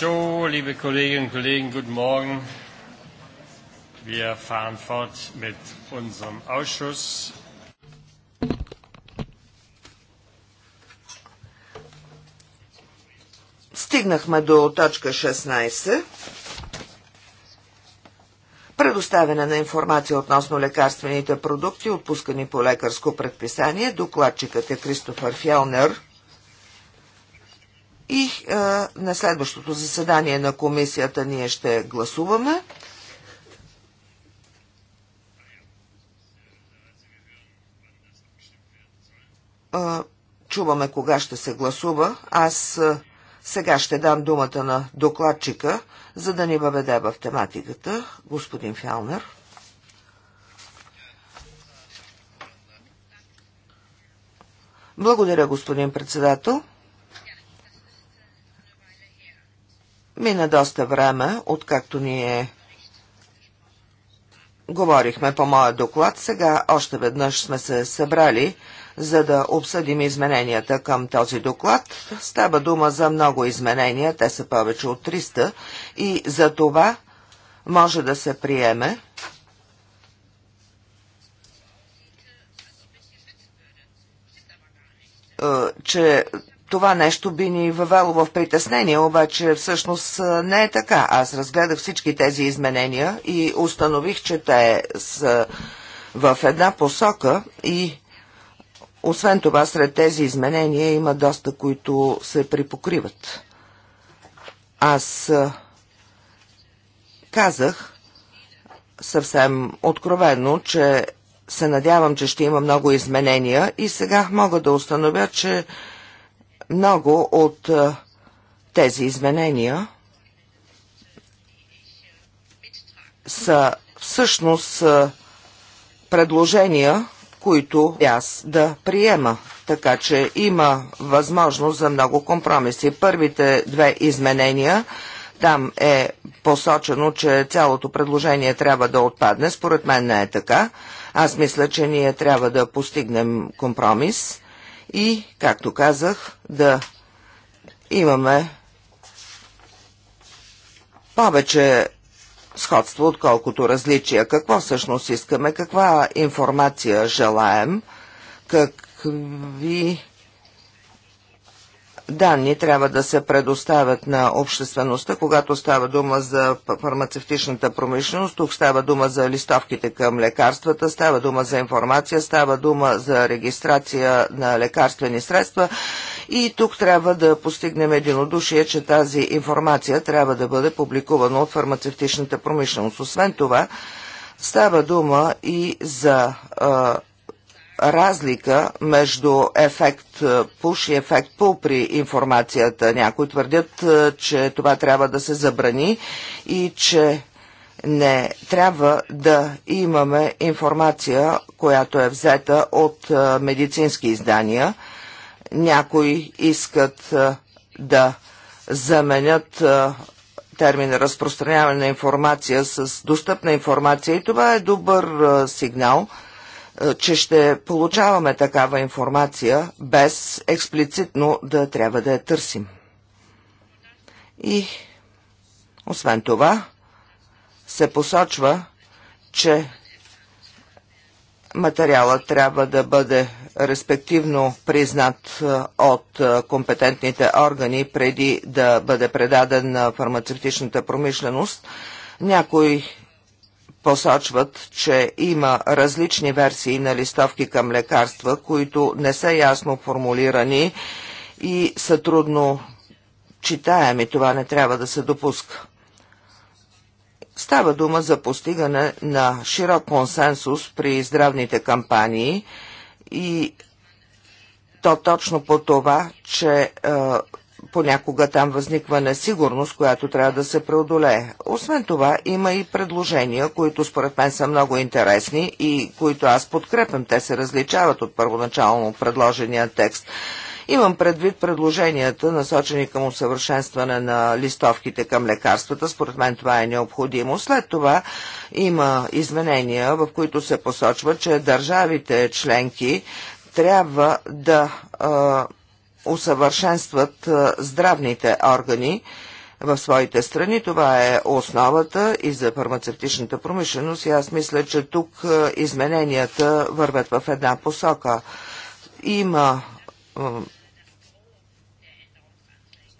So, liebe Kolleginnen und Kollegen, guten Morgen. Wir fahren fort mit unserem Ausschuss. Стигнахме до точка 16. Предоставяне на информация относно лекарствените продукти, отпускани по лекарско предписание. Докладчикът е Кристофър Фялнер – на следващото заседание на комисията ние ще гласуваме. Чуваме кога ще се гласува. Аз сега ще дам думата на докладчика, за да ни въведе в тематиката, господин Фялнер. Благодаря, господин председател. Мина доста време, откакто ние говорихме по моя доклад. Сега още веднъж сме се събрали, за да обсъдим измененията към този доклад. Става дума за много изменения, те са повече от 300 и за това може да се приеме е, че това нещо би ни въвело в притеснение, обаче всъщност не е така. Аз разгледах всички тези изменения и установих, че те са в една посока и освен това сред тези изменения има доста, които се припокриват. Аз казах съвсем откровенно, че се надявам, че ще има много изменения и сега мога да установя, че много от тези изменения са всъщност предложения, които аз да приема. Така че има възможност за много компромиси. Първите две изменения там е посочено, че цялото предложение трябва да отпадне. Според мен не е така. Аз мисля, че ние трябва да постигнем компромис и, както казах, да имаме повече сходство, отколкото различия. Какво всъщност искаме, каква информация желаем, какви данни трябва да се предоставят на обществеността, когато става дума за фармацевтичната промишленост, тук става дума за листовките към лекарствата, става дума за информация, става дума за регистрация на лекарствени средства и тук трябва да постигнем единодушие, че тази информация трябва да бъде публикувана от фармацевтичната промишленост. Освен това, става дума и за разлика между ефект е, пуш и ефект пул при информацията. Някои твърдят, е, че това трябва да се забрани и че не трябва да имаме информация, която е взета от е, медицински издания. Някои искат да заменят термин разпространяване на информация с достъпна информация и това е добър сигнал – е, че ще получаваме такава информация без експлицитно да трябва да я търсим. И освен това се посочва, че материалът трябва да бъде респективно признат е, от е, компетентните органи преди да бъде предаден на фармацевтичната промишленост. Някои посочват, че има различни версии на листовки към лекарства, които не са ясно формулирани и са трудно читаеми. Това не трябва да се допуска. Става дума за постигане на широк консенсус при здравните кампании и то точно по това, че е, понякога там възниква несигурност, която трябва да се преодолее. Освен това, има и предложения, които според мен са много интересни и които аз подкрепям. Те се различават от първоначално предложения текст. Имам предвид предложенията, насочени към усъвършенстване на листовките към лекарствата. Според мен това е необходимо. След това има изменения, в които се посочва, че държавите членки трябва да а, усъвършенстват здравните органи в своите страни. Това е основата и за фармацевтичната промишленост и аз мисля, че тук измененията вървят в една посока. Има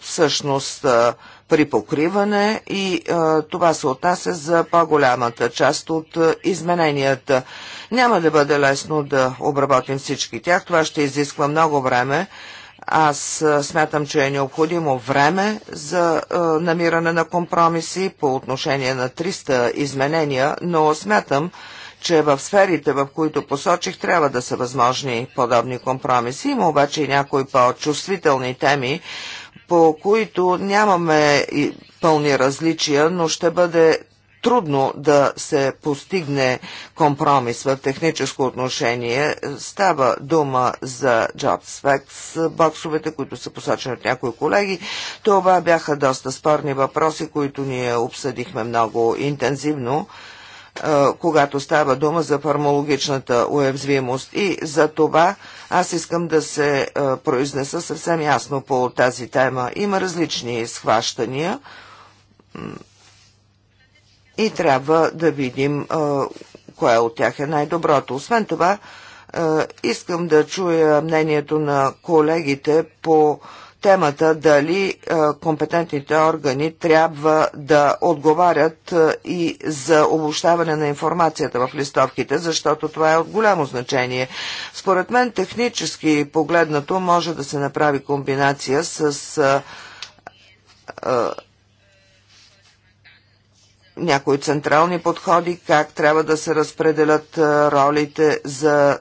всъщност при покриване и а, това се отнася за по-голямата част от а, измененията. Няма да бъде лесно да обработим всички тях, това ще изисква много време, аз смятам, че е необходимо време за е, намиране на компромиси по отношение на 300 изменения, но смятам, че в сферите, в които посочих, трябва да са възможни подобни компромиси. Има обаче и някои по-чувствителни теми, по които нямаме пълни различия, но ще бъде трудно да се постигне компромис в техническо отношение. Става дума за JobSpex боксовете, които са посочени от някои колеги. Това бяха доста спорни въпроси, които ние обсъдихме много интензивно е, когато става дума за фармологичната уязвимост. И за това аз искам да се е, произнеса съвсем ясно по тази тема. Има различни схващания и трябва да видим кое от тях е най-доброто. Освен това, искам да чуя мнението на колегите по темата дали компетентните органи трябва да отговарят и за обобщаване на информацията в листовките, защото това е от голямо значение. Според мен технически погледнато може да се направи комбинация с някои централни подходи, как трябва да се разпределят ролите за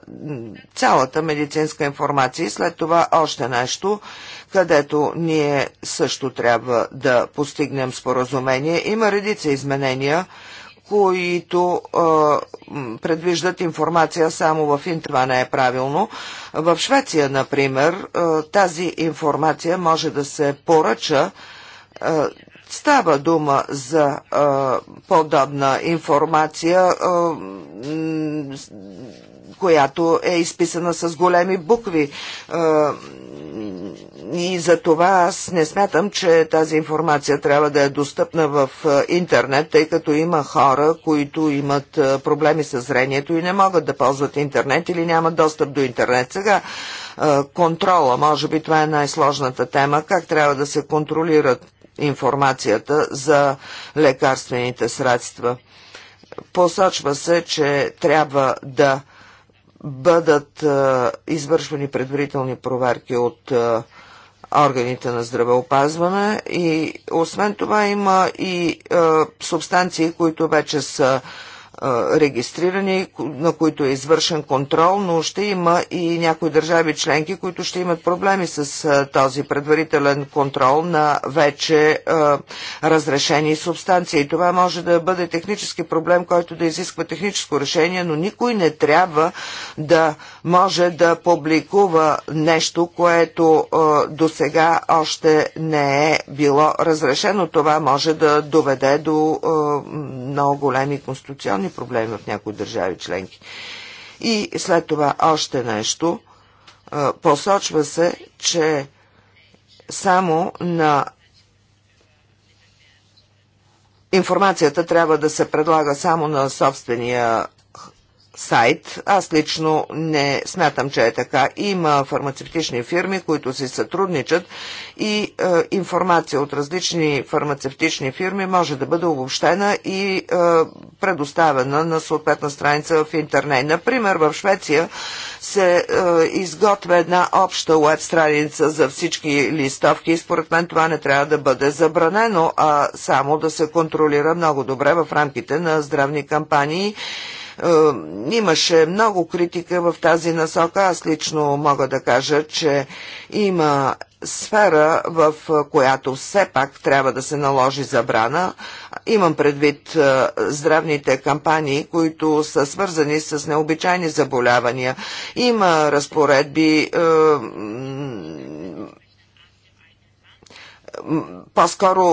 цялата медицинска информация и след това още нещо, където ние също трябва да постигнем споразумение. Има редица изменения, които а, предвиждат информация само в интернет. Това не е правилно. В Швеция, например, тази информация може да се поръча Става дума за а, подобна информация, а, която е изписана с големи букви. А, и за това аз не смятам, че тази информация трябва да е достъпна в интернет, тъй като има хора, които имат проблеми с зрението и не могат да ползват интернет или нямат достъп до интернет. Сега контрола, може би това е най-сложната тема, как трябва да се контролират информацията за лекарствените средства. Посочва се, че трябва да бъдат е, извършвани предварителни проверки от е, органите на здравеопазване и освен това има и е, субстанции, които вече са регистрирани, на които е извършен контрол, но ще има и някои държави членки, които ще имат проблеми с този предварителен контрол на вече разрешени субстанции. Това може да бъде технически проблем, който да изисква техническо решение, но никой не трябва да може да публикува нещо, което до сега още не е било разрешено. Това може да доведе до много големи конституционни социални проблеми в някои държави членки. И след това още нещо. Посочва се, че само на информацията трябва да се предлага само на собствения сайт. Аз лично не смятам, че е така. Има фармацевтични фирми, които си сътрудничат и е, информация от различни фармацевтични фирми може да бъде обобщена и е, предоставена на съответна страница в интернет. Например, в Швеция се е, изготвя една обща веб страница за всички листовки и според мен това не трябва да бъде забранено, а само да се контролира много добре в рамките на здравни кампании е, имаше много критика в тази насока. Аз лично мога да кажа, че има сфера, в която все пак трябва да се наложи забрана. Имам предвид е, здравните кампании, които са свързани с необичайни заболявания. Има разпоредби е, по-скоро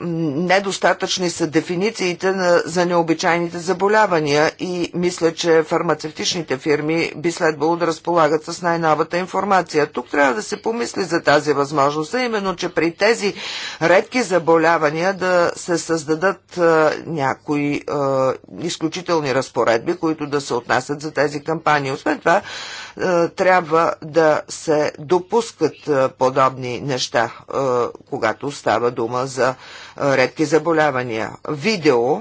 недостатъчни са дефинициите на, за необичайните заболявания и мисля, че фармацевтичните фирми би следвало да разполагат с най-новата информация. Тук трябва да се помисли за тази възможност, а именно, че при тези редки заболявания да се създадат някои изключителни разпоредби, които да се отнасят за тези кампании. Освен това, е, трябва да се допускат е, подобни неща, е, когато става дума за редки заболявания. Видео,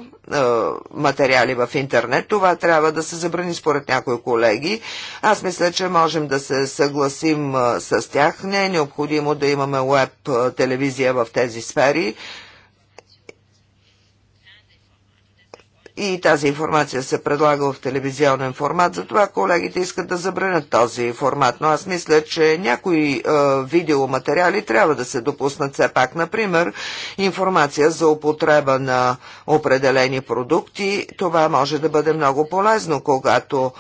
материали в интернет, това трябва да се забрани според някои колеги. Аз мисля, че можем да се съгласим с тях. Не е необходимо да имаме веб телевизия в тези сфери. и тази информация се предлага в телевизионен формат, затова колегите искат да забранят този формат. Но аз мисля, че някои е, видеоматериали трябва да се допуснат все пак. Например, информация за употреба на определени продукти. Това може да бъде много полезно, когато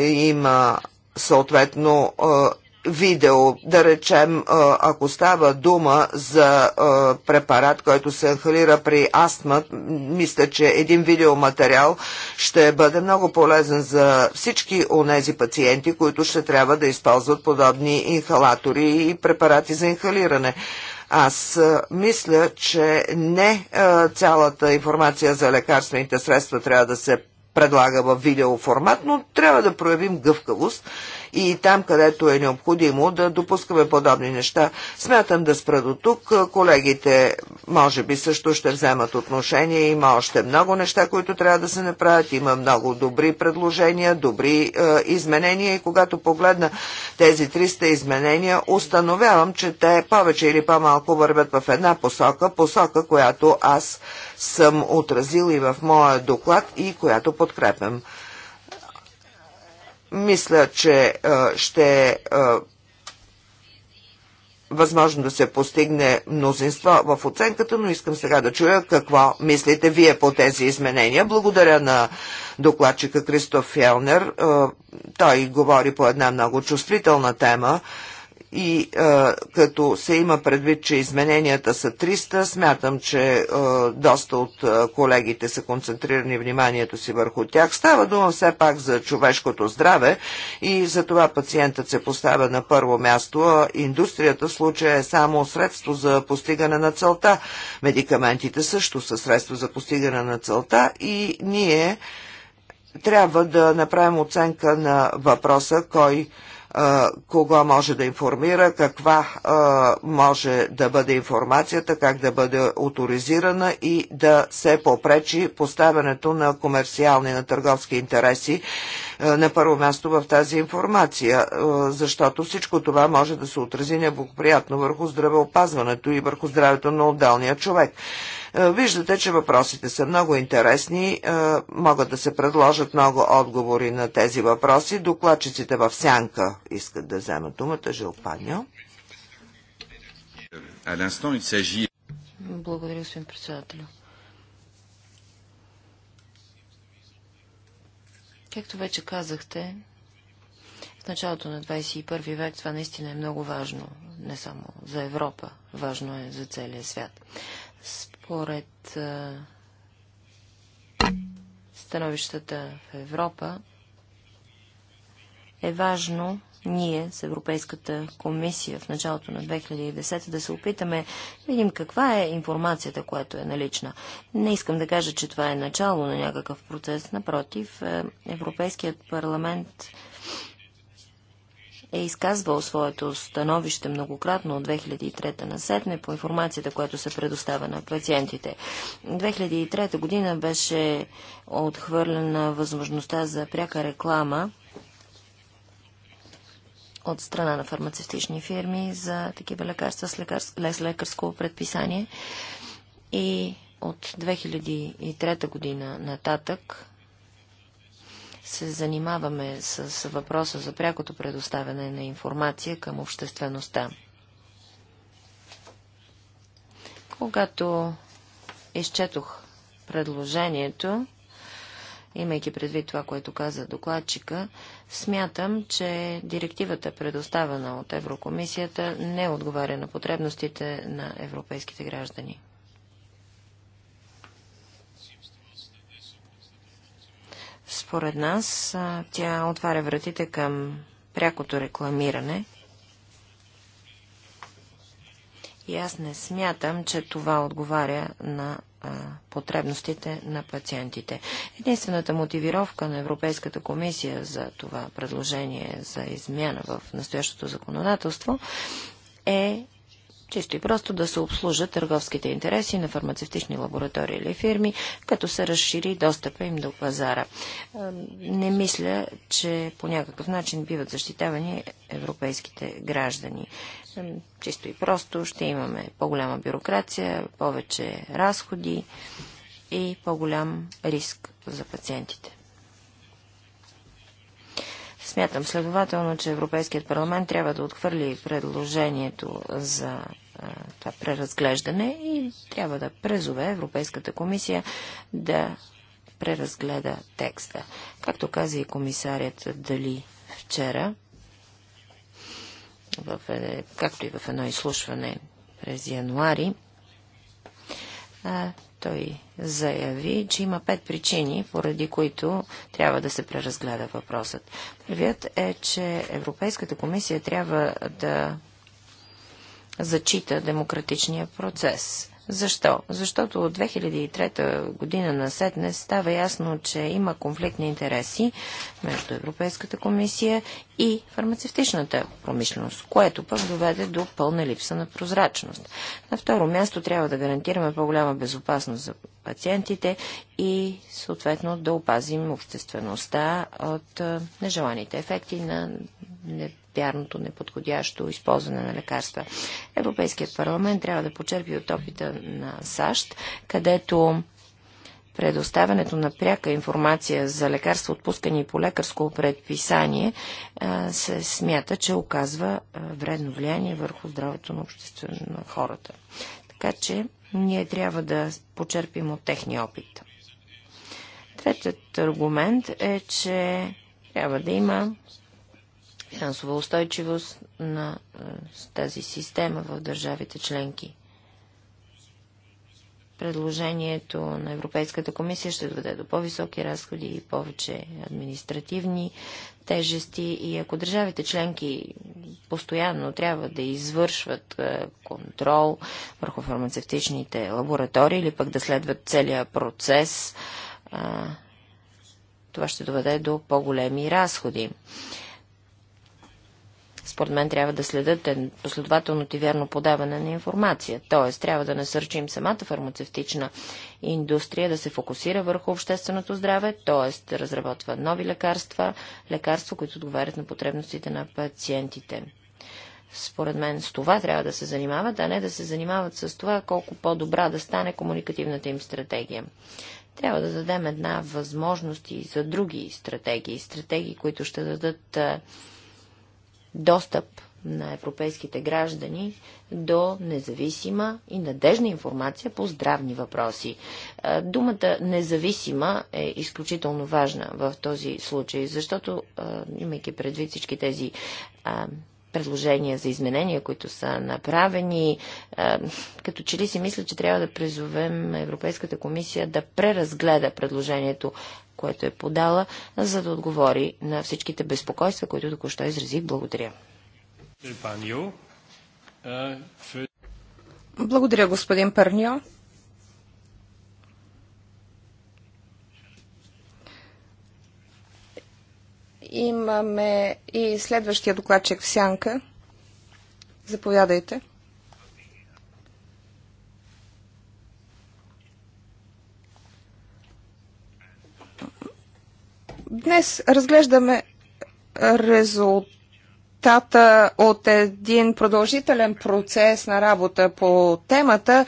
има съответно е, видео, да речем, ако става дума за препарат, който се инхалира при астма, мисля, че един видеоматериал ще бъде много полезен за всички онези пациенти, които ще трябва да използват подобни инхалатори и препарати за инхалиране. Аз мисля, че не цялата информация за лекарствените средства трябва да се предлага в видеоформат, но трябва да проявим гъвкавост и там, където е необходимо да допускаме подобни неща. Смятам да спра до тук. Колегите може би също ще вземат отношение. Има още много неща, които трябва да се направят. Има много добри предложения, добри е, изменения и когато погледна тези 300 изменения, установявам, че те повече или по-малко вървят в една посока, посока, която аз съм отразил и в моя доклад и която подкрепям. Мисля, че ще е възможно да се постигне мнозинство в оценката, но искам сега да чуя какво мислите вие по тези изменения. Благодаря на докладчика Кристоф Фелнер. Той говори по една много чувствителна тема и а, като се има предвид, че измененията са 300, смятам, че а, доста от а, колегите са концентрирани вниманието си върху тях. Става дума все пак за човешкото здраве и за това пациентът се поставя на първо място, а индустрията в случая е само средство за постигане на целта. Медикаментите също са средство за постигане на целта и ние трябва да направим оценка на въпроса кой кого може да информира, каква може да бъде информацията, как да бъде авторизирана и да се попречи поставянето на комерциални, на търговски интереси на първо място в тази информация, защото всичко това може да се отрази неблагоприятно върху здравеопазването и върху здравето на отдалния човек. Е, виждате, че въпросите са много интересни. Е, могат да се предложат много отговори на тези въпроси. Докладчиците в сянка искат да вземат думата. Жилпаньо. Благодаря, господин председател. Както вече казахте, в началото на 21 век това наистина е много важно, не само за Европа, важно е за целия свят. Според становищата в Европа е важно ние с Европейската комисия в началото на 2010 да се опитаме да видим каква е информацията, която е налична. Не искам да кажа, че това е начало на някакъв процес. Напротив, е, Европейският парламент е изказвал своето становище многократно от 2003 на сетне по информацията, която се предоставя на пациентите. 2003 година беше отхвърлена възможността за пряка реклама от страна на фармацевтични фирми за такива лекарства с лекарско, лекарско предписание. И от 2003 година нататък се занимаваме с въпроса за прякото предоставяне на информация към обществеността. Когато изчетох предложението, имайки предвид това, което каза докладчика, смятам, че директивата, предоставена от Еврокомисията, не отговаря на потребностите на европейските граждани. Според нас тя отваря вратите към прякото рекламиране. И аз не смятам, че това отговаря на потребностите на пациентите. Единствената мотивировка на Европейската комисия за това предложение за измяна в настоящото законодателство е чисто и просто да се обслужат търговските интереси на фармацевтични лаборатории или фирми, като се разшири достъпа им до пазара. Е, не мисля, че по някакъв начин биват защитавани европейските граждани. Е, чисто и просто ще имаме по-голяма бюрокрация, повече разходи и по-голям риск за пациентите. Смятам следователно, че Европейският парламент трябва да отхвърли предложението за това преразглеждане и трябва да презове Европейската комисия да преразгледа текста. Както каза и комисарят Дали вчера, в, е, както и в едно изслушване през януари, той заяви, че има пет причини, поради които трябва да се преразгледа въпросът. Първият е, че Европейската комисия трябва да зачита демократичния процес. Защо? Защото от 2003 година на не става ясно, че има конфликтни интереси между Европейската комисия и фармацевтичната промишленост, което пък доведе до пълна липса на прозрачност. На второ място трябва да гарантираме по-голяма безопасност за пациентите и съответно да опазим обществеността от нежеланите ефекти на вярното неподходящо използване на лекарства. Европейският парламент трябва да почерпи от опита на САЩ, където предоставянето на пряка информация за лекарства, отпускани по лекарско предписание, се смята, че оказва вредно влияние върху здравето на обществото на хората. Така че ние трябва да почерпим от техния опит. Третият аргумент е, че трябва да има финансова устойчивост на е, тази система в държавите членки. Предложението на Европейската комисия ще доведе до по-високи разходи и повече административни тежести и ако държавите членки постоянно трябва да извършват е, контрол върху фармацевтичните лаборатории или пък да следват целият процес, е, това ще доведе до по-големи разходи според мен трябва да следят последователното и вярно подаване на информация. Тоест, трябва да насърчим самата фармацевтична индустрия да се фокусира върху общественото здраве, т.е. разработва нови лекарства, лекарства, които отговарят на потребностите на пациентите. Според мен с това трябва да се занимават, а не да се занимават с това колко по-добра да стане комуникативната им стратегия. Трябва да дадем една възможност и за други стратегии, стратегии, които ще дадат достъп на европейските граждани до независима и надежна информация по здравни въпроси. Думата независима е изключително важна в този случай, защото, имайки предвид всички тези предложения за изменения, които са направени. Е, като че ли си мисля, че трябва да призовем Европейската комисия да преразгледа предложението, което е подала, за да отговори на всичките безпокойства, които току-що изразих. Благодаря. Е, Благодаря, господин Парньо. Имаме и следващия докладчик в сянка. Заповядайте. Днес разглеждаме резултата от един продължителен процес на работа по темата.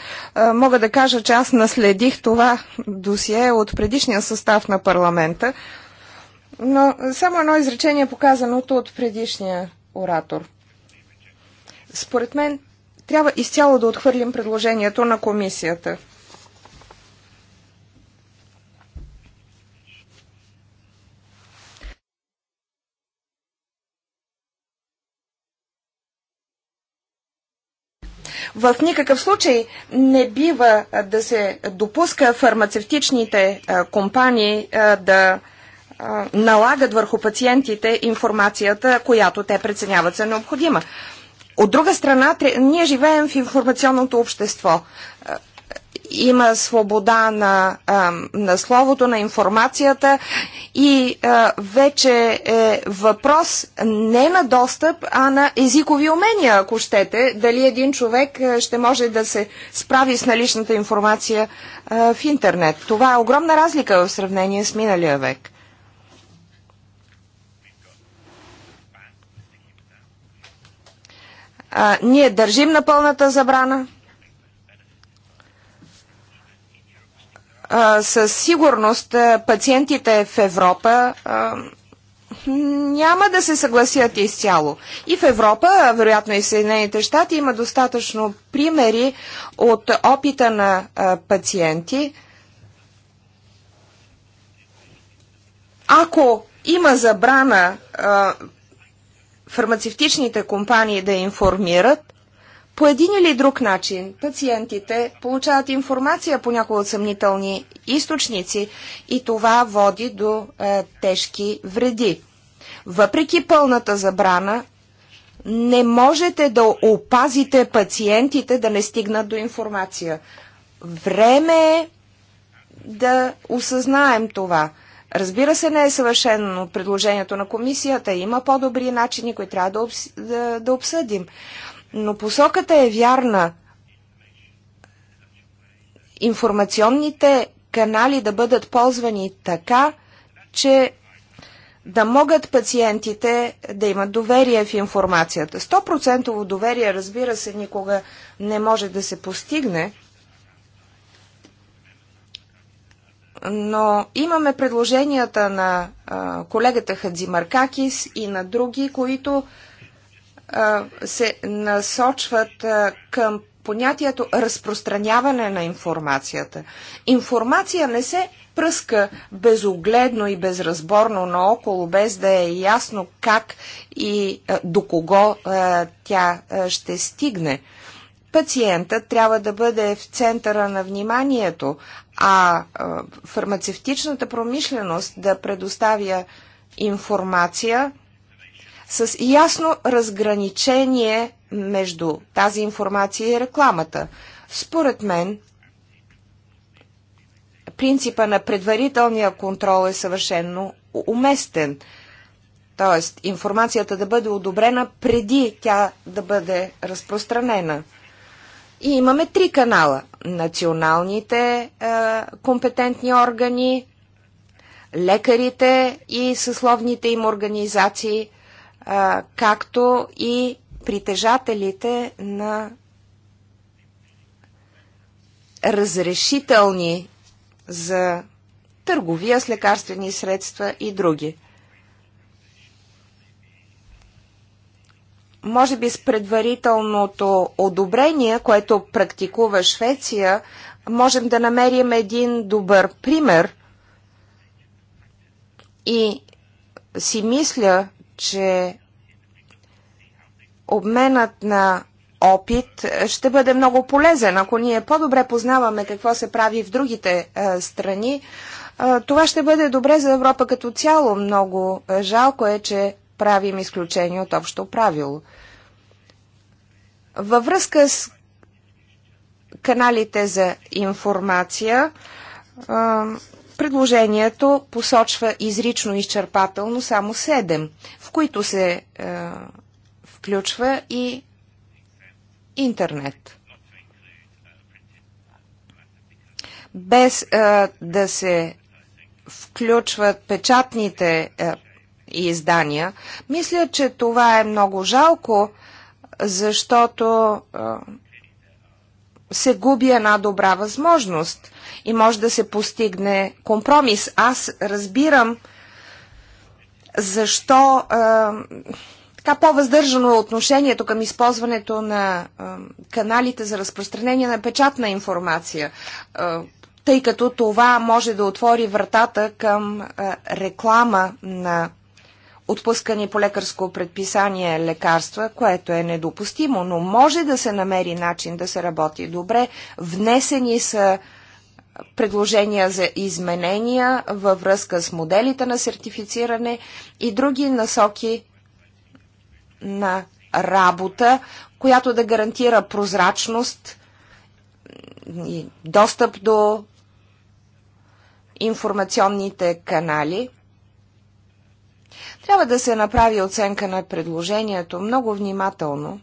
Мога да кажа, че аз наследих това досие от предишния състав на парламента. Но само едно изречение е показаното от предишния оратор. Според мен трябва изцяло да отхвърлим предложението на комисията. В никакъв случай не бива да се допуска фармацевтичните компании да налагат върху пациентите информацията, която те преценяват за необходима. От друга страна, ние живеем в информационното общество. Има свобода на, на словото, на информацията и вече е въпрос не на достъп, а на езикови умения, ако щете. Дали един човек ще може да се справи с наличната информация в интернет. Това е огромна разлика в сравнение с миналия век. А, ние държим на пълната забрана. А, със сигурност пациентите в Европа а, няма да се съгласят изцяло. И в Европа, а вероятно и в Съединените щати, има достатъчно примери от опита на а, пациенти. Ако има забрана а, фармацевтичните компании да информират, по един или друг начин пациентите получават информация по някои от съмнителни източници и това води до е, тежки вреди. Въпреки пълната забрана, не можете да опазите пациентите да не стигнат до информация. Време е да осъзнаем това. Разбира се, не е съвършено предложението на комисията. Има по-добри начини, които трябва да, обс... да, да обсъдим. Но посоката е вярна. Информационните канали да бъдат ползвани така, че да могат пациентите да имат доверие в информацията. 100% доверие, разбира се, никога не може да се постигне, но имаме предложенията на а, колегата Хадзимаркакис и на други, които а, се насочват а, към понятието разпространяване на информацията. Информация не се пръска безогледно и безразборно наоколо, без да е ясно как и а, до кого а, тя а, ще стигне. А, пациентът трябва да бъде в центъра на вниманието, а фармацевтичната промишленост да предоставя информация с ясно разграничение между тази информация и рекламата. Според мен, принципа на предварителния контрол е съвършенно уместен. Тоест, информацията да бъде одобрена преди тя да бъде разпространена. И имаме три канала. Националните е, компетентни органи, лекарите и съсловните им организации, е, както и притежателите на разрешителни за търговия с лекарствени средства и други. може би с предварителното одобрение, което практикува Швеция, можем да намерим един добър пример и си мисля, че обменът на опит ще бъде много полезен. Ако ние по-добре познаваме какво се прави в другите е, страни, е, това ще бъде добре за Европа като цяло. Много жалко е, че правим изключение от общо правило. Във връзка с каналите за информация, предложението посочва изрично изчерпателно само 7, в които се включва и интернет. Без а, да се включват печатните и издания. Мисля, че това е много жалко, защото се губи една добра възможност и може да се постигне компромис. Аз разбирам защо а, така по-въздържано е отношението към използването на а, каналите за разпространение на печатна информация, а, тъй като това може да отвори вратата към а, реклама на отпускани по лекарско предписание лекарства, което е недопустимо, но може да се намери начин да се работи добре. Внесени са предложения за изменения във връзка с моделите на сертифициране и други насоки на работа, която да гарантира прозрачност и достъп до информационните канали трябва да се направи оценка на предложението много внимателно.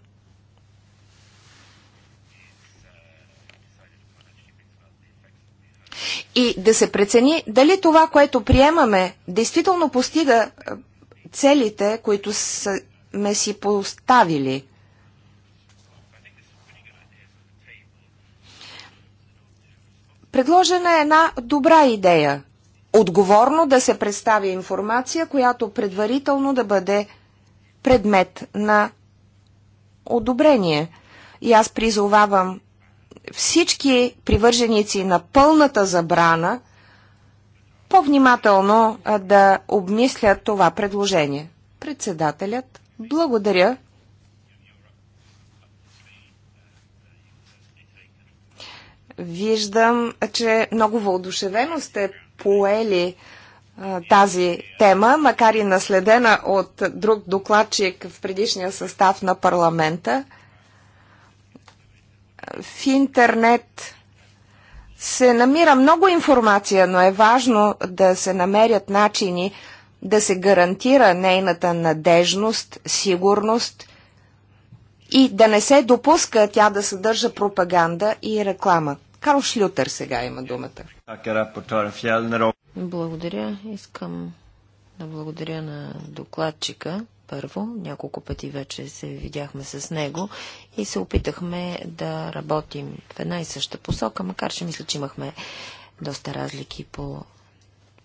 И да се прецени дали това, което приемаме, действително постига е, целите, които сме си поставили. Предложена е една добра идея отговорно да се представя информация, която предварително да бъде предмет на одобрение. И аз призовавам всички привърженици на пълната забрана по-внимателно да обмислят това предложение. Председателят, благодаря. Виждам, че много въодушевено сте поели тази тема, макар и наследена от друг докладчик в предишния състав на парламента. В интернет се намира много информация, но е важно да се намерят начини да се гарантира нейната надежност, сигурност и да не се допуска тя да съдържа пропаганда и реклама. Карл Шлютер сега има думата. Благодаря. Искам да благодаря на докладчика. Първо, няколко пъти вече се видяхме с него и се опитахме да работим в една и съща посока, макар че мисля, че имахме доста разлики по,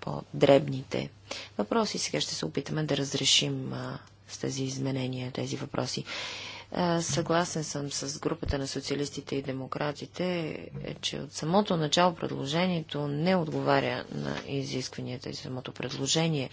по дребните въпроси. Сега ще се опитаме да разрешим а, с тези изменения тези въпроси. Съгласен съм с групата на социалистите и демократите, е, че от самото начало предложението не отговаря на изискванията и самото предложение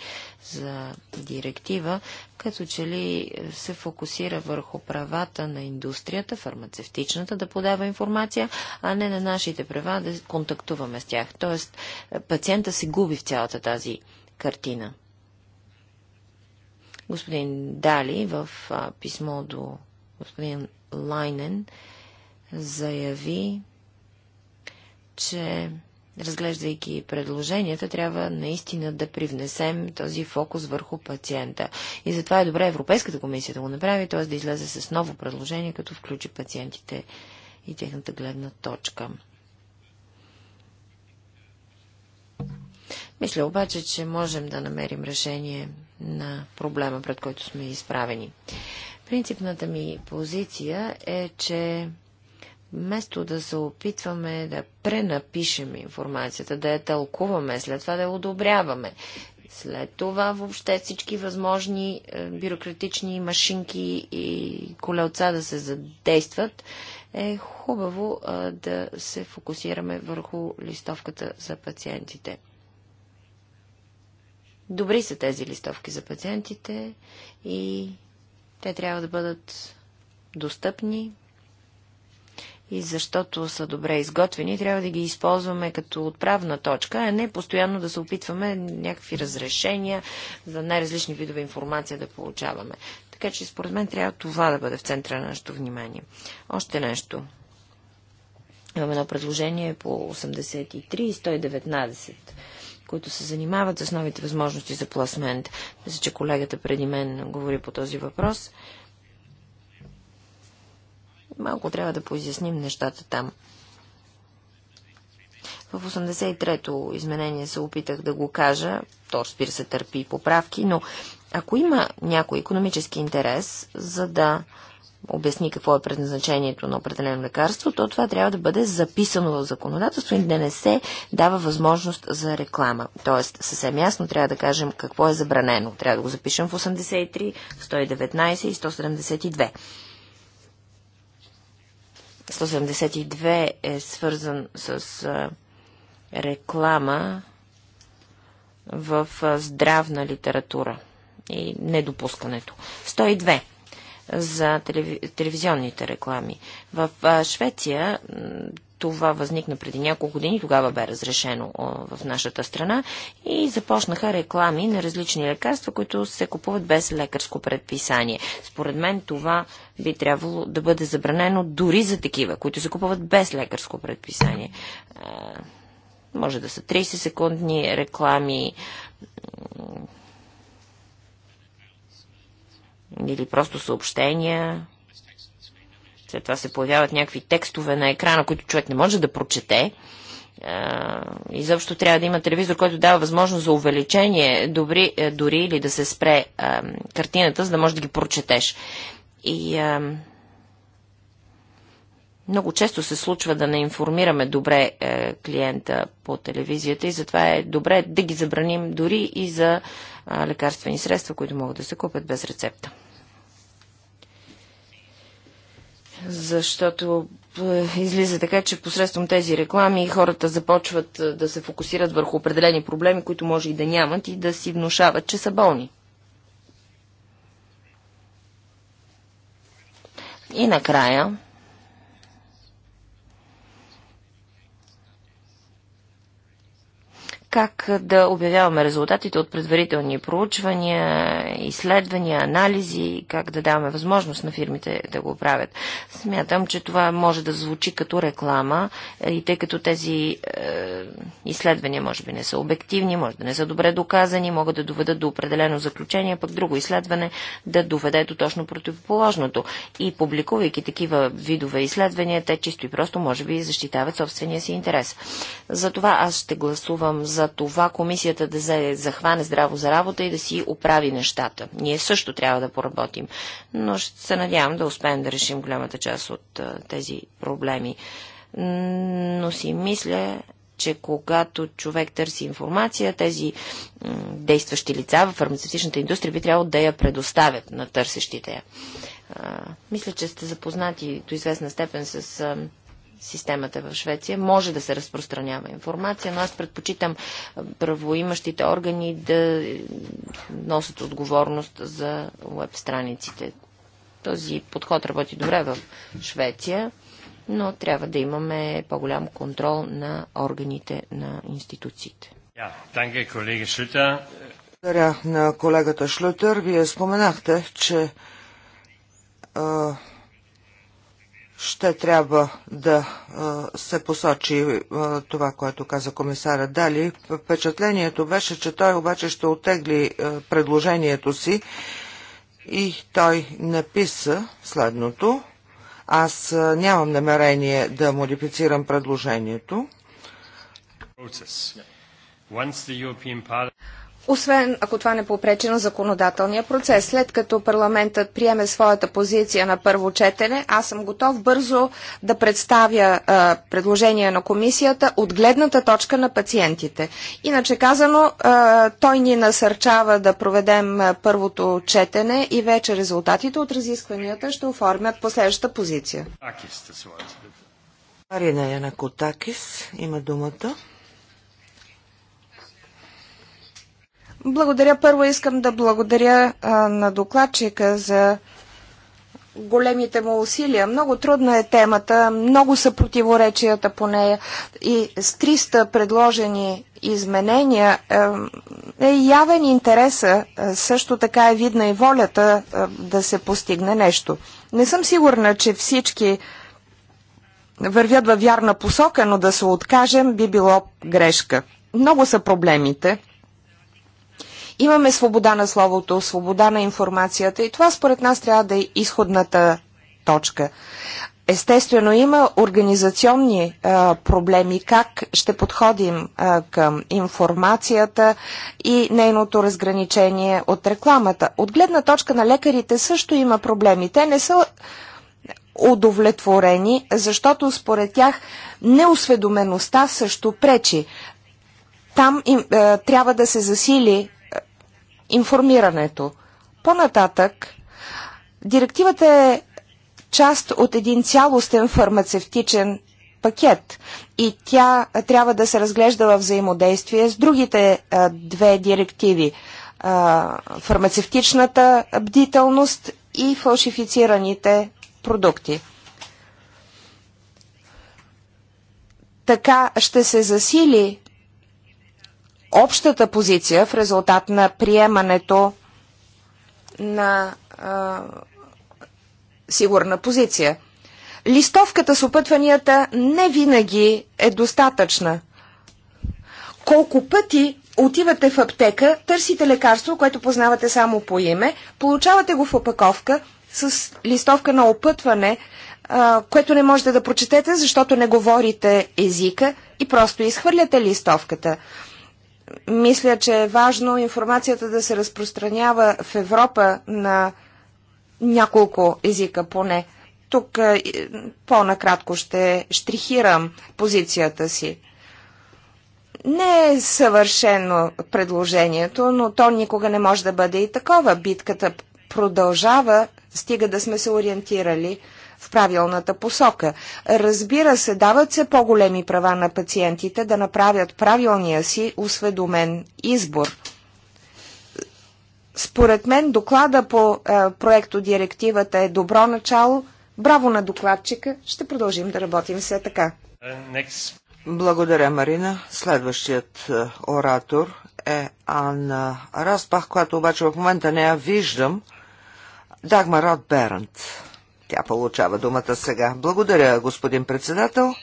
за директива, като че ли се фокусира върху правата на индустрията, фармацевтичната да подава информация, а не на нашите права да контактуваме с тях. Тоест, е, пациента се губи в цялата тази картина господин Дали в писмо до господин Лайнен заяви, че разглеждайки предложенията, трябва наистина да привнесем този фокус върху пациента. И затова е добре Европейската комисия да го направи, т.е. да излезе с ново предложение, като включи пациентите и техната гледна точка. Мисля обаче, че можем да намерим решение на проблема, пред който сме изправени. Принципната ми позиция е, че вместо да се опитваме да пренапишем информацията, да я тълкуваме, след това да я одобряваме, след това въобще всички възможни е, бюрократични машинки и колелца да се задействат, е хубаво е, да се фокусираме върху листовката за пациентите. Добри са тези листовки за пациентите и те трябва да бъдат достъпни и защото са добре изготвени, трябва да ги използваме като отправна точка, а не постоянно да се опитваме някакви разрешения за най-различни видове информация да получаваме. Така че според мен трябва това да бъде в центъра на нашето внимание. Още нещо. Имаме едно предложение по 83 и 119 които се занимават с новите възможности за пласмент. Мисля, че колегата преди мен говори по този въпрос. Малко трябва да поизясним нещата там. В 83-то изменение се опитах да го кажа. То, спир се, търпи поправки, но ако има някой економически интерес, за да обясни какво е предназначението на определено лекарство, то това трябва да бъде записано в законодателство и да не се дава възможност за реклама. Тоест, съвсем ясно трябва да кажем какво е забранено. Трябва да го запишем в 83, 119 и 172. 172 е свързан с реклама в здравна литература и недопускането. 102 за телевизионните реклами. В Швеция това възникна преди няколко години, тогава бе разрешено в нашата страна и започнаха реклами на различни лекарства, които се купуват без лекарско предписание. Според мен това би трябвало да бъде забранено дори за такива, които се купуват без лекарско предписание. Може да са 30 секундни реклами, или просто съобщения. След това се появяват някакви текстове на екрана, които човек не може да прочете. И защо трябва да има телевизор, който дава възможност за увеличение, добри, е, дори или да се спре картината, за да можеш да ги прочетеш. И а, много често се случва да не информираме добре е, клиента по телевизията и затова е добре да ги забраним дори и за е, лекарствени средства, които могат да се купят без рецепта. защото е, излиза така, че посредством тези реклами хората започват е, да се фокусират върху определени проблеми, които може и да нямат и да си внушават, че са болни. И накрая, как да обявяваме резултатите от предварителни проучвания, изследвания, анализи, как да даваме възможност на фирмите да го правят. Смятам, че това може да звучи като реклама е, и тъй като тези е, изследвания може би не са обективни, може да не са добре доказани, могат да доведат до определено заключение, пък друго изследване да доведе до точно противоположното. И публикувайки такива видове изследвания, те чисто и просто може би защитават собствения си интерес. Затова аз ще гласувам за за това комисията да захване здраво за работа и да си оправи нещата. Ние също трябва да поработим, но ще се надявам да успеем да решим голямата част от тези проблеми. Но си мисля, че когато човек търси информация, тези действащи лица в фармацевтичната индустрия би трябвало да я предоставят на търсещите я. мисля, че сте запознати до известна степен с системата в Швеция. Може да се разпространява информация, но аз предпочитам правоимащите органи да носят отговорност за веб страниците. Този подход работи добре в Швеция, но трябва да имаме по-голям контрол на органите на институциите. Благодаря на колегата Шлютер. Вие споменахте, че а, ще трябва да се посочи това, което каза комисара Дали. Впечатлението беше, че той обаче ще отегли предложението си и той написа следното. Аз нямам намерение да модифицирам предложението освен ако това не попречи на законодателния процес. След като парламентът приеме своята позиция на първо четене, аз съм готов бързо да представя а, предложение на комисията от гледната точка на пациентите. Иначе казано, а, той ни насърчава да проведем а, първото четене и вече резултатите от разискванията ще оформят последваща позиция. Марина Янакотакис има думата. Благодаря. Първо искам да благодаря а, на докладчика за големите му усилия. Много трудна е темата, много са противоречията по нея и с 300 предложени изменения е явен интереса, също така е видна и волята да се постигне нещо. Не съм сигурна, че всички вървят във вярна посока, но да се откажем би било грешка. Много са проблемите. Имаме свобода на словото, свобода на информацията и това според нас трябва да е изходната точка. Естествено, има организационни а, проблеми, как ще подходим а, към информацията и нейното разграничение от рекламата. От гледна точка на лекарите също има проблеми. Те не са удовлетворени, защото според тях неосведомеността също пречи. Там им, а, трябва да се засили информирането. По-нататък, директивата е част от един цялостен фармацевтичен пакет и тя трябва да се разглежда в взаимодействие с другите а, две директиви а, фармацевтичната бдителност и фалшифицираните продукти. Така ще се засили общата позиция в резултат на приемането на а, сигурна позиция. Листовката с опътванията не винаги е достатъчна. Колко пъти отивате в аптека, търсите лекарство, което познавате само по име, получавате го в опаковка с листовка на опътване, а, което не можете да прочетете, защото не говорите езика и просто изхвърляте листовката мисля, че е важно информацията да се разпространява в Европа на няколко езика поне. Тук е, по-накратко ще штрихирам позицията си. Не е съвършено предложението, но то никога не може да бъде и такова. Битката продължава, стига да сме се ориентирали в правилната посока. Разбира се, дават се по-големи права на пациентите да направят правилния си осведомен избор. Според мен доклада по е, проекто директивата е добро начало. Браво на докладчика. Ще продължим да работим все така. Е, next. Благодаря, Марина. Следващият е, оратор е Анна Распах, която обаче в момента не я виждам. Дагмарат Род Берент. Тя получава думата сега. Благодаря, господин председател.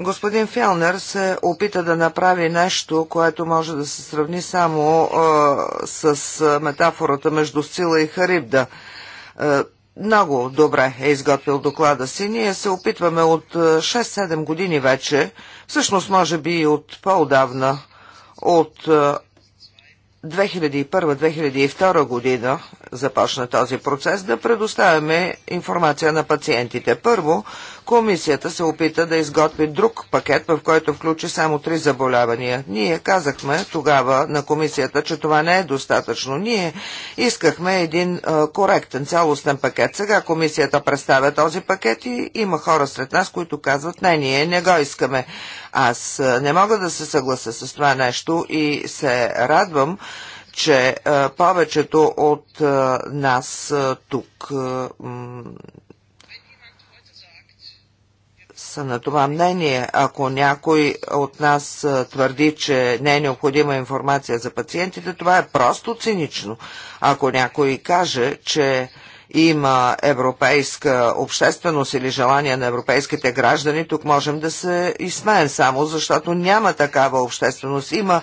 Господин Фелнер се опита да направи нещо, което може да се сравни само а, с метафората между сила и Харибда. А, много добре е изготвил доклада си. Ние се опитваме от 6-7 години вече, всъщност може би и от по-давна, от 2001-2002 година започна този процес да предоставяме информация на пациентите. Първо, Комисията се опита да изготви друг пакет, в който включи само три заболявания. Ние казахме тогава на комисията, че това не е достатъчно. Ние искахме един а, коректен цялостен пакет. Сега комисията представя този пакет и има хора сред нас, които казват не, ние не го искаме. Аз не мога да се съглася с това нещо и се радвам, че а, повечето от а, нас а, тук са на това мнение. Ако някой от нас твърди, че не е необходима информация за пациентите, това е просто цинично. Ако някой каже, че има европейска общественост или желание на европейските граждани, тук можем да се изсмеем само, защото няма такава общественост. Има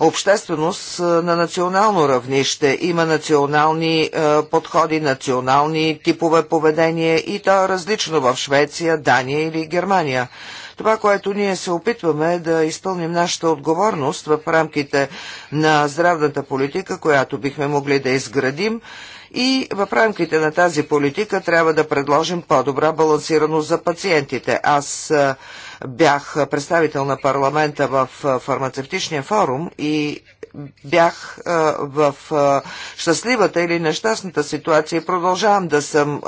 общественост на национално равнище, има национални подходи, национални типове поведение и то е различно в Швеция, Дания или Германия. Това, което ние се опитваме е да изпълним нашата отговорност в рамките на здравната политика, която бихме могли да изградим и в рамките на тази политика трябва да предложим по-добра балансираност за пациентите. Аз бях представител на парламента в фармацевтичния форум и бях в щастливата или нещастната ситуация и продължавам да съм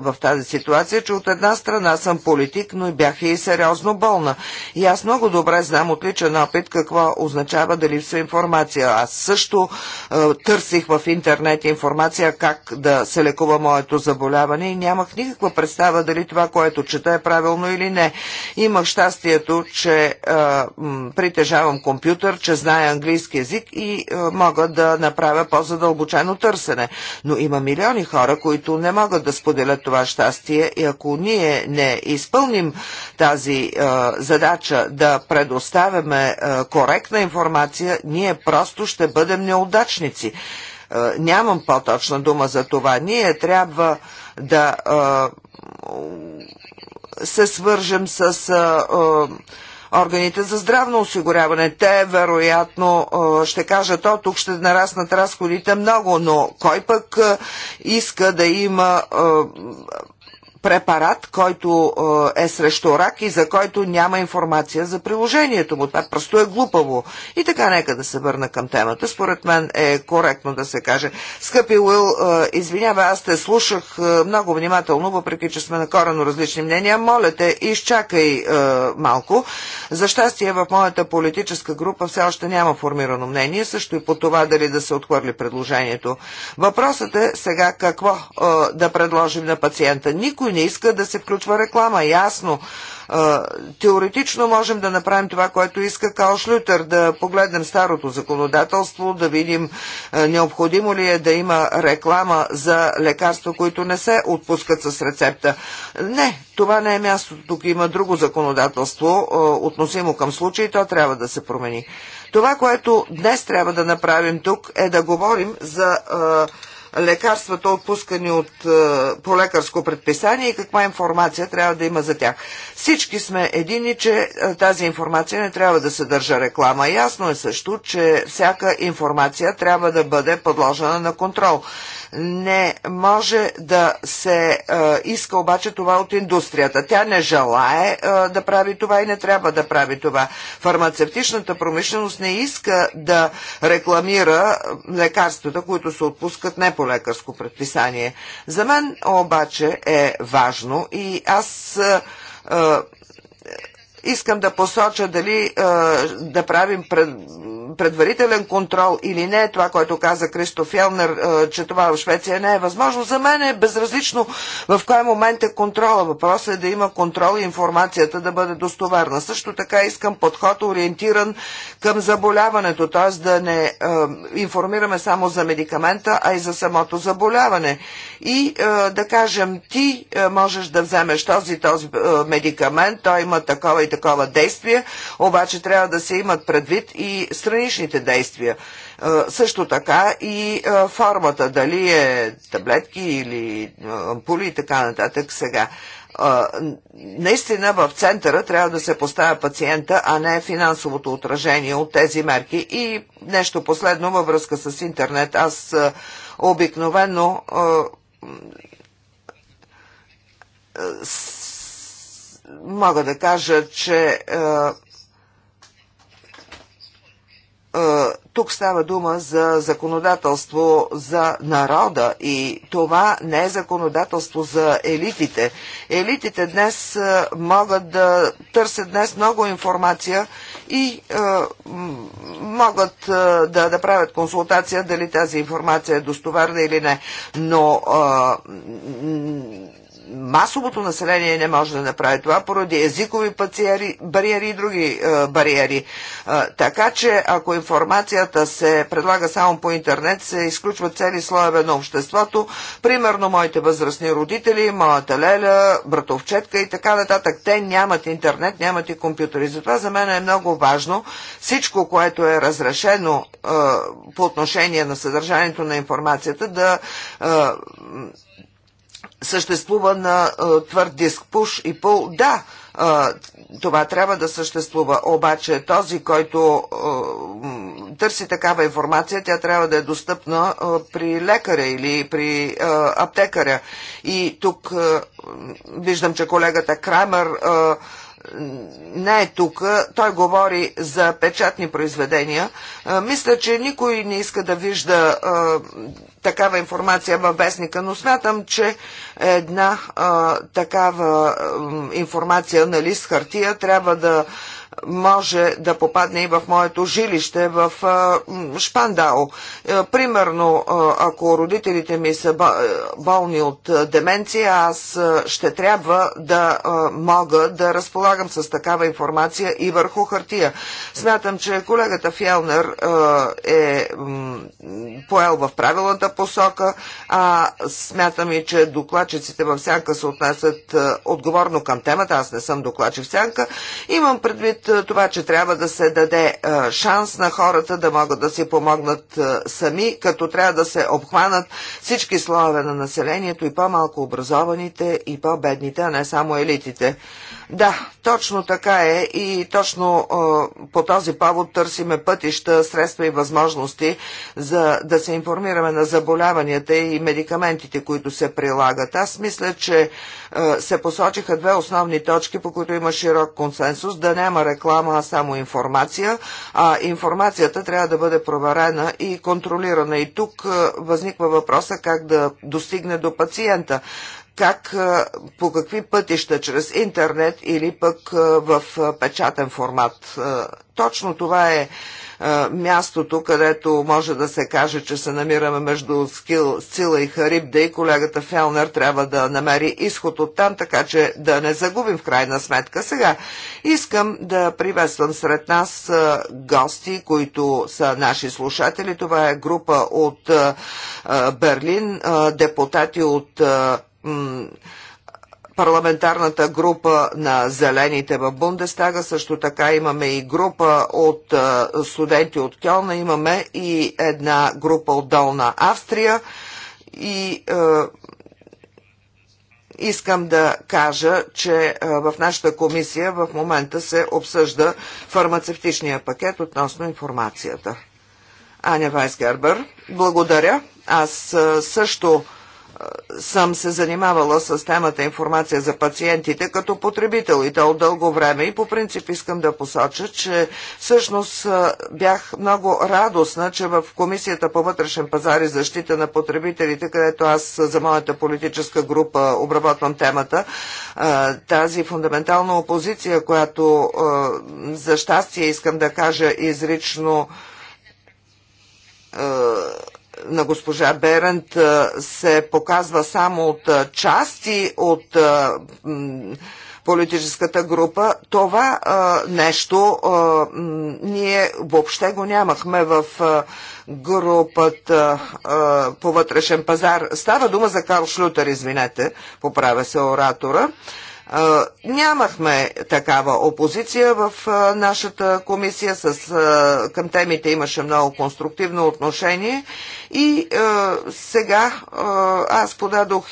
в тази ситуация, че от една страна съм политик, но бях и сериозно болна. И аз много добре знам от личен опит какво означава да липсва информация. Аз също търсих в интернет информация как да се лекува моето заболяване и нямах никаква представа дали това, което чета е правилно или не. Имах щастието, че а, притежавам компютър, че зная английски язик и а, мога да направя по-задълбочено търсене. Но има милиони хора, които не могат да споделят това щастие и ако ние не изпълним тази а, задача да предоставяме а, коректна информация, ние просто ще бъдем неудачници. А, нямам по-точна дума за това. Ние трябва да а, се свържем с органите за здравно осигуряване. Те, вероятно, ще кажат, о, тук ще нараснат разходите много, но кой пък иска да има препарат, който е, е срещу рак и за който няма информация за приложението му. Това просто е глупаво. И така, нека да се върна към темата. Според мен е коректно да се каже. Скъпи Уил, е, извинявай, аз те слушах е, много внимателно, въпреки че сме на корено различни мнения. Моля те, изчакай малко. За щастие в моята политическа група все още няма формирано мнение, също и по това дали да се отхвърли предложението. Въпросът е сега какво да предложим на пациента. Никой никой не иска да се включва реклама. Ясно. Теоретично можем да направим това, което иска Као Шлютер, да погледнем старото законодателство, да видим необходимо ли е да има реклама за лекарства, които не се отпускат с рецепта. Не, това не е мястото. Тук има друго законодателство, относимо към случай, то трябва да се промени. Това, което днес трябва да направим тук, е да говорим за лекарствата, отпускани от, е, по лекарско предписание и каква информация трябва да има за тях. Всички сме едини, че е, тази информация не трябва да съдържа реклама. Ясно е също, че всяка информация трябва да бъде подложена на контрол. Не може да се е, иска обаче това от индустрията. Тя не желае е, да прави това и не трябва да прави това. Фармацевтичната промишленост не иска да рекламира е, лекарствата, които се отпускат не по лекарско предписание. За мен обаче е важно и аз Искам да посоча дали а, е, да правим пред, предварителен контрол или не, това, което каза Кристоф Фелнер, а, е, че това в Швеция не е възможно. За мен е безразлично в кой момент е контрола. Въпросът е да има контрол и информацията да бъде достоверна. Също така искам подход ориентиран към заболяването, т.е. да не а, е, информираме само за медикамента, а и за самото заболяване. И а, да кажем, ти можеш да вземеш този, този а, медикамент, той има такова и такова действие, обаче трябва да се имат предвид и страничните действия. Също така и формата, дали е таблетки или ампули и така нататък сега наистина в центъра трябва да се поставя пациента, а не финансовото отражение от тези мерки. И нещо последно във връзка с интернет. Аз обикновено мога да кажа, че е, е, тук става дума за законодателство за народа и това не е законодателство за елитите. Елитите днес е, могат да търсят днес много информация и е, могат да, да правят консултация дали тази информация е достоверна или не. Но е, масовото население не може да направи това поради езикови пациери, бариери и други е, бариери. Е, така че, ако информацията се предлага само по интернет, се изключват цели слоеве на обществото. Примерно, моите възрастни родители, моята леля, братовчетка и така нататък. Те нямат интернет, нямат и компютъри. Затова за мен е много важно всичко, което е разрешено е, по отношение на съдържанието на информацията, да е, съществува на твърд диск пуш и пул. Да, това трябва да съществува. Обаче този, който а, търси такава информация, тя трябва да е достъпна а, при лекаря или при а, аптекаря. И тук виждам, че колегата Крамер не е тук, той говори за печатни произведения. Мисля, че никой не иска да вижда такава информация във вестника, но смятам, че една такава информация на лист хартия трябва да може да попадне и в моето жилище в Шпандао. Е, примерно, ако родителите ми са е, болни от деменция, аз ще трябва да мога да разполагам с такава информация и върху хартия. Смятам, че колегата Фелнер е поел в правилната посока, а смятам и, че докладчиците в сянка се отнасят отговорно към темата. Аз не съм докладчик в сянка. Имам предвид предвид това, че трябва да се даде шанс на хората да могат да си помогнат сами, като трябва да се обхванат всички слоеве на населението и по-малко образованите и по-бедните, а не само елитите. Да, точно така е и точно по този повод търсиме пътища, средства и възможности за да се информираме на заболяванията и медикаментите, които се прилагат. Аз мисля, че се посочиха две основни точки, по които има широк консенсус, да няма реклама, а само информация, а информацията трябва да бъде проверена и контролирана. И тук възниква въпроса как да достигне до пациента как, по какви пътища, чрез интернет или пък в печатен формат. Точно това е мястото, където може да се каже, че се намираме между Скил, Сила и Харибда и колегата Фелнер трябва да намери изход от там, така че да не загубим в крайна сметка. Сега искам да приветствам сред нас гости, които са наши слушатели. Това е група от Берлин, депутати от парламентарната група на зелените в Бундестага, също така имаме и група от студенти от Кьолна, имаме и една група от Долна Австрия и е, искам да кажа, че в нашата комисия в момента се обсъжда фармацевтичния пакет относно информацията. Аня Вайсгербер, благодаря. Аз също съм се занимавала с темата информация за пациентите като потребител и то от дълго време и по принцип искам да посоча, че всъщност бях много радостна, че в Комисията по вътрешен пазар и защита на потребителите, където аз за моята политическа група обработвам темата, тази фундаментална опозиция, която за щастие искам да кажа изрично на госпожа Берент се показва само от части от политическата група, това нещо ние въобще го нямахме в групата по вътрешен пазар. Става дума за Карл Шлютер, извинете, поправя се оратора. Нямахме такава опозиция в нашата комисия. С, към темите имаше много конструктивно отношение. И сега аз подадох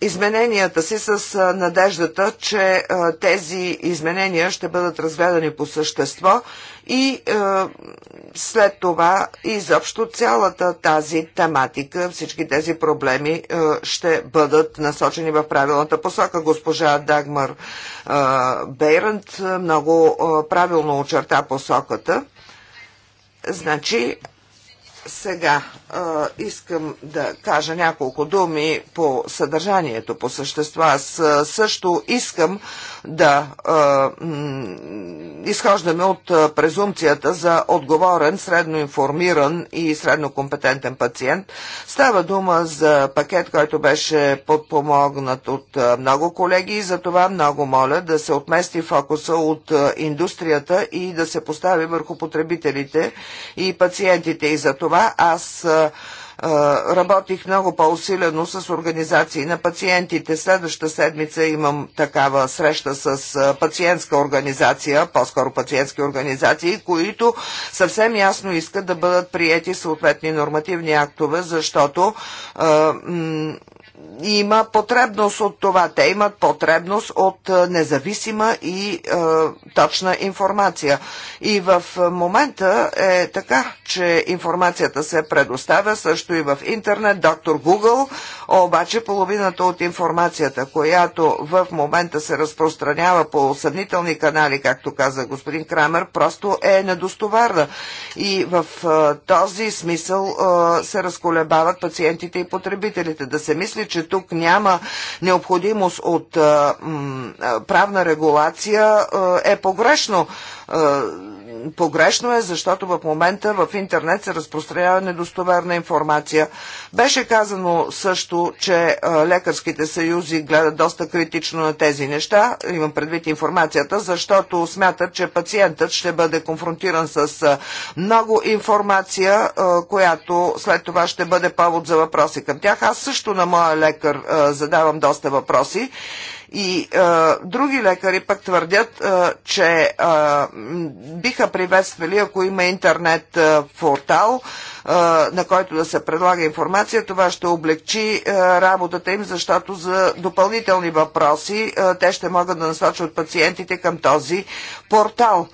измененията си с надеждата, че тези изменения ще бъдат разгледани по същество и е, след това изобщо цялата тази тематика, всички тези проблеми е, ще бъдат насочени в правилната посока. Госпожа Дагмар е, Бейрант е, много е, правилно очерта посоката. Значи, сега искам да кажа няколко думи по съдържанието, по същество. Аз също искам да изхождаме от презумцията за отговорен, средно информиран и средно компетентен пациент. Става дума за пакет, който беше подпомогнат от много колеги и за това много моля да се отмести фокуса от индустрията и да се постави върху потребителите и пациентите. И за това аз работих много по-усилено с организации на пациентите. Следваща седмица имам такава среща с пациентска организация, по-скоро пациентски организации, които съвсем ясно искат да бъдат приети съответни нормативни актове, защото има потребност от това. Те имат потребност от е, независима и е, точна информация. И в момента е така, че информацията се предоставя също и в интернет. Доктор Google, обаче половината от информацията, която в момента се разпространява по съднителни канали, както каза господин Крамер, просто е недостоварна. И в е, този смисъл е, се разколебават пациентите и потребителите. Да се мисли, че тук няма необходимост от правна регулация е погрешно погрешно е, защото в момента в интернет се разпространява недостоверна информация. Беше казано също, че лекарските съюзи гледат доста критично на тези неща, имам предвид информацията, защото смятат, че пациентът ще бъде конфронтиран с много информация, която след това ще бъде повод за въпроси към тях. Аз също на моя лекар задавам доста въпроси и е, други лекари пък твърдят, е, че е, биха приветствали, ако има интернет е, портал, е, на който да се предлага информация, това ще облегчи е, работата им, защото за допълнителни въпроси е, те ще могат да насочват пациентите към този портал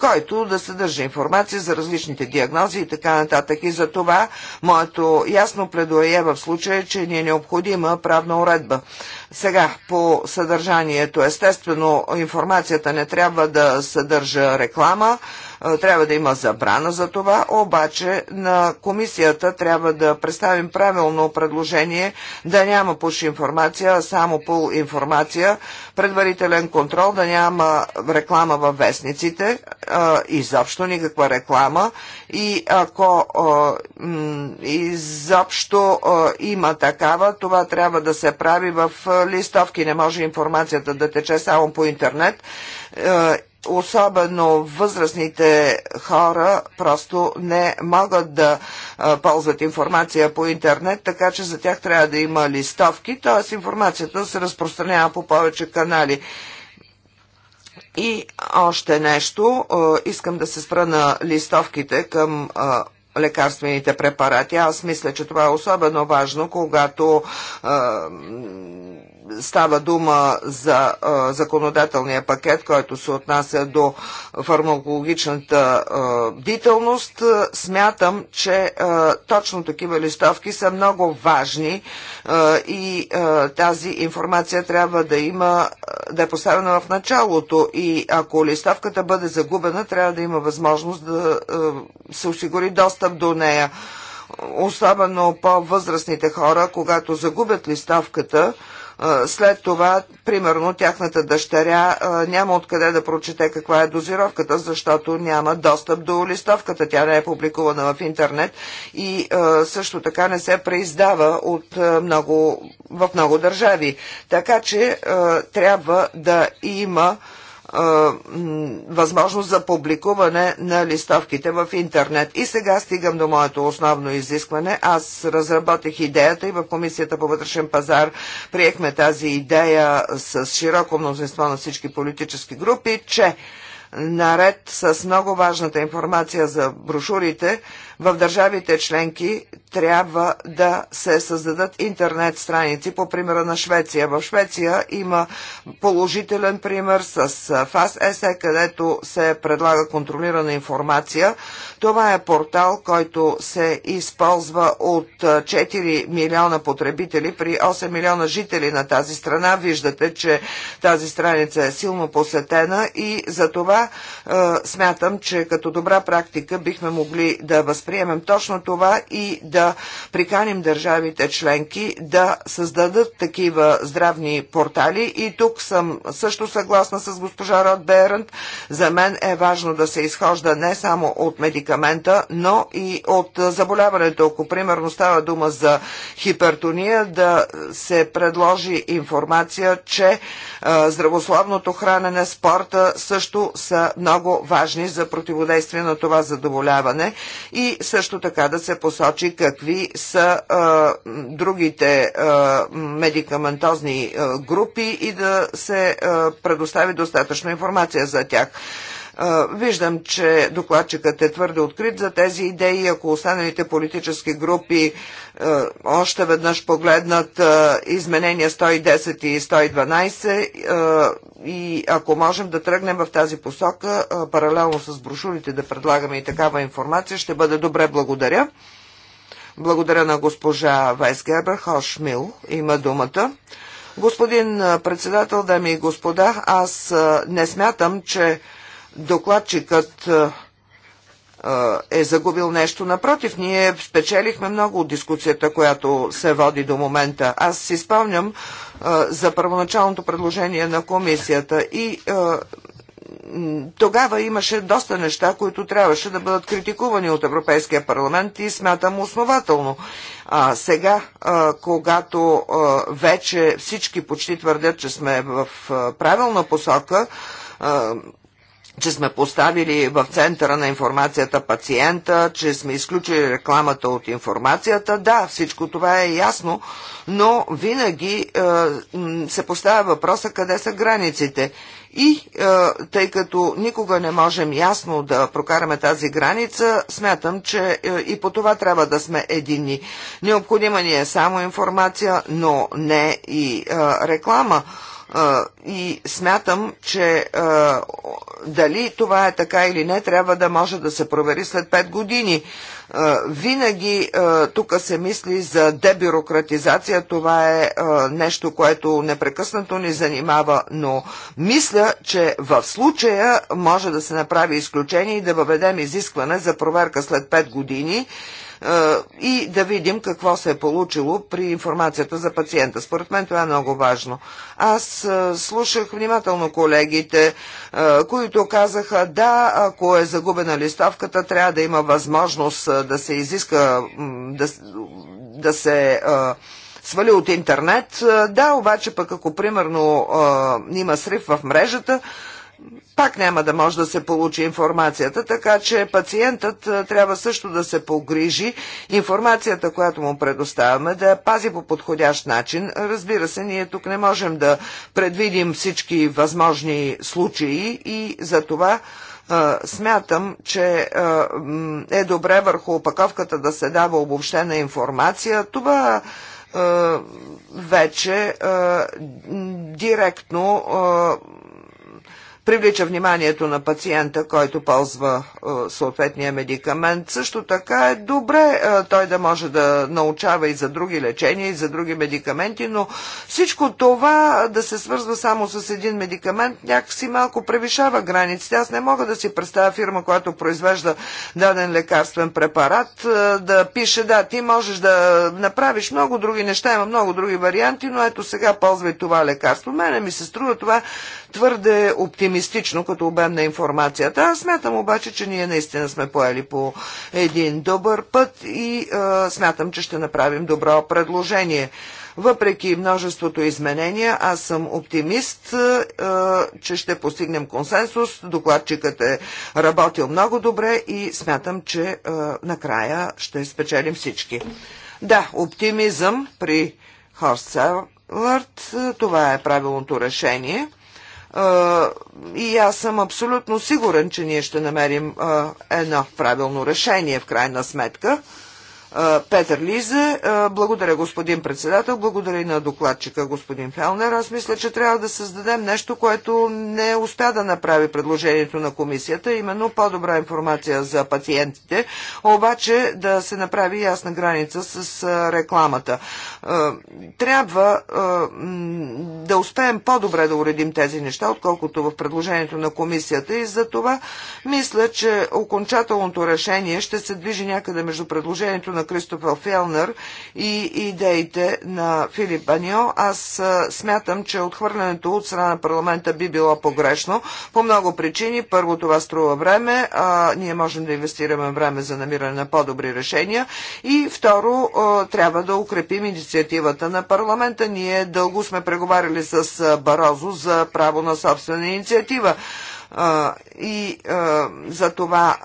който да съдържа информация за различните диагнози и така нататък. И за това моето ясно предоее в случая, е, че ни е необходима правна уредба. Сега, по съдържанието, естествено, информацията не трябва да съдържа реклама, е, трябва да има забрана за това, обаче на комисията трябва да представим правилно предложение да няма пуш информация, а само пул информация, предварителен контрол, да няма реклама във вестниците, е, изобщо никаква реклама и ако е, изобщо има такава, това трябва да се прави в листовки, не може информацията да тече само по интернет особено възрастните хора просто не могат да ползват информация по интернет, така че за тях трябва да има листовки, т.е. информацията се разпространява по повече канали. И още нещо, искам да се спра на листовките към лекарствените препарати. Аз мисля, че това е особено важно, когато става дума за а, законодателния пакет, който се отнася до фармакологичната а, бдителност, смятам, че а, точно такива листовки са много важни а, и а, тази информация трябва да има, да е поставена в началото и ако листовката бъде загубена, трябва да има възможност да а, се осигури достъп до нея особено по-възрастните хора, когато загубят листовката, след това, примерно, тяхната дъщеря няма откъде да прочете каква е дозировката, защото няма достъп до листовката. Тя не е публикувана в интернет и също така не се преиздава от много, в много държави. Така че трябва да има възможност за публикуване на листовките в интернет. И сега стигам до моето основно изискване. Аз разработих идеята и в Комисията по вътрешен пазар приехме тази идея с широко мнозинство на всички политически групи, че наред с много важната информация за брошурите, в държавите членки трябва да се създадат интернет страници по примера на Швеция. В Швеция има положителен пример с ЕСЕ, където се предлага контролирана информация. Това е портал, който се използва от 4 милиона потребители при 8 милиона жители на тази страна. Виждате, че тази страница е силно посетена и за това е, смятам, че като добра практика бихме могли да възприемем възприемем точно това и да приканим държавите членки да създадат такива здравни портали. И тук съм също съгласна с госпожа Род Берент. За мен е важно да се изхожда не само от медикамента, но и от заболяването. Ако примерно става дума за хипертония, да се предложи информация, че здравословното хранене, спорта също са много важни за противодействие на това задоволяване и също така да се посочи какви са а, другите а, медикаментозни а, групи и да се а, предостави достатъчно информация за тях. Виждам, че докладчикът е твърде открит за тези идеи. Ако останалите политически групи още веднъж погледнат изменения 110 и 112 и ако можем да тръгнем в тази посока, паралелно с брошурите да предлагаме и такава информация, ще бъде добре. Благодаря. Благодаря на госпожа Вайсгербер. Хошмил има думата. Господин председател, дами и господа, аз не смятам, че докладчикът е загубил нещо. Напротив, ние спечелихме много от дискуцията, която се води до момента. Аз си спомням за първоначалното предложение на комисията и тогава имаше доста неща, които трябваше да бъдат критикувани от Европейския парламент и смятам основателно. А, сега, когато вече всички почти твърдят, че сме в правилна посока, че сме поставили в центъра на информацията пациента, че сме изключили рекламата от информацията. Да, всичко това е ясно, но винаги е, се поставя въпроса къде са границите. И е, тъй като никога не можем ясно да прокараме тази граница, смятам, че е, и по това трябва да сме едини. Необходима ни е само информация, но не и е, реклама и смятам, че дали това е така или не, трябва да може да се провери след 5 години. Винаги тук се мисли за дебюрократизация. Това е нещо, което непрекъснато ни занимава, но мисля, че в случая може да се направи изключение и да въведем изискване за проверка след 5 години и да видим какво се е получило при информацията за пациента. Според мен това е много важно. Аз слушах внимателно колегите, които казаха, да, ако е загубена листовката, трябва да има възможност да се изиска, да, да се свали от интернет. Да, обаче пък ако примерно има срив в мрежата, пак няма да може да се получи информацията, така че пациентът трябва също да се погрижи информацията, която му предоставяме, да я пази по подходящ начин. Разбира се, ние тук не можем да предвидим всички възможни случаи и за това смятам, че е добре върху опаковката да се дава обобщена информация. Това вече директно привлича вниманието на пациента, който ползва е, съответния медикамент. Също така е добре е, той да може да научава и за други лечения, и за други медикаменти, но всичко това да се свързва само с един медикамент някакси малко превишава границите. Аз не мога да си представя фирма, която произвежда даден лекарствен препарат, е, да пише, да, ти можеш да направиш много други неща, има много други варианти, но ето сега ползвай това лекарство. Мене ми се струва това твърде оптимистично оптимистично като обем на информацията. Аз смятам обаче, че ние наистина сме поели по един добър път и а, е, смятам, че ще направим добро предложение. Въпреки множеството изменения, аз съм оптимист, е, че ще постигнем консенсус. Докладчикът е работил много добре и смятам, че е, накрая ще спечелим всички. Да, оптимизъм при Хорст Селърт, това е правилното решение и аз съм абсолютно сигурен, че ние ще намерим едно правилно решение в крайна сметка. Петър Лиза. Благодаря, господин председател. Благодаря и на докладчика, господин Фелнер. Аз мисля, че трябва да създадем нещо, което не успя да направи предложението на комисията, именно по-добра информация за пациентите, обаче да се направи ясна граница с рекламата. Трябва да успеем по-добре да уредим тези неща, отколкото в предложението на комисията и за това мисля, че окончателното решение ще се движи някъде между предложението на на Кристофъл Фелнер и идеите на Филип Баньо. Аз смятам, че отхвърлянето от страна на парламента би било погрешно по много причини. Първо, това струва време. А, ние можем да инвестираме време за намиране на по-добри решения. И второ, а, трябва да укрепим инициативата на парламента. Ние дълго сме преговаряли с Барозо за право на собствена инициатива. И за това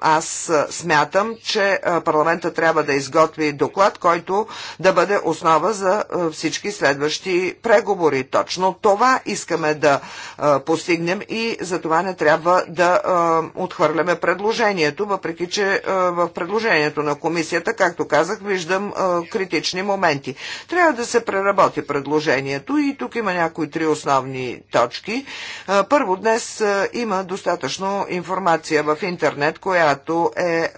аз смятам, че парламента трябва да изготви доклад, който да бъде основа за всички следващи преговори. Точно това искаме да постигнем и за това не трябва да отхвърляме предложението, въпреки че в предложението на комисията, както казах, виждам критични моменти. Трябва да се преработи предложението и тук има някои три основни точки. Първо, днес има достатъчно информация в интернет, която е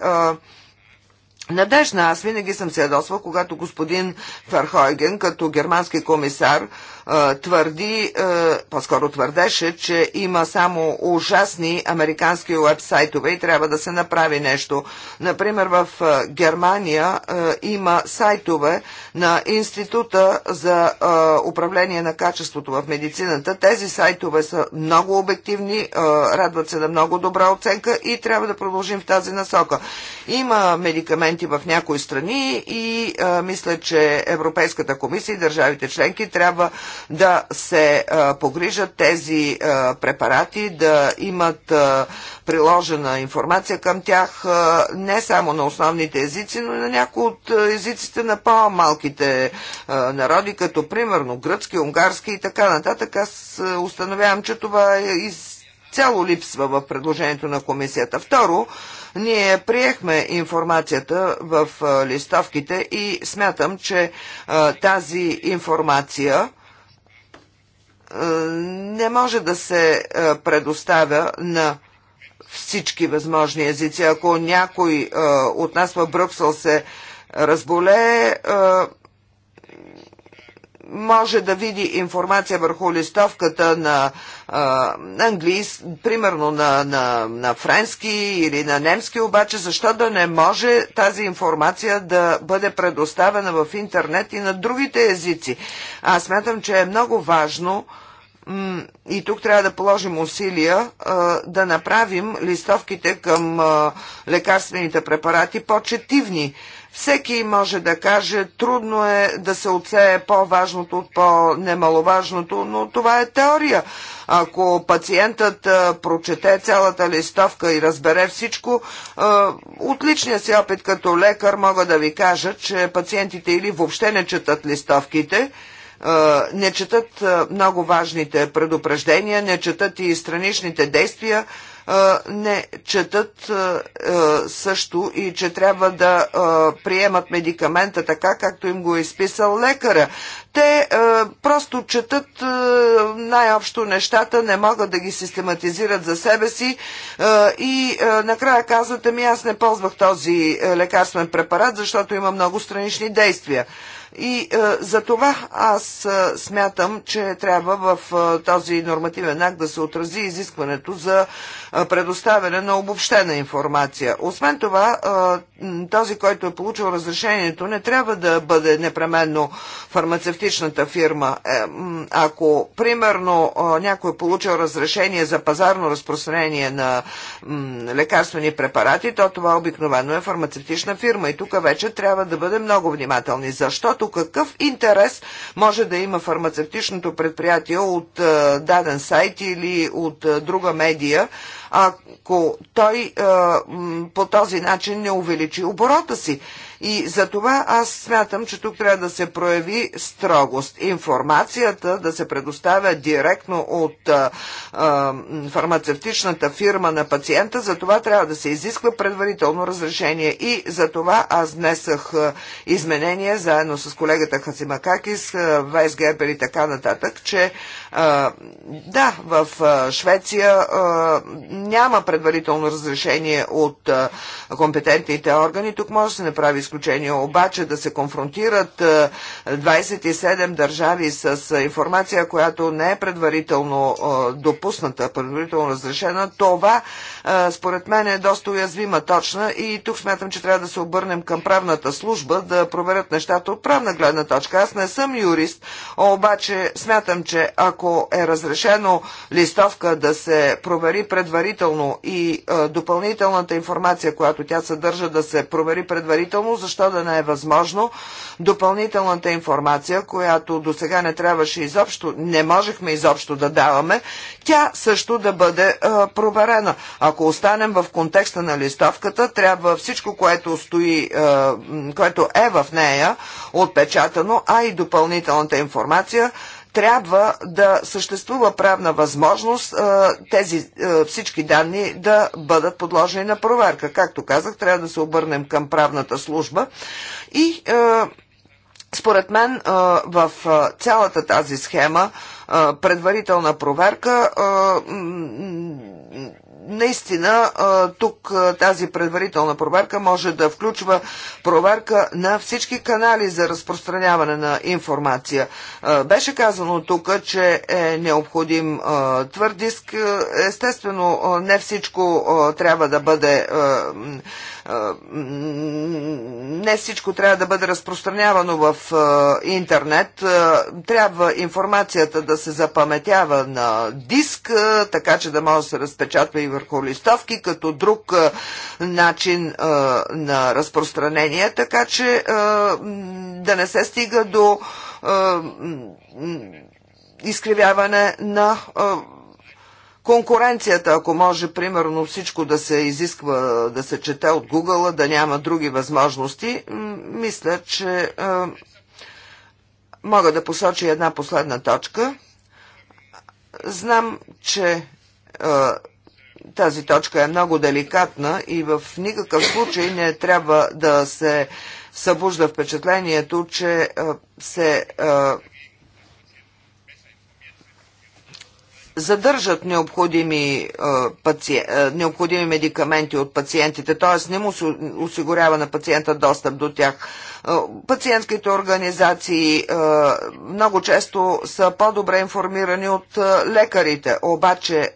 надежна. Аз винаги съм се ядосвал, когато господин Фархойген, като германски комисар, твърди, по-скоро твърдеше, че има само ужасни американски уебсайтове и трябва да се направи нещо. Например, в Германия има сайтове на Института за управление на качеството в медицината. Тези сайтове са много обективни, радват се на много добра оценка и трябва да продължим в тази насока. Има медикаменти в някои страни и мисля, че Европейската комисия и държавите членки трябва да се погрижат тези препарати, да имат приложена информация към тях не само на основните езици, но и на някои от езиците на по-малките народи, като примерно гръцки, унгарски и така нататък. Аз установявам, че това е из цяло липсва в предложението на комисията. Второ, ние приехме информацията в листовките и смятам, че тази информация е, не може да се е, предоставя на всички възможни езици. Ако някой е, от нас в Брюксел се разболее, може да види информация върху листовката на а, английс, примерно на, на, на френски или на немски, обаче защо да не може тази информация да бъде предоставена в интернет и на другите езици? Аз смятам, че е много важно и тук трябва да положим усилия да направим листовките към лекарствените препарати по-четивни. Всеки може да каже, трудно е да се отсее по-важното от по-немаловажното, но това е теория. Ако пациентът прочете цялата листовка и разбере всичко, от личния си опит като лекар мога да ви кажа, че пациентите или въобще не четат листовките, не четат много важните предупреждения, не четат и страничните действия, не четат също и че трябва да приемат медикамента така, както им го е изписал лекаря. Те просто четат най-общо нещата, не могат да ги систематизират за себе си и накрая казват, ами аз не ползвах този лекарствен препарат, защото има много странични действия. И е, за това аз е, смятам, че трябва в е, този нормативен акт да се отрази изискването за е, предоставяне на обобщена информация. Освен това, е, този, който е получил разрешението, не трябва да бъде непременно фармацевтичната фирма. Е, ако, примерно, е, някой е получил разрешение за пазарно разпространение на е, лекарствени препарати, то това обикновено е фармацевтична фирма. И тук вече трябва да бъдем много внимателни. Защо защото какъв интерес може да има фармацевтичното предприятие от е, даден сайт или от е, друга медия, ако той е, по този начин не увеличи оборота си. И за това аз смятам, че тук трябва да се прояви строгост. Информацията да се предоставя директно от а, а, фармацевтичната фирма на пациента, за това трябва да се изисква предварително разрешение. И за това аз внесах изменения заедно с колегата Хасимакакис, Вайс Гербер и така нататък, че да, в Швеция няма предварително разрешение от компетентните органи. Тук може да се направи изключение, обаче да се конфронтират 27 държави с информация, която не е предварително допусната, предварително разрешена. Това, според мен, е доста уязвима точна и тук смятам, че трябва да се обърнем към правната служба да проверят нещата от правна гледна точка. Аз не съм юрист, обаче смятам, че ако ако е разрешено листовка да се провери предварително и е, допълнителната информация, която тя съдържа да се провери предварително, защо да не е възможно допълнителната информация, която до сега не трябваше изобщо, не можехме изобщо да даваме, тя също да бъде е, проверена. Ако останем в контекста на листовката, трябва всичко, което стои, е, което е в нея, отпечатано, а и допълнителната информация, трябва да съществува правна възможност тези всички данни да бъдат подложени на проверка. Както казах, трябва да се обърнем към правната служба и според мен в цялата тази схема предварителна проверка наистина тук тази предварителна проверка може да включва проверка на всички канали за разпространяване на информация. Беше казано тук, че е необходим твърд диск. Естествено, не всичко трябва да бъде не всичко трябва да бъде разпространявано в интернет. Трябва информацията да се запаметява на диск, така че да може да се разпечатва и в върху листовки, като друг начин на разпространение, така че да не се стига до изкривяване на конкуренцията, ако може, примерно, всичко да се изисква, да се чете от Google, да няма други възможности, мисля, че е, мога да посоча една последна точка. Знам, че е, тази точка е много деликатна и в никакъв случай не трябва да се събужда впечатлението, че се задържат необходими, паци... необходими медикаменти от пациентите, т.е. не му осигурява на пациента достъп до тях. Пациентските организации много често са по-добре информирани от лекарите, обаче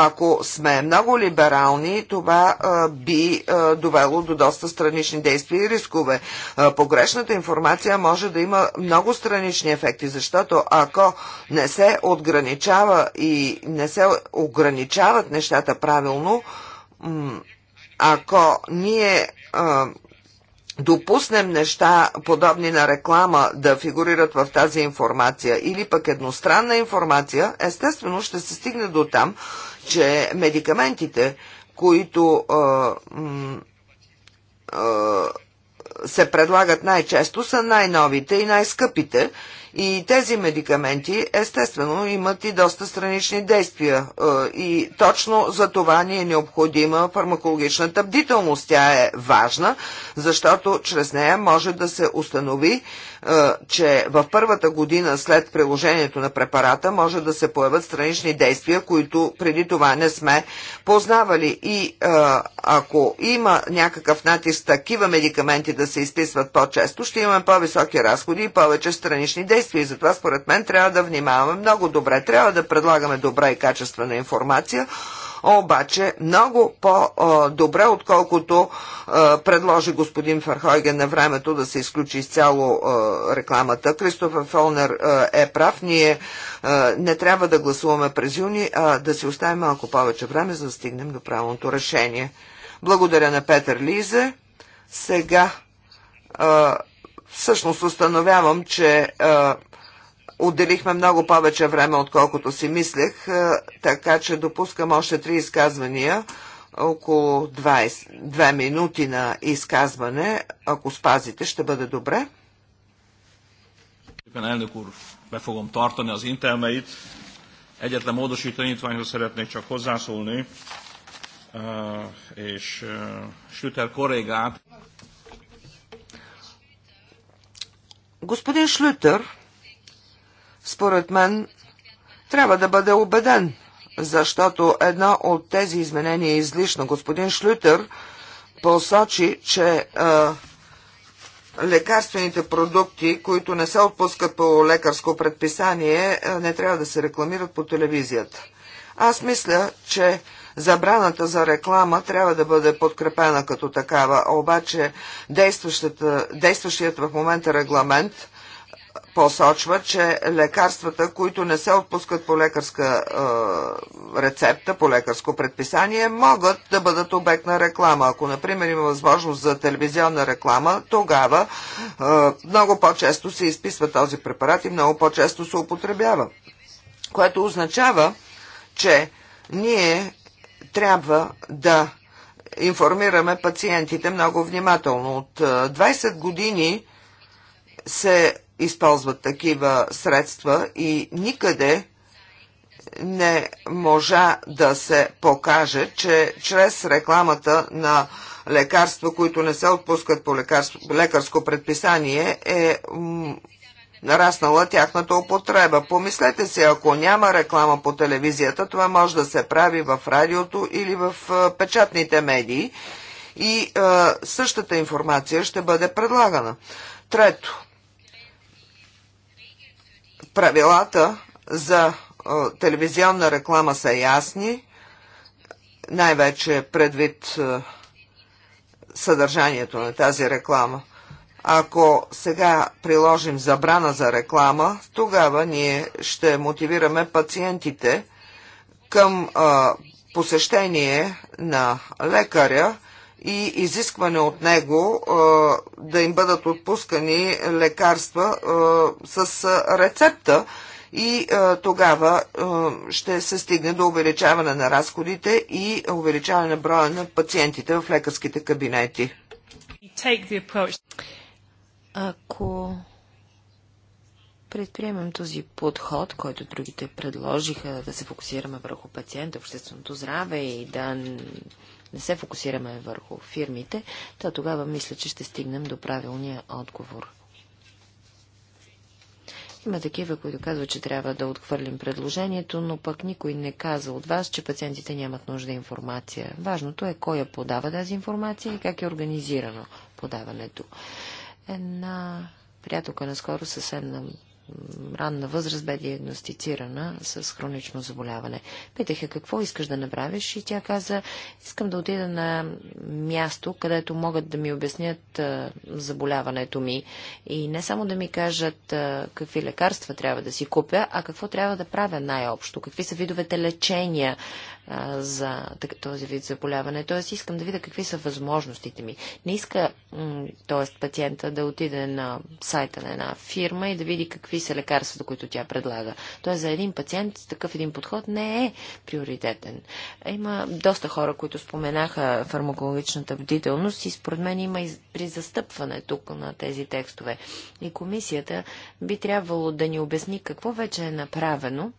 ако сме много либерални, това би довело до доста странични действия и рискове. Погрешната информация може да има много странични ефекти, защото ако не се отграничава и не се ограничават нещата правилно, ако ние допуснем неща, подобни на реклама, да фигурират в тази информация или пък едностранна информация, естествено ще се стигне до там, че медикаментите, които а, а, се предлагат най-често, са най-новите и най-скъпите и тези медикаменти, естествено, имат и доста странични действия. Е, и точно за това ни е необходима фармакологичната бдителност. Тя е важна, защото чрез нея може да се установи, е, че в първата година след приложението на препарата може да се появят странични действия, които преди това не сме познавали. И е, ако има някакъв натиск такива медикаменти да се изписват по-често, ще имаме по-високи разходи и повече странични действия действия и затова според мен трябва да внимаваме много добре. Трябва да предлагаме добра и качествена информация, обаче много по-добре, отколкото е, предложи господин Фархойген на времето да се изключи изцяло е, рекламата. Кристофър Фолнер е, е прав. Ние не трябва да гласуваме през юни, а да си оставим малко повече време, за да стигнем до правилното решение. Благодаря на Петър Лизе. Сега всъщност установявам, че а, отделихме много повече време, отколкото си мислех, а, така че допускам още три изказвания, около 20, 2 минути на изказване. Ако спазите, ще бъде добре. Egyetlen módosítani be szeretnék csak hozzászólni, és Schlüter kollégát Господин Шлютер, според мен, трябва да бъде убеден, защото едно от тези изменения е излишно. Господин Шлютер посочи, че а, лекарствените продукти, които не се отпускат по лекарско предписание, не трябва да се рекламират по телевизията. Аз мисля, че Забраната за реклама трябва да бъде подкрепена като такава, обаче действащият в момента регламент посочва, че лекарствата, които не се отпускат по лекарска е, рецепта, по лекарско предписание, могат да бъдат обект на реклама. Ако, например, има възможност за телевизионна реклама, тогава е, много по-често се изписва този препарат и много по-често се употребява. Което означава, че ние трябва да информираме пациентите много внимателно. От 20 е, години се използват такива средства и никъде не можа да се покаже, че чрез рекламата на лекарства, които не се отпускат по лекарско, лекарско предписание, е нараснала тяхната употреба. Помислете си, ако няма реклама по телевизията, това може да се прави в радиото или в печатните медии и а, същата информация ще бъде предлагана. Трето, правилата за а, телевизионна реклама са ясни, най-вече предвид а, съдържанието на тази реклама. Ако сега приложим забрана за реклама, тогава ние ще мотивираме пациентите към а, посещение на лекаря и изискване от него а, да им бъдат отпускани лекарства а, с рецепта и а, тогава а, ще се стигне до увеличаване на разходите и увеличаване на броя на пациентите в лекарските кабинети. Ако предприемем този подход, който другите предложиха, да се фокусираме върху пациента, общественото здраве и да не се фокусираме върху фирмите, то тогава мисля, че ще стигнем до правилния отговор. Има такива, които казват, че трябва да отхвърлим предложението, но пък никой не каза от вас, че пациентите нямат нужда информация. Важното е кой я подава тази информация и как е организирано подаването. Една приятелка наскоро съвсем на ранна възраст бе диагностицирана с хронично заболяване. Питаха какво искаш да направиш и тя каза, искам да отида на място, където могат да ми обяснят а, заболяването ми и не само да ми кажат а, какви лекарства трябва да си купя, а какво трябва да правя най-общо, какви са видовете лечения, за този вид заболяване. Тоест искам да видя какви са възможностите ми. Не иска, т.е. пациента да отиде на сайта на една фирма и да види какви са лекарствата, които тя предлага. Тоест за един пациент такъв един подход не е приоритетен. Има доста хора, които споменаха фармакологичната бдителност и според мен има и при застъпване тук на тези текстове. И комисията би трябвало да ни обясни какво вече е направено,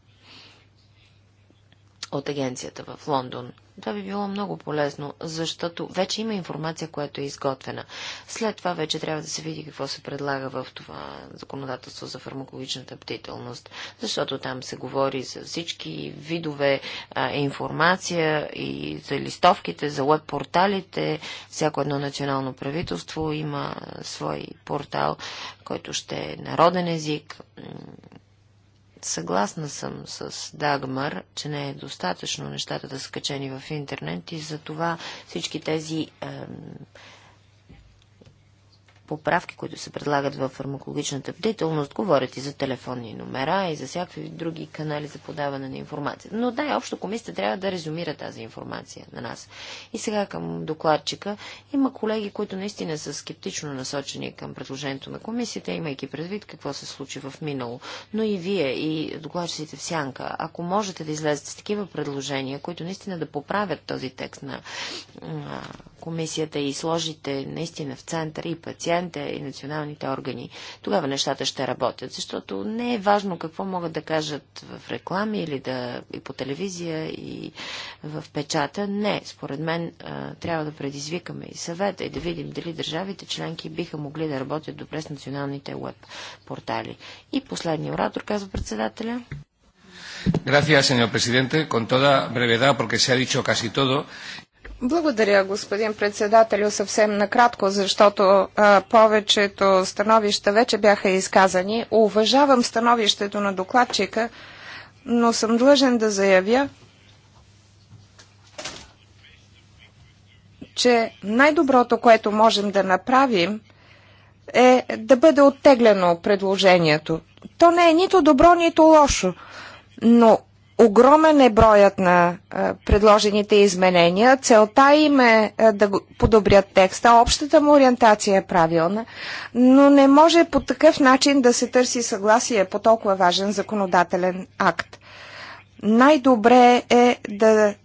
от агенцията в Лондон. Това би било много полезно, защото вече има информация, която е изготвена. След това вече трябва да се види какво се предлага в това законодателство за фармакологичната бдителност, защото там се говори за всички видове а, информация и за листовките, за веб-порталите. Всяко едно национално правителство има свой портал, който ще е народен език Съгласна съм с Дагмар, че не е достатъчно нещата да са качени в интернет и за това всички тези е, поправки, които се предлагат в фармакологичната бдителност, говорят и за телефонни номера, и за всякакви други канали за подаване на информация. Но да, общо комисията трябва да резюмира тази информация на нас. И сега към докладчика. Има колеги, които наистина са скептично насочени към предложението на комисията, имайки предвид какво се случи в минало. Но и вие, и докладчиците в сянка, ако можете да излезете с такива предложения, които наистина да поправят този текст на комисията и сложите наистина в център и пациента, и националните органи, тогава нещата ще работят. Защото не е важно какво могат да кажат в реклами или да, и по телевизия, и в печата. Не, според мен трябва да предизвикаме и съвета и да видим дали държавите членки биха могли да работят добре с националните веб портали. И последния оратор, казва председателя. Gracias, señor presidente. Con toda brevedad, porque se ha dicho casi todo, благодаря, господин председателю, съвсем накратко, защото а, повечето становища вече бяха изказани. Уважавам становището на докладчика, но съм длъжен да заявя, че най-доброто, което можем да направим, е да бъде оттеглено предложението. То не е нито добро, нито лошо, но Огромен е броят на предложените изменения. Целта им е да подобрят текста. Общата му ориентация е правилна, но не може по такъв начин да се търси съгласие по толкова важен законодателен акт. Най-добре е да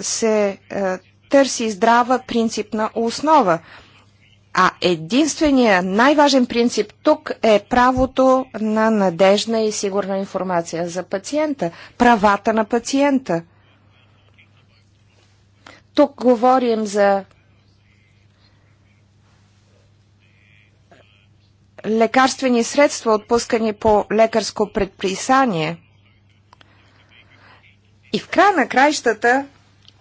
се търси здрава принципна основа – а единствения най-важен принцип тук е правото на надежна и сигурна информация за пациента, правата на пациента. Тук говорим за лекарствени средства, отпускани по лекарско предписание. И в края на краищата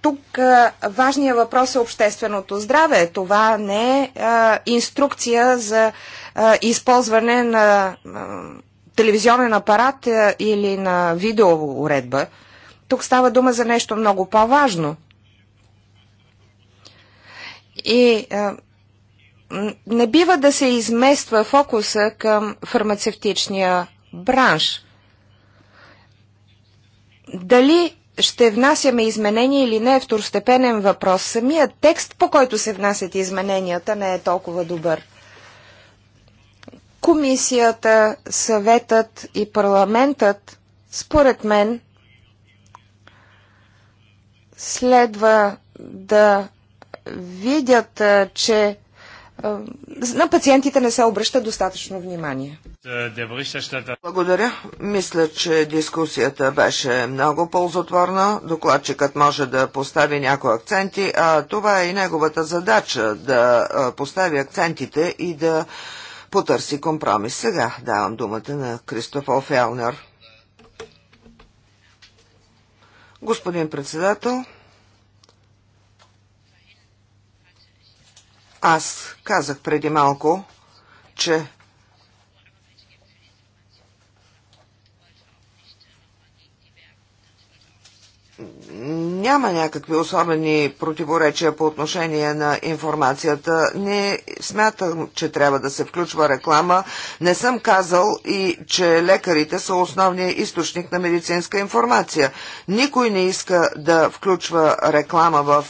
тук важният въпрос е общественото здраве. Това не е инструкция за използване на телевизионен апарат или на видеоуредба. Тук става дума за нещо много по-важно. И не бива да се измества фокуса към фармацевтичния бранш. Дали ще внасяме изменения или не е второстепенен въпрос. Самият текст, по който се внасят измененията, не е толкова добър. Комисията, съветът и парламентът, според мен, следва да видят, че на пациентите не се обръща достатъчно внимание. Благодаря. Мисля, че дискусията беше много ползотворна. Докладчикът може да постави някои акценти, а това е и неговата задача да постави акцентите и да потърси компромис. Сега давам думата на Кристофо Фелнер. Господин председател, Аз казах преди малко, че няма някакви особени противоречия по отношение на информацията. Не смятам, че трябва да се включва реклама. Не съм казал и, че лекарите са основния източник на медицинска информация. Никой не иска да включва реклама в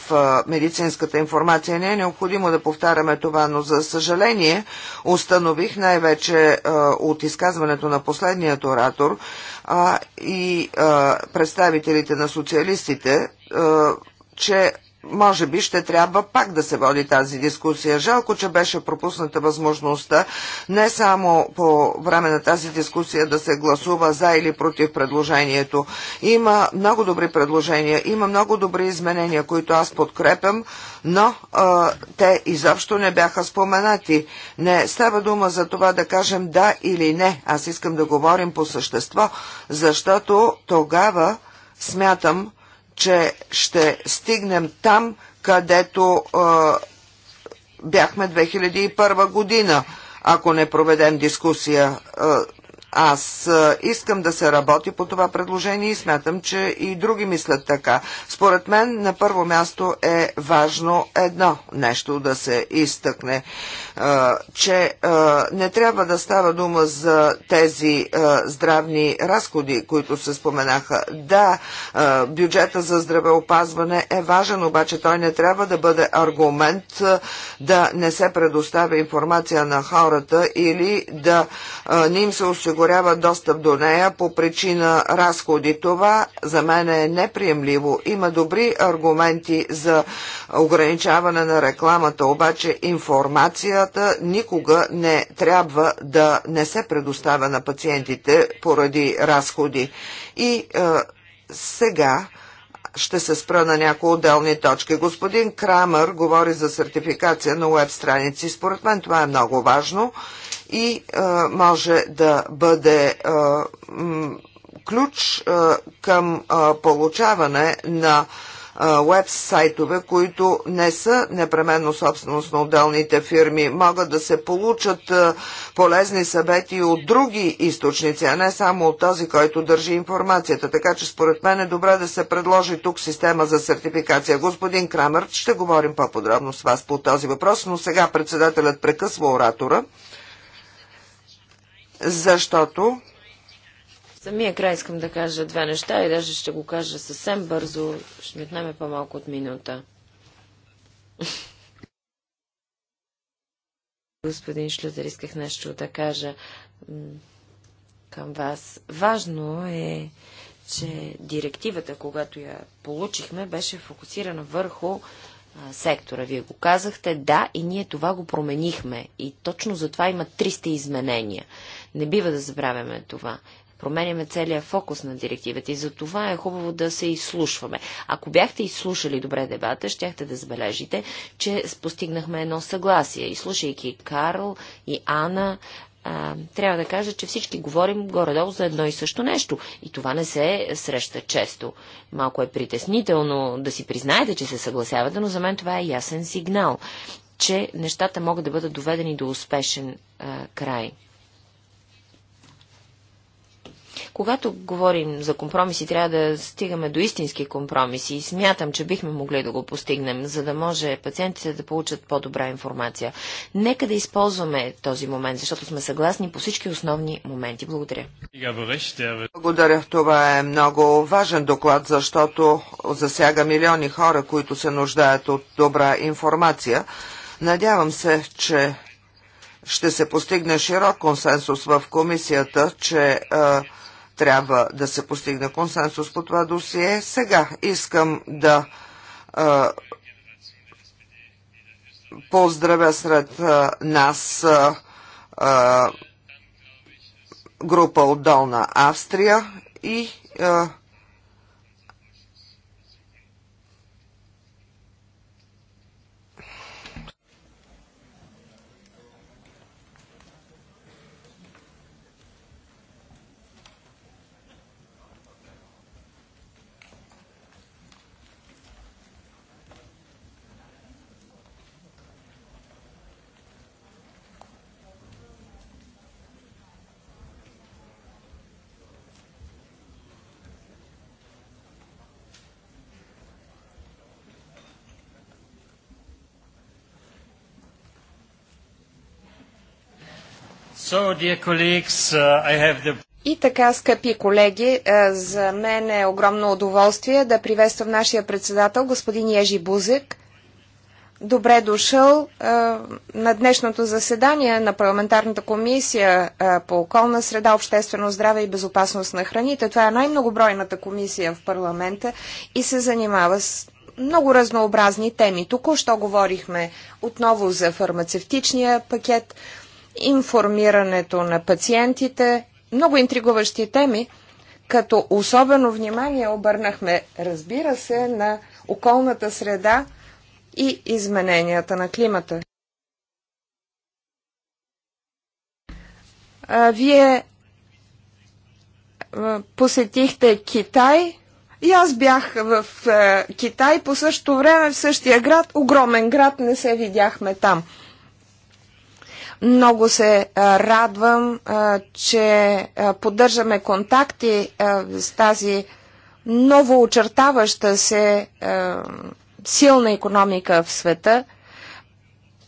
медицинската информация. Не е необходимо да повтаряме това, но за съжаление установих най-вече от изказването на последният оратор, а и а, представителите на социалистите, а, че може би ще трябва пак да се води тази дискусия. Жалко, че беше пропусната възможността не само по време на тази дискусия да се гласува за или против предложението. Има много добри предложения, има много добри изменения, които аз подкрепям, но а, те изобщо не бяха споменати. Не става дума за това да кажем да или не. Аз искам да говорим по същество, защото тогава смятам, че ще стигнем там, където е, бяхме 2001 година, ако не проведем дискусия. Е, аз искам да се работи по това предложение и смятам, че и други мислят така. Според мен на първо място е важно едно нещо да се изтъкне че не трябва да става дума за тези здравни разходи, които се споменаха. Да, бюджета за здравеопазване е важен, обаче той не трябва да бъде аргумент да не се предоставя информация на хората или да не им се осигурява достъп до нея по причина разходи. Това за мен е неприемливо. Има добри аргументи за ограничаване на рекламата, обаче информация държавата никога не трябва да не се предоставя на пациентите поради разходи. И е, сега ще се спра на някои отделни точки. Господин Крамър говори за сертификация на веб страници. Според мен това е много важно и е, може да бъде е, ключ е, към е, получаване на е, веб-сайтове, които не са непременно собственост на отделните фирми. Могат да се получат полезни съвети от други източници, а не само от този, който държи информацията. Така че според мен е добре да се предложи тук система за сертификация. Господин Крамер, ще говорим по-подробно с вас по този въпрос, но сега председателят прекъсва оратора, защото самия край искам да кажа две неща и даже ще го кажа съвсем бързо. Ще ми отнеме по-малко от минута. Господин Шлютер, исках нещо да кажа към вас. Важно е, че директивата, когато я получихме, беше фокусирана върху сектора. Вие го казахте, да, и ние това го променихме. И точно за това има 300 изменения. Не бива да забравяме това променяме целия фокус на директивата и за това е хубаво да се изслушваме. Ако бяхте изслушали добре дебата, щяхте да забележите, че постигнахме едно съгласие. И слушайки Карл и Ана, а, трябва да кажа, че всички говорим горе-долу за едно и също нещо. И това не се среща често. Малко е притеснително да си признаете, че се съгласявате, но за мен това е ясен сигнал, че нещата могат да бъдат доведени до успешен а, край. Когато говорим за компромиси, трябва да стигаме до истински компромиси и смятам, че бихме могли да го постигнем, за да може пациентите да получат по-добра информация. Нека да използваме този момент, защото сме съгласни по всички основни моменти. Благодаря. Благодаря. Това е много важен доклад, защото засяга милиони хора, които се нуждаят от добра информация. Надявам се, че ще се постигне широк консенсус в комисията, че е, трябва да се постигне консенсус по това досие. Сега искам да а, поздравя сред а, нас а, а, група от Долна Австрия и а, Uh, и така, скъпи колеги, е, за мен е огромно удоволствие да приветствам нашия председател, господин Ежи Бузек. Добре дошъл е, на днешното заседание на парламентарната комисия е, по околна среда, обществено здраве и безопасност на храните. Това е най-многобройната комисия в парламента и се занимава с много разнообразни теми. Току-що говорихме отново за фармацевтичния пакет – информирането на пациентите, много интригуващи теми, като особено внимание обърнахме, разбира се, на околната среда и измененията на климата. Вие посетихте Китай и аз бях в Китай по същото време в същия град, огромен град, не се видяхме там. Много се радвам, че поддържаме контакти с тази ново очертаваща се силна економика в света.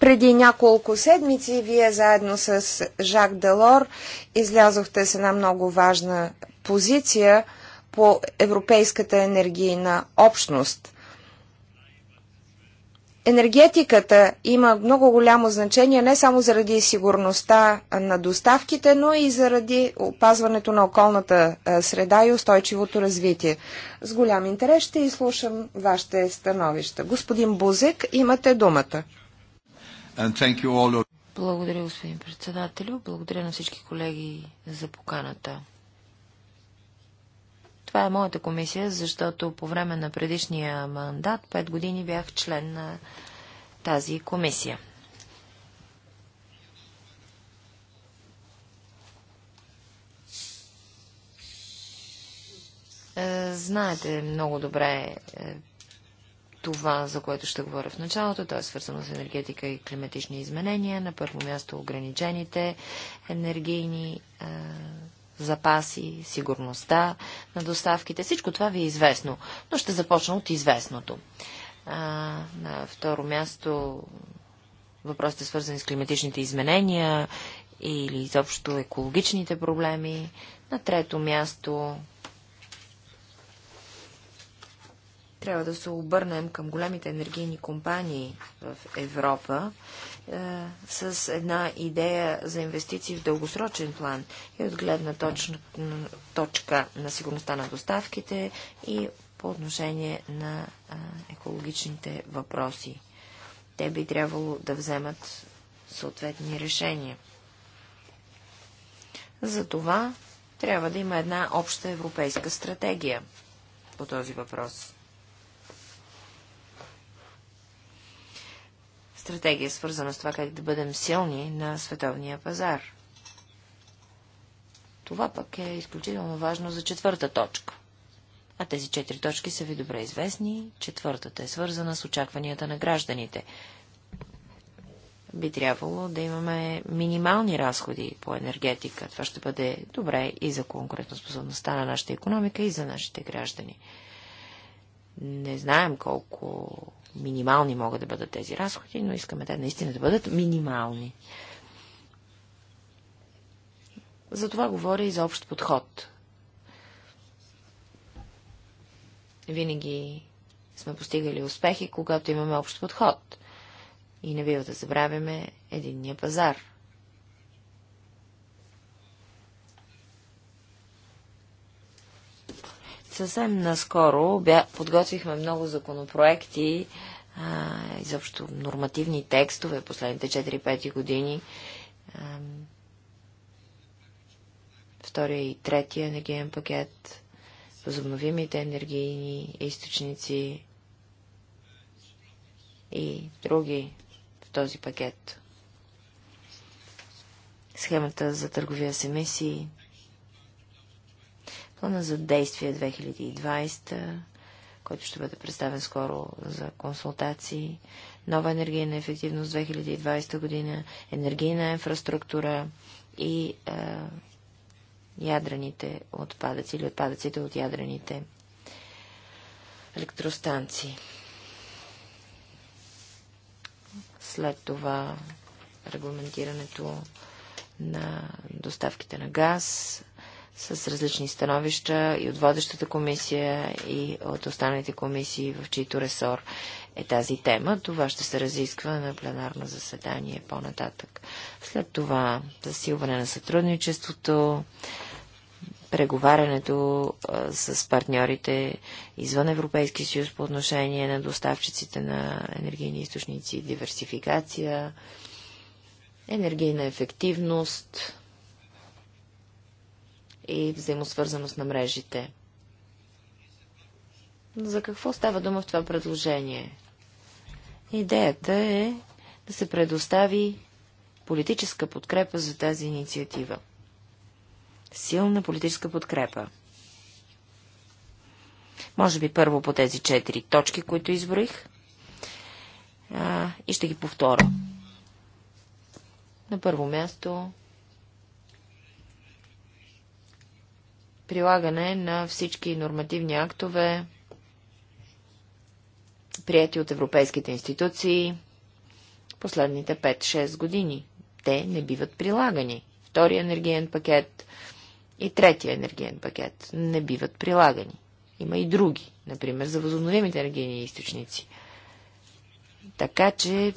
Преди няколко седмици вие заедно с Жак Делор излязохте с една много важна позиция по Европейската енергийна общност – енергетиката има много голямо значение не само заради сигурността на доставките, но и заради опазването на околната среда и устойчивото развитие. С голям интерес ще изслушам вашите становища. Господин Бузек, имате думата. Благодаря, господин председател, Благодаря на всички колеги за поканата. Това е моята комисия, защото по време на предишния мандат пет години бях член на тази комисия. Е, знаете много добре е, това, за което ще говоря в началото. Това е свързано с енергетика и климатични изменения. На първо място ограничените енергийни е, запаси, сигурността на доставките. Всичко това ви е известно, но ще започна от известното. А, на второ място въпросите свързани с климатичните изменения или изобщо екологичните проблеми. На трето място трябва да се обърнем към големите енергийни компании в Европа е, с една идея за инвестиции в дългосрочен план и от гледна точна, точка на сигурността на доставките и по отношение на а, екологичните въпроси. Те би трябвало да вземат съответни решения. Затова трябва да има една обща европейска стратегия по този въпрос. стратегия, свързана с това как да бъдем силни на световния пазар. Това пък е изключително важно за четвърта точка. А тези четири точки са ви добре известни. Четвъртата е свързана с очакванията на гражданите. Би трябвало да имаме минимални разходи по енергетика. Това ще бъде добре и за конкурентоспособността на нашата економика и за нашите граждани. Не знаем колко минимални могат да бъдат тези разходи, но искаме те наистина да бъдат минимални. За това говоря и за общ подход. Винаги сме постигали успехи, когато имаме общ подход. И не бива да забравяме единния пазар – Съвсем наскоро бя, подготвихме много законопроекти, а, изобщо нормативни текстове последните 4-5 години. А, втория и третия енергиен пакет, възобновимите енергийни източници и други в този пакет. Схемата за търговия с емисии – Плана за действие 2020, който ще бъде представен скоро за консултации, нова енергийна ефективност 2020 година, енергийна инфраструктура и е, ядрените отпадъци или отпадъците от ядрените електростанции. След това регламентирането на доставките на газ, с различни становища и от водещата комисия, и от останалите комисии, в чието ресор е тази тема. Това ще се разисква на пленарно заседание по-нататък. След това засилване на сътрудничеството, преговарянето а, с партньорите извън Европейския съюз по отношение на доставчиците на енергийни източници, диверсификация, енергийна ефективност, и взаимосвързаност на мрежите. За какво става дума в това предложение? Идеята е да се предостави политическа подкрепа за тази инициатива. Силна политическа подкрепа. Може би първо по тези четири точки, които изброих. А, и ще ги повторя. На първо място прилагане на всички нормативни актове, прияти от европейските институции последните 5-6 години. Те не биват прилагани. Втория енергиен пакет и третия енергиен пакет не биват прилагани. Има и други, например за възобновимите енергийни източници. Така че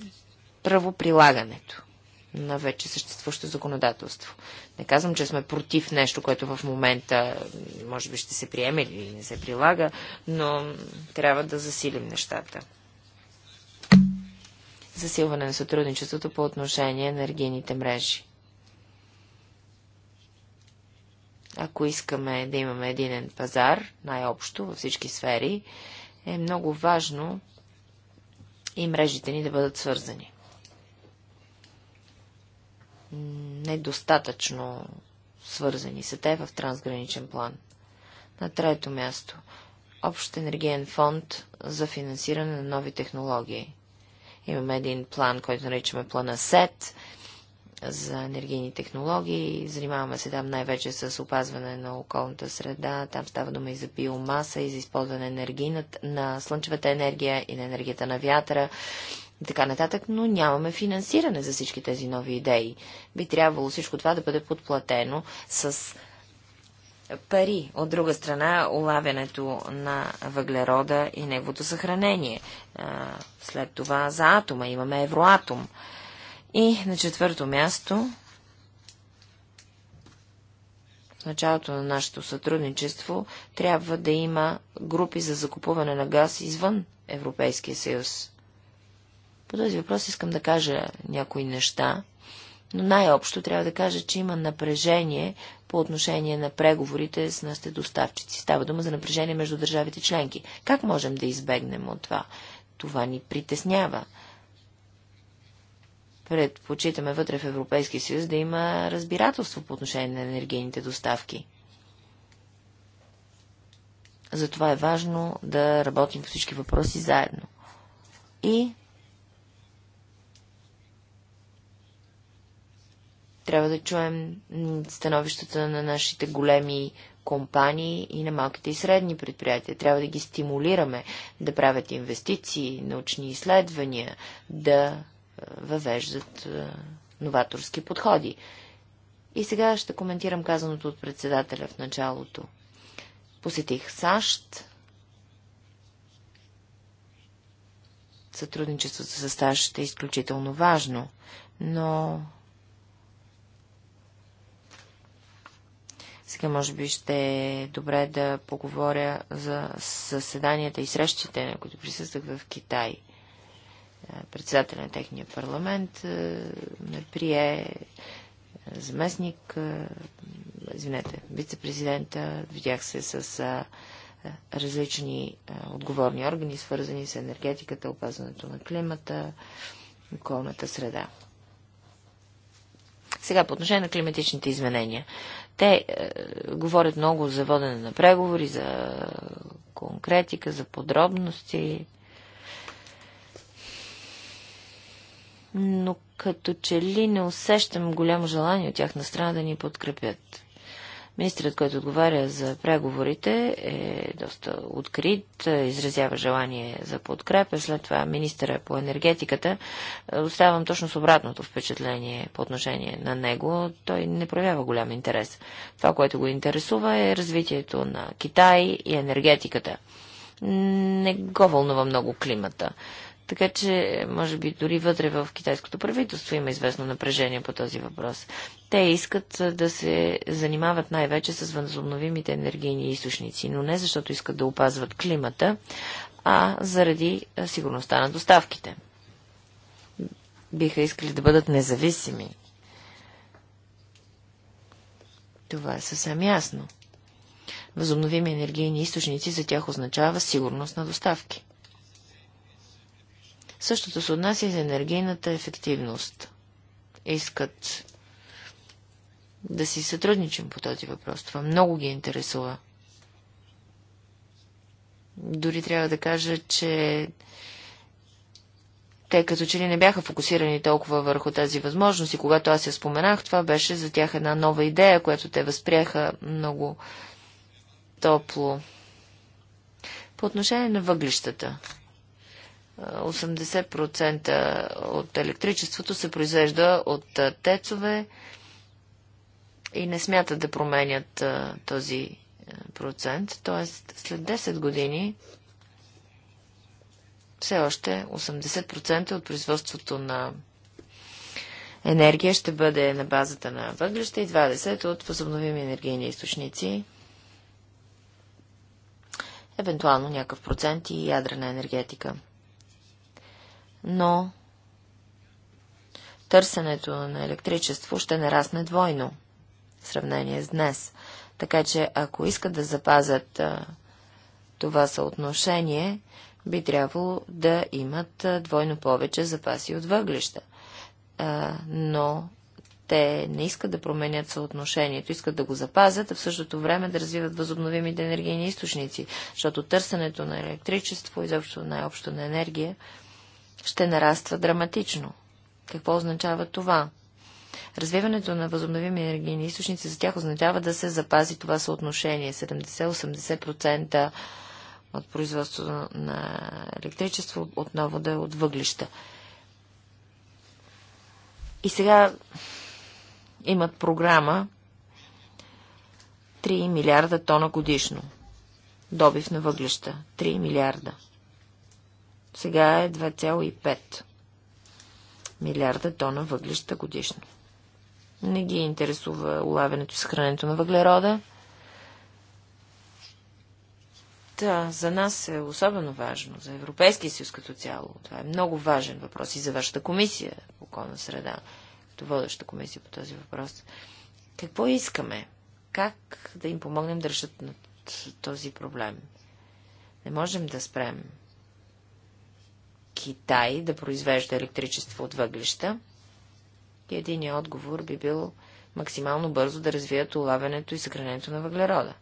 правоприлагането. прилагането на вече съществуващо законодателство. Не казвам, че сме против нещо, което в момента може би ще се приеме или не се прилага, но трябва да засилим нещата. Засилване на сътрудничеството по отношение на енергийните мрежи. Ако искаме да имаме единен пазар, най-общо във всички сфери, е много важно и мрежите ни да бъдат свързани недостатъчно свързани са те в трансграничен план. На трето място – Общ енергиен фонд за финансиране на нови технологии. Имаме един план, който наричаме плана СЕТ за енергийни технологии. Занимаваме се там най-вече с опазване на околната среда. Там става дума и за биомаса, и за използване на, на слънчевата енергия и на енергията на вятъра и така нататък, но нямаме финансиране за всички тези нови идеи. Би трябвало всичко това да бъде подплатено с пари. От друга страна, улавянето на въглерода и неговото съхранение. След това за атома имаме евроатом. И на четвърто място, в началото на нашето сътрудничество, трябва да има групи за закупуване на газ извън Европейския съюз. По този въпрос искам да кажа някои неща, но най-общо трябва да кажа, че има напрежение по отношение на преговорите с нашите доставчици. Става дума за напрежение между държавите членки. Как можем да избегнем от това? Това ни притеснява. Предпочитаме вътре в Европейския съюз да има разбирателство по отношение на енергийните доставки. Затова е важно да работим по всички въпроси заедно. И Трябва да чуем становищата на нашите големи компании и на малките и средни предприятия. Трябва да ги стимулираме да правят инвестиции, научни изследвания, да въвеждат новаторски подходи. И сега ще коментирам казаното от председателя в началото. Посетих САЩ. Сътрудничеството с САЩ е изключително важно, но Сега може би ще е добре да поговоря за съседанията и срещите, на които присъствах в Китай. Е, председателя на техния парламент е, ме прие е, заместник, извинете, вице-президента. Видях се с различни отговорни органи, свързани с енергетиката, опазването на климата, околната среда. Сега по отношение на климатичните изменения. Те е, говорят много за водене на преговори, за конкретика, за подробности. Но като че ли не усещам голямо желание от тяхна страна да ни подкрепят. Министрът, който отговаря за преговорите, е доста открит, изразява желание за подкрепа. След това министъра по енергетиката оставам точно с обратното впечатление по отношение на него. Той не проявява голям интерес. Това, което го интересува е развитието на Китай и енергетиката. Не го вълнува много климата. Така че, може би, дори вътре в китайското правителство има известно напрежение по този въпрос. Те искат да се занимават най-вече с възобновимите енергийни източници, но не защото искат да опазват климата, а заради сигурността на доставките. Биха искали да бъдат независими. Това е съвсем ясно. Възобновими енергийни източници за тях означава сигурност на доставки. Същото се отнася и за енергийната ефективност. Искат да си сътрудничим по този въпрос. Това много ги интересува. Дори трябва да кажа, че те като че ли не бяха фокусирани толкова върху тази възможност и когато аз я споменах, това беше за тях една нова идея, която те възприеха много топло. По отношение на въглищата. 80% от електричеството се произвежда от тецове и не смятат да променят този процент. Тоест, след 10 години все още 80% от производството на енергия ще бъде на базата на въглища и 20% от възобновими енергийни източници. Евентуално някакъв процент и ядрена енергетика но търсенето на електричество ще нарасне двойно в сравнение с днес. Така че, ако искат да запазят а, това съотношение, би трябвало да имат а, двойно повече запаси от въглища. А, но те не искат да променят съотношението, искат да го запазят, а в същото време да развиват възобновимите енергийни източници, защото търсенето на електричество, изобщо най-общо на енергия, ще нараства драматично. Какво означава това? Развиването на възобновими енергийни източници за тях означава да се запази това съотношение 70-80% от производството на електричество отново да е от въглища. И сега имат програма 3 милиарда тона годишно. Добив на въглища. 3 милиарда. Сега е 2,5 милиарда тона въглища годишно. Не ги интересува улавянето и съхранението на въглерода. Да, за нас е особено важно, за Европейския съюз като цяло. Това е много важен въпрос и за вашата комисия по околна среда, като водеща комисия по този въпрос. Какво искаме? Как да им помогнем да решат над този проблем? Не можем да спрем Китай да произвежда електричество от въглища. И единият отговор би бил максимално бързо да развият улавянето и съхранението на въглерода.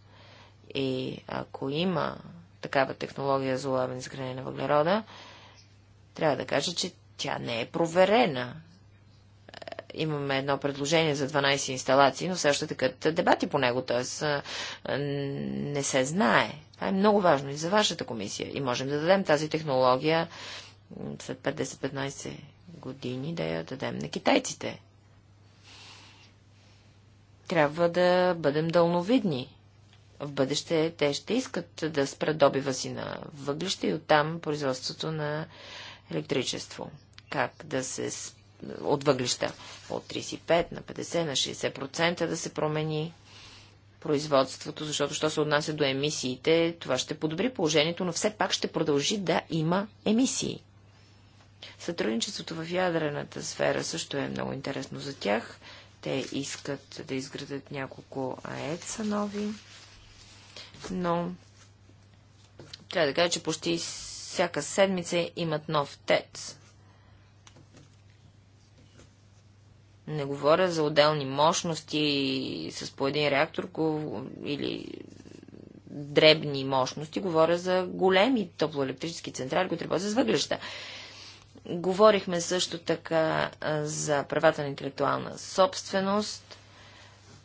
И ако има такава технология за улавяне и съхранение на въглерода, трябва да кажа, че тя не е проверена. Е, имаме едно предложение за 12 инсталации, но все още така дебати по него, т.е. Е, не се знае. Това е много важно и за вашата комисия. И можем да дадем тази технология след 50 15 години да я дадем на китайците. Трябва да бъдем дълновидни. В бъдеще те ще искат да спрат добива си на въглища и оттам производството на електричество. Как да се от въглища от 35 на 50 на 60% да се промени производството, защото що се отнася до емисиите, това ще подобри положението, но все пак ще продължи да има емисии. Сътрудничеството в ядрената сфера също е много интересно за тях. Те искат да изградат няколко АЕЦа нови, но трябва да кажа, че почти всяка седмица имат нов ТЕЦ. Не говоря за отделни мощности с по един реактор или дребни мощности, говоря за големи топлоелектрически централи, които работят с въглеща. Говорихме също така за правата на интелектуална собственост.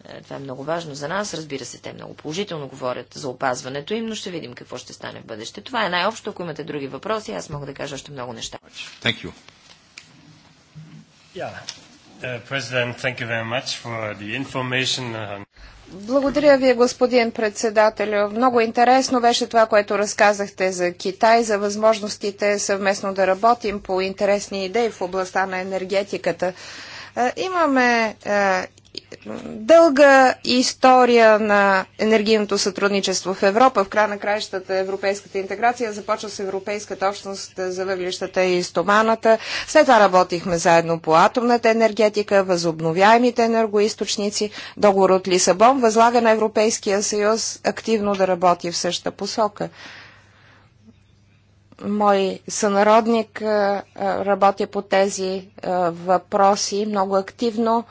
Е, това е много важно за нас. Разбира се, те много положително говорят за опазването им, но ще видим какво ще стане в бъдеще. Това е най-общо. Ако имате други въпроси, аз мога да кажа още много неща. Thank you. Yeah. Uh, President, thank you very much for the information. Uh, благодаря ви, господин председател. Много интересно беше това, което разказахте за Китай, за възможностите съвместно да работим по интересни идеи в областта на енергетиката. Е, имаме е, дълга история на енергийното сътрудничество в Европа. В края на краищата европейската интеграция започва с Европейската общност за въглищата и стоманата. След това работихме заедно по атомната енергетика, възобновяемите енергоисточници. Договор от Лисабон възлага на Европейския съюз активно да работи в същата посока мой сънародник работя по тези въпроси много активно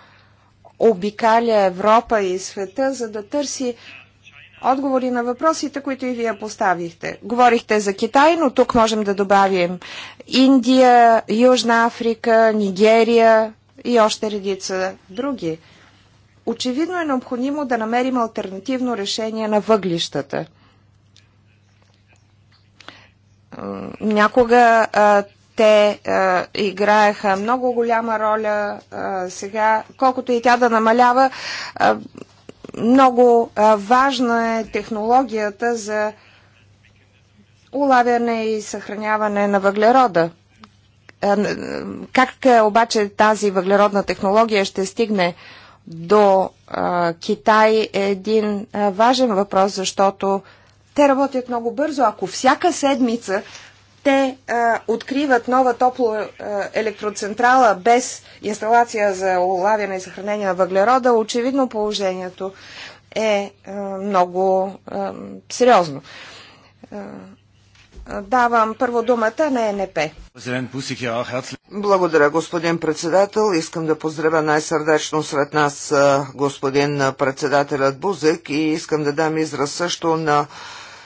обикаля Европа и света, за да търси отговори на въпросите, които и вие поставихте. Говорихте за Китай, но тук можем да добавим Индия, Южна Африка, Нигерия и още редица други. Очевидно е необходимо да намерим альтернативно решение на въглищата. Някога те а, играеха много голяма роля. А, сега, колкото и тя да намалява, а, много а, важна е технологията за улавяне и съхраняване на въглерода. Как обаче тази въглеродна технология ще стигне до а, Китай е един а, важен въпрос, защото те работят много бързо. Ако всяка седмица те а, е, откриват нова а, е, електроцентрала без инсталация за улавяне и съхранение на въглерода, очевидно положението е а, е, много а, сериозно. А, Давам първо думата на ЕНП. Благодаря, господин председател. Искам да поздравя най-сърдечно сред нас господин председателят Бузек и искам да дам израз също на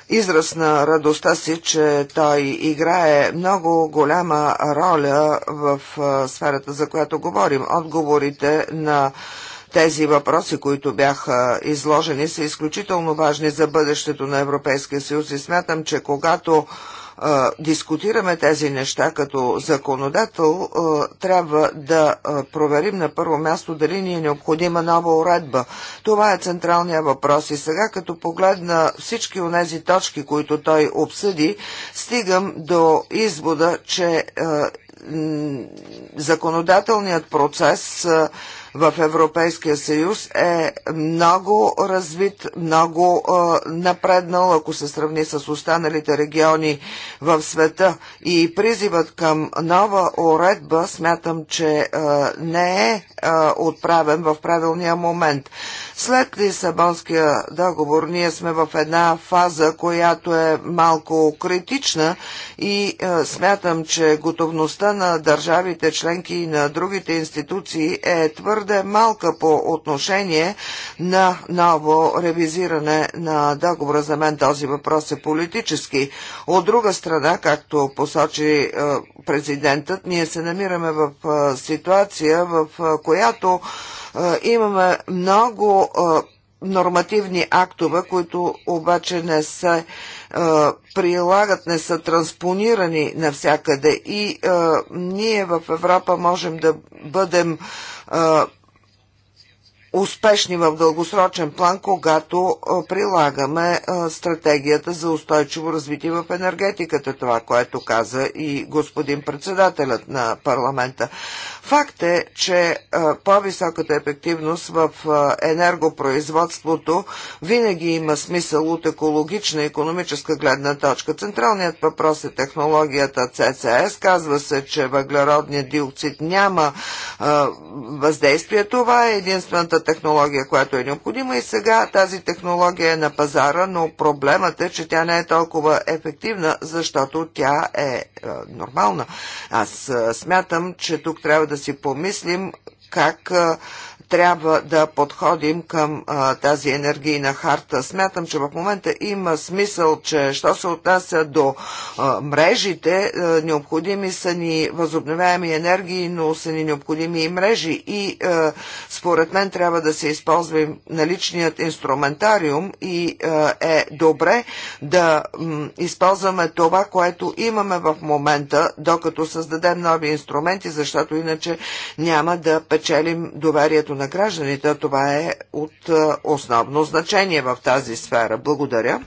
израз на радостта си, че той играе много голяма роля в сферата, за която говорим. Отговорите на тези въпроси, които бяха изложени, са изключително важни за бъдещето на Европейския съюз и смятам, че когато дискутираме тези неща като законодател, трябва да проверим на първо място дали ни е необходима нова уредба. Това е централният въпрос и сега като погледна всички от тези точки, които той обсъди, стигам до извода, че законодателният процес в Европейския съюз е много развит, много е, напреднал, ако се сравни с останалите региони в света. И призивът към нова уредба смятам, че е, не е, е отправен в правилния момент. След Лисабонския договор ние сме в една фаза, която е малко критична и е, смятам, че готовността на държавите членки и на другите институции е твърде твърде малка по отношение на ново ревизиране на договора. За мен този въпрос е политически. От друга страна, както посочи е, президентът, ние се намираме в е, ситуация, в е, която имаме много нормативни актове, които обаче не се прилагат, не са транспонирани навсякъде и ние в Европа можем да бъдем успешни в дългосрочен план, когато прилагаме стратегията за устойчиво развитие в енергетиката, това, което каза и господин председателят на парламента. Факт е, че по-високата ефективност в енергопроизводството винаги има смисъл от екологична и економическа гледна точка. Централният въпрос е технологията CCS. Е Казва се, че въглеродният диоксид няма въздействие. Това е единствената технология, която е необходима и сега тази технология е на пазара, но проблемът е, че тя не е толкова ефективна, защото тя е, е нормална. Аз е, смятам, че тук трябва да си помислим как е, трябва да подходим към а, тази енергийна харта. Смятам, че в момента има смисъл, че що се отнася до а, мрежите, а, необходими са ни възобновяеми енергии, но са ни необходими и мрежи. И а, според мен трябва да се използва наличният инструментариум и а, е добре да м, използваме това, което имаме в момента, докато създадем нови инструменти, защото иначе няма да печелим доверието на гражданите, това е от е, основно значение в тази сфера. Благодаря.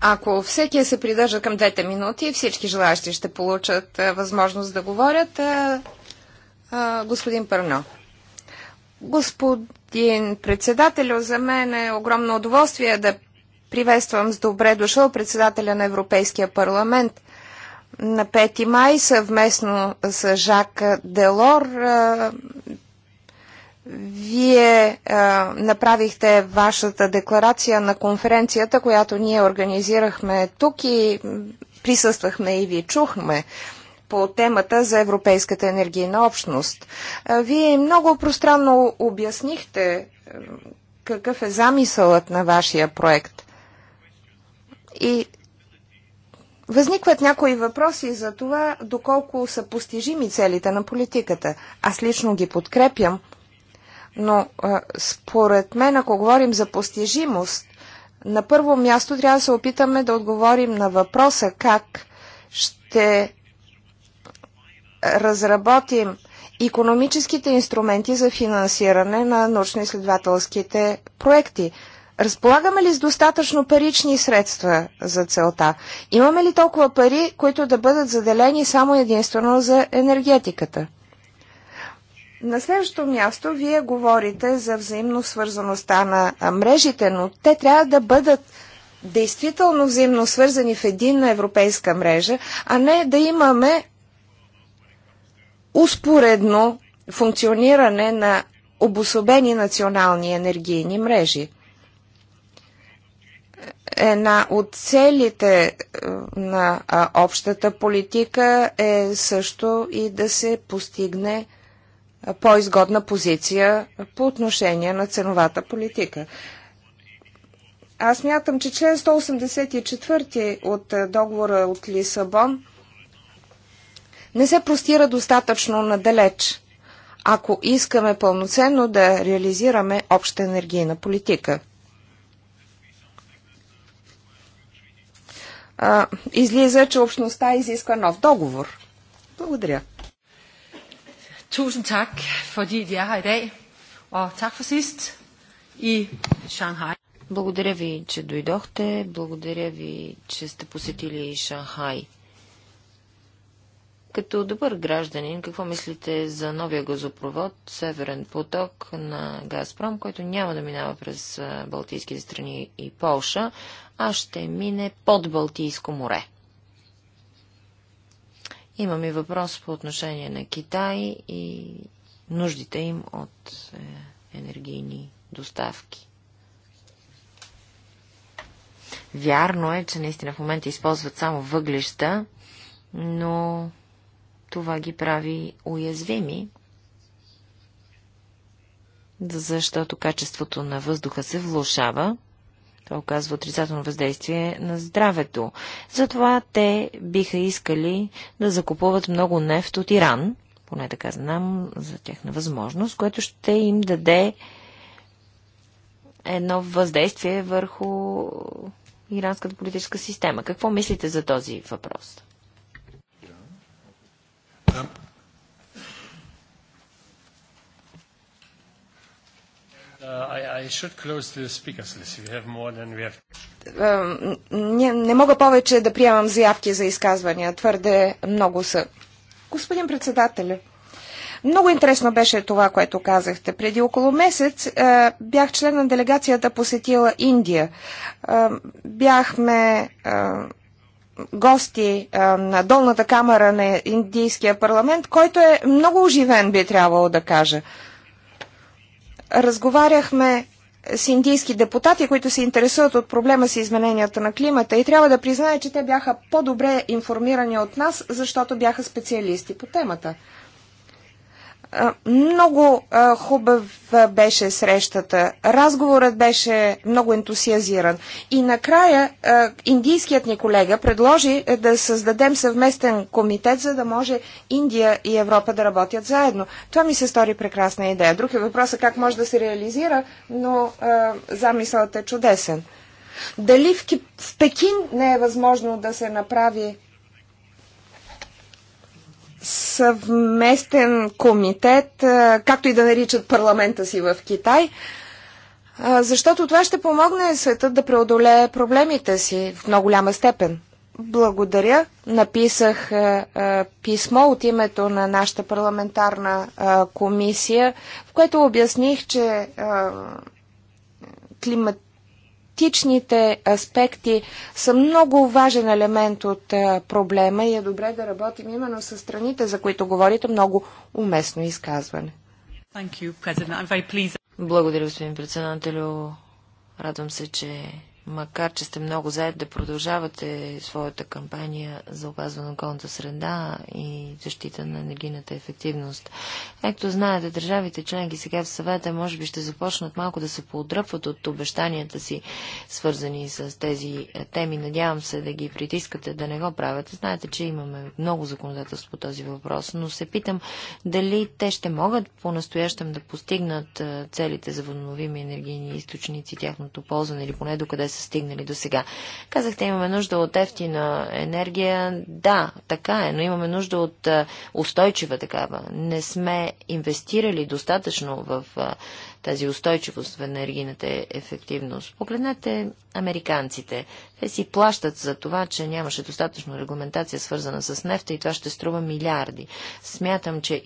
Ако всеки се придържа към двете минути, всички желаящи ще получат е, възможност да говорят. Е, господин Пърно. Господин председателю, за мен е огромно удоволствие да приветствам с добре дошъл председателя на Европейския парламент – на 5 май съвместно с Жак Делор вие а, е, направихте вашата декларация на конференцията, която ние организирахме тук и присъствахме и ви чухме по темата за Европейската енергийна общност. А, вие много пространно обяснихте какъв е замисълът на вашия проект. И Възникват някои въпроси за това, доколко са постижими целите на политиката. Аз лично ги подкрепям, но според мен, ако говорим за постижимост, на първо място трябва да се опитаме да отговорим на въпроса как ще разработим економическите инструменти за финансиране на научно-изследователските проекти. Разполагаме ли с достатъчно парични средства за целта? Имаме ли толкова пари, които да бъдат заделени само единствено за енергетиката? На следващото място вие говорите за взаимно свързаността на мрежите, но те трябва да бъдат действително взаимно свързани в единна европейска мрежа, а не да имаме успоредно функциониране на обособени национални енергийни мрежи. Една от целите е, на общата политика е също и да се постигне по-изгодна позиция по отношение на ценовата политика. Аз мятам, че член 184 от е, договора от Лисабон не се простира достатъчно надалеч, ако искаме пълноценно да реализираме обща енергийна политика. излиза, че общността изисква нов договор. Благодаря. Tusind tak, fordi de er her i dag, og tak for sidst i Shanghai. Благодаря ви, че дойдохте. Благодаря ви, че сте посетили Шанхай. Като добър гражданин, какво мислите за новия газопровод Северен поток на Газпром, който няма да минава през Балтийските страни и Полша, а ще мине под Балтийско море? Имам и въпрос по отношение на Китай и нуждите им от е, енергийни доставки. Вярно е, че наистина в момента използват само въглища, но това ги прави уязвими, защото качеството на въздуха се влушава това оказва отрицателно въздействие на здравето. Затова те биха искали да закупуват много нефт от Иран, поне така знам за тяхна възможност, което ще им даде едно въздействие върху иранската политическа система. Какво мислите за този въпрос? Uh, не, мога повече да приемам заявки за изказвания. Твърде много са. Господин председател, много интересно беше това, което казахте. Преди около месец е, бях член на делегацията посетила Индия. Е, бяхме е, гости на долната камера на Индийския парламент, който е много оживен, би трябвало да кажа. Разговаряхме с индийски депутати, които се интересуват от проблема с измененията на климата и трябва да призная, че те бяха по-добре информирани от нас, защото бяха специалисти по темата. Много хубав беше срещата. Разговорът беше много ентусиазиран. И накрая индийският ни колега предложи е, да създадем съвместен комитет, за да може Индия и Европа да работят заедно. Това ми се стори прекрасна идея. Друг е въпросът как може да се реализира, но замисълът е чудесен. Дали в, в Пекин не е възможно да се направи съвместен комитет, както и да наричат парламента си в Китай, защото това ще помогне света да преодолее проблемите си в много голяма степен. Благодаря. Написах писмо от името на нашата парламентарна комисия, в което обясних, че климат етичните аспекти са много важен елемент от проблема и е добре да работим именно с страните, за които говорите. Много уместно изказване. Благодаря, господин председателю. Радвам се, че макар че сте много заед да продължавате своята кампания за опазване на околната среда и защита на енергийната ефективност. Както знаете, държавите членки сега в съвета може би ще започнат малко да се поудръпват от обещанията си, свързани с тези е, теми. Надявам се да ги притискате да не го правят. Знаете, че имаме много законодателство по този въпрос, но се питам дали те ще могат по-настоящем да постигнат е, целите за възобновими енергийни източници, тяхното ползване или поне докъде са стигнали до сега. Казахте, имаме нужда от ефтина енергия. Да, така е, но имаме нужда от устойчива такава. Не сме инвестирали достатъчно в тази устойчивост в енергийната ефективност. Погледнете американците. Те си плащат за това, че нямаше достатъчно регламентация свързана с нефта и това ще струва милиарди. Смятам, че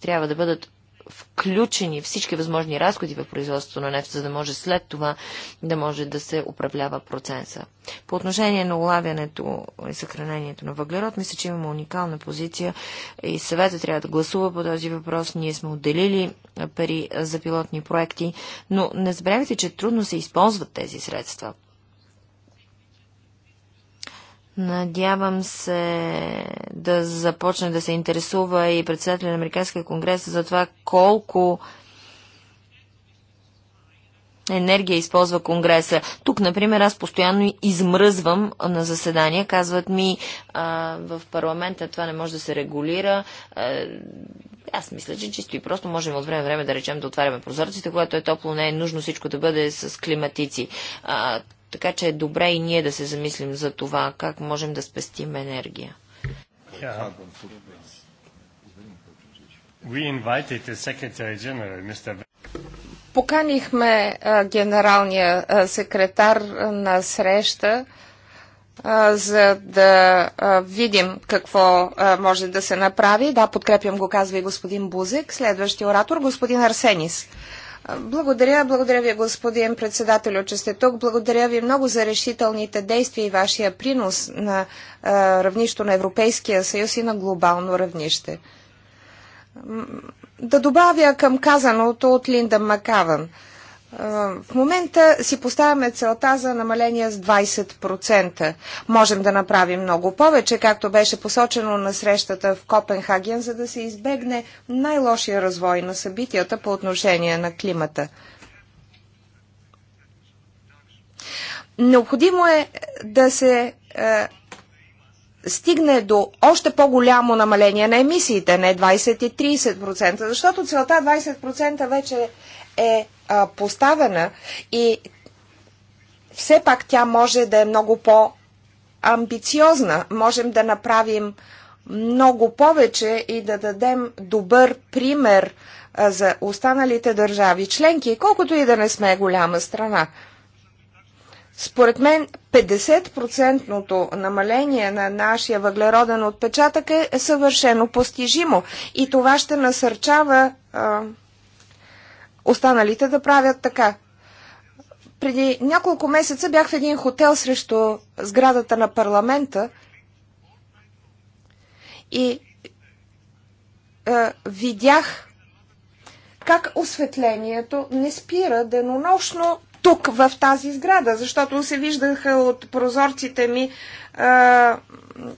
трябва да бъдат включени всички възможни разходи в производството на нефт, за да може след това да може да се управлява процеса. По отношение на улавянето и съхранението на въглерод, мисля, че имаме уникална позиция и съвета трябва да гласува по този въпрос. Ние сме отделили пари за пилотни проекти, но не забравяйте, че трудно се използват тези средства. Надявам се да започне да се интересува и председателя на Американския конгрес за това колко енергия използва Конгреса. Тук, например, аз постоянно измръзвам на заседания. Казват ми, а, в парламента това не може да се регулира. А, аз мисля, че чисто и просто можем от време време да речем да отваряме прозорците, когато е топло, не е нужно всичко да бъде с климатици. А, така че е добре и ние да се замислим за това, как можем да спестим енергия. Поканихме генералния секретар на среща, за да видим какво може да се направи. Да, подкрепям го, казва и господин Бузик. Следващия оратор, господин Арсенис. Благодаря, благодаря ви, господин председател, че сте тук. Благодаря ви много за решителните действия и вашия принос на а, равнището на Европейския съюз и на глобално равнище. Да добавя към казаното от Линда Макаван – в момента си поставяме целта за намаление с 20%. Можем да направим много повече, както беше посочено на срещата в Копенхаген, за да се избегне най-лошия развой на събитията по отношение на климата. Необходимо е да се е, стигне до още по-голямо намаление на емисиите, не 20 и 30%, защото целта 20% вече е а, поставена и все пак тя може да е много по-амбициозна. Можем да направим много повече и да дадем добър пример а, за останалите държави членки, колкото и да не сме голяма страна. Според мен 50 намаление на нашия въглероден отпечатък е съвършено постижимо и това ще насърчава а, останалите да правят така. Преди няколко месеца бях в един хотел срещу сградата на парламента и е, видях как осветлението не спира денонощно тук, в тази сграда, защото се виждаха от прозорците ми е,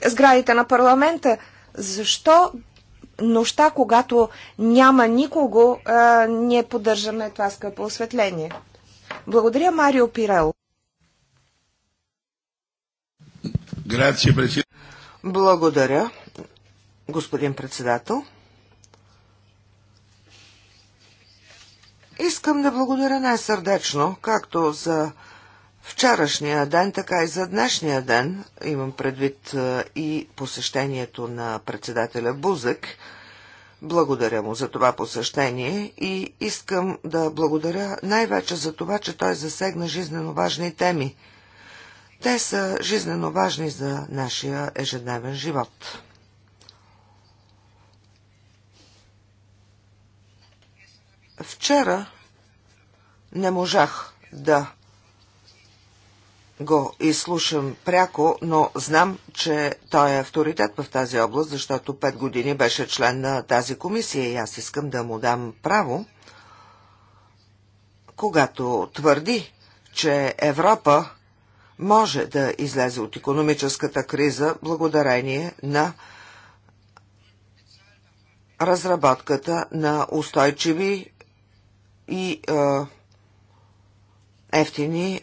сградите на парламента. Защо нощта, когато няма никого, а, ние поддържаме това скъпо осветление. Благодаря, Марио Пирел. Благодаря, господин председател. Искам да благодаря най-сърдечно, както за вчерашния ден, така и за днешния ден, имам предвид и посещението на председателя Бузък. Благодаря му за това посещение и искам да благодаря най-вече за това, че той засегна жизнено важни теми. Те са жизнено важни за нашия ежедневен живот. Вчера не можах да го изслушам пряко, но знам, че той е авторитет в тази област, защото пет години беше член на тази комисия и аз искам да му дам право, когато твърди, че Европа може да излезе от економическата криза благодарение на разработката на устойчиви и е, ефтини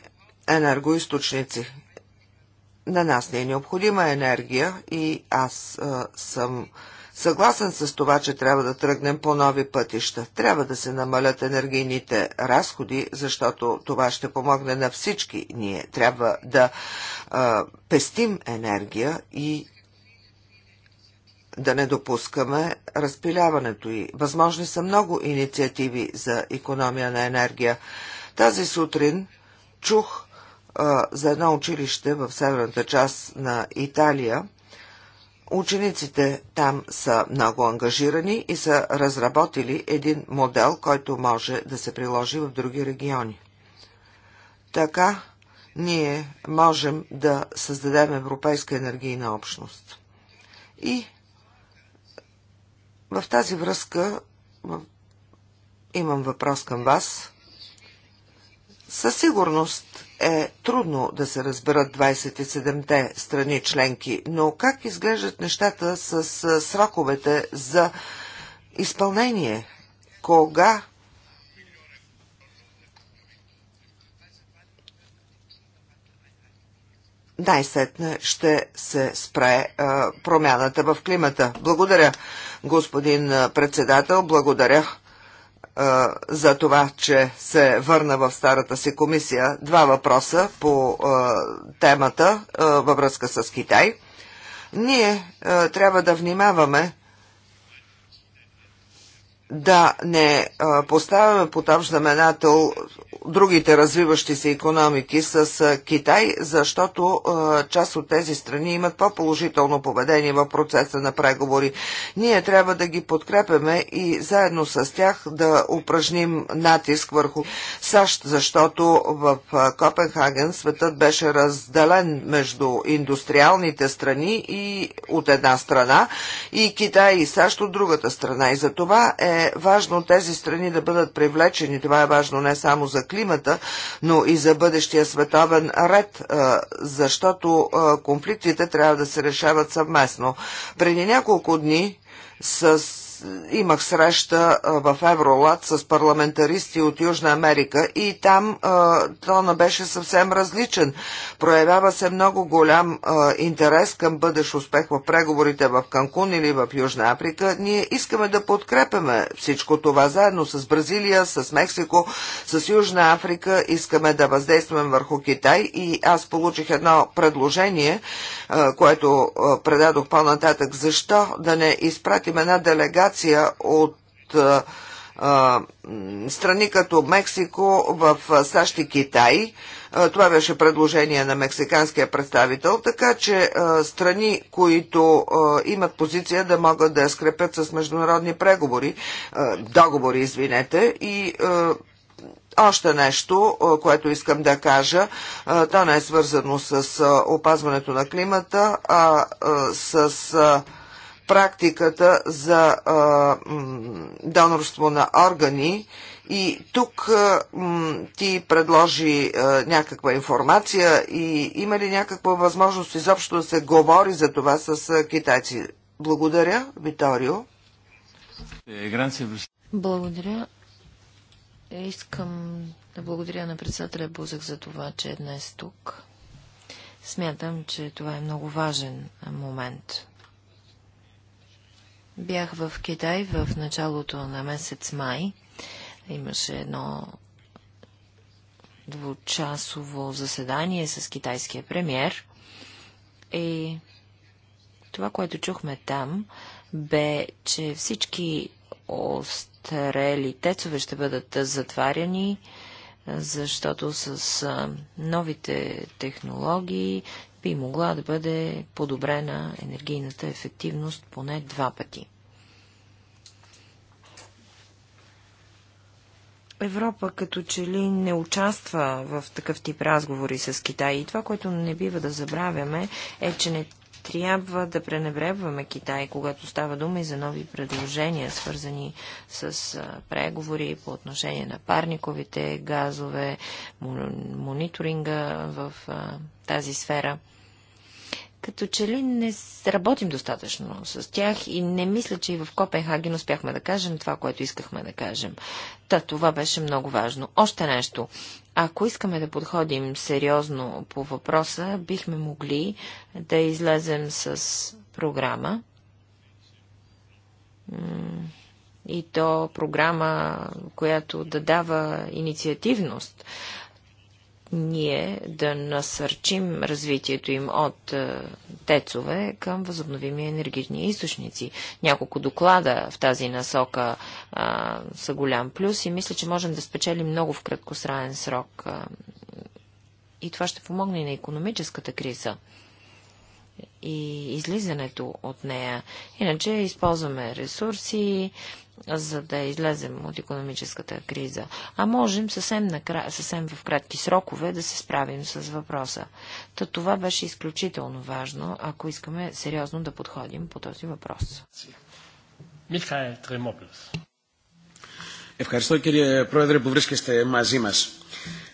енергоисточници. На нас не е необходима енергия и аз а, съм съгласен с това, че трябва да тръгнем по нови пътища. Трябва да се намалят енергийните разходи, защото това ще помогне на всички. Ние трябва да а, пестим енергия и да не допускаме разпиляването и. Възможни са много инициативи за економия на енергия. Тази сутрин чух за едно училище в северната част на Италия. Учениците там са много ангажирани и са разработили един модел, който може да се приложи в други региони. Така ние можем да създадем Европейска енергийна общност. И в тази връзка имам въпрос към вас. Със сигурност е трудно да се разберат 27-те страни членки, но как изглеждат нещата с е, сроковете за изпълнение? Кога най-сетне ще се спре е, промяната в климата. Благодаря, господин е, председател, благодаря за това, че се върна в старата си комисия. Два въпроса по темата във връзка с Китай. Ние трябва да внимаваме да не поставяме под общ знаменател другите развиващи се економики с Китай, защото част от тези страни имат по-положително поведение в процеса на преговори. Ние трябва да ги подкрепяме и заедно с тях да упражним натиск върху САЩ, защото в Копенхаген светът беше разделен между индустриалните страни и от една страна и Китай и САЩ от другата страна. И за това е важно тези страни да бъдат привлечени. Това е важно не само за климата, но и за бъдещия световен ред, защото конфликтите трябва да се решават съвместно. Преди няколко дни с имах среща в Евролад с парламентаристи от Южна Америка и там тона беше съвсем различен. Проявява се много голям интерес към бъдещ успех в преговорите в Канкун или в Южна Африка. Ние искаме да подкрепяме всичко това заедно с Бразилия, с Мексико, с Южна Африка. Искаме да въздействаме върху Китай и аз получих едно предложение, което предадох по-нататък. Защо да не изпратим една делегация миграция от страни като Мексико, в САЩ и Китай. Това беше предложение на мексиканския представител, така че страни, които имат позиция да могат да я скрепят с международни преговори, договори, извинете, и още нещо, което искам да кажа, то не е свързано с опазването на климата, а с практиката за а, донорство на органи и тук ти предложи а, някаква информация и има ли някаква възможност изобщо да се говори за това с а, китайци? Благодаря, Виторио. Благодаря. Искам да благодаря на председателя Бузък за това, че е днес тук. Смятам, че това е много важен момент. Бях в Китай в началото на месец май. Имаше едно двучасово заседание с китайския премьер. И това, което чухме там, бе, че всички остарели тецове ще бъдат затваряни, защото с новите технологии би могла да бъде подобрена енергийната ефективност поне два пъти. Европа като че ли не участва в такъв тип разговори с Китай. И това, което не бива да забравяме, е, че не трябва да пренебрегваме Китай, когато става дума и за нови предложения, свързани с преговори по отношение на парниковите газове, мониторинга в тази сфера като че ли не работим достатъчно с тях и не мисля, че и в Копенхаген успяхме да кажем това, което искахме да кажем. Та, това беше много важно. Още нещо. Ако искаме да подходим сериозно по въпроса, бихме могли да излезем с програма. И то програма, която да дава инициативност ние да насърчим развитието им от е, тецове към възобновими енергийни източници. Няколко доклада в тази насока а, са голям плюс и мисля, че можем да спечелим много в краткосраен срок. А, и това ще помогне и на економическата криза и излизането от нея. Иначе използваме ресурси, за да излезем от економическата криза, а можем съвсем, накра... съвсем в кратки срокове да се справим с въпроса. Та това беше изключително важно, ако искаме сериозно да подходим по този въпрос. Михаил Тремоплес. Ευχαριστώ κύριε Πρόεδρε που βρίσκεστε μαζί μας.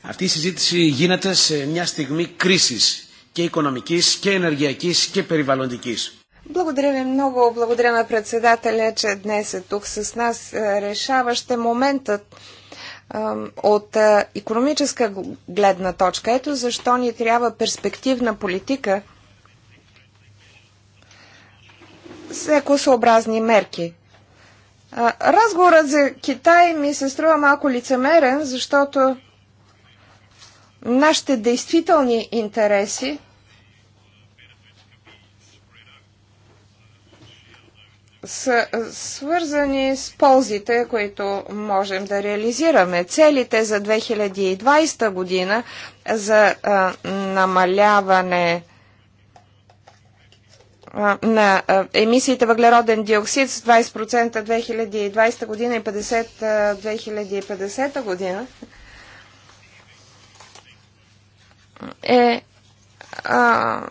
Αυτή η συζήτηση γίνεται σε μια στιγμή κρίσης και οικονομικής και ενεργειακής και περιβαλλοντικής. Благодаря ви много. Благодаря на председателя, че днес е тук с нас. Е, решаващ е моментът от економическа гледна точка. Ето защо ни трябва перспективна политика с екосъобразни мерки. Е, разговорът за Китай ми се струва малко лицемерен, защото нашите действителни интереси – са свързани с ползите, които можем да реализираме. Целите за 2020 година за а, намаляване а, на а, емисиите въглероден диоксид с 20% 2020 година и 50% 2050 година е а,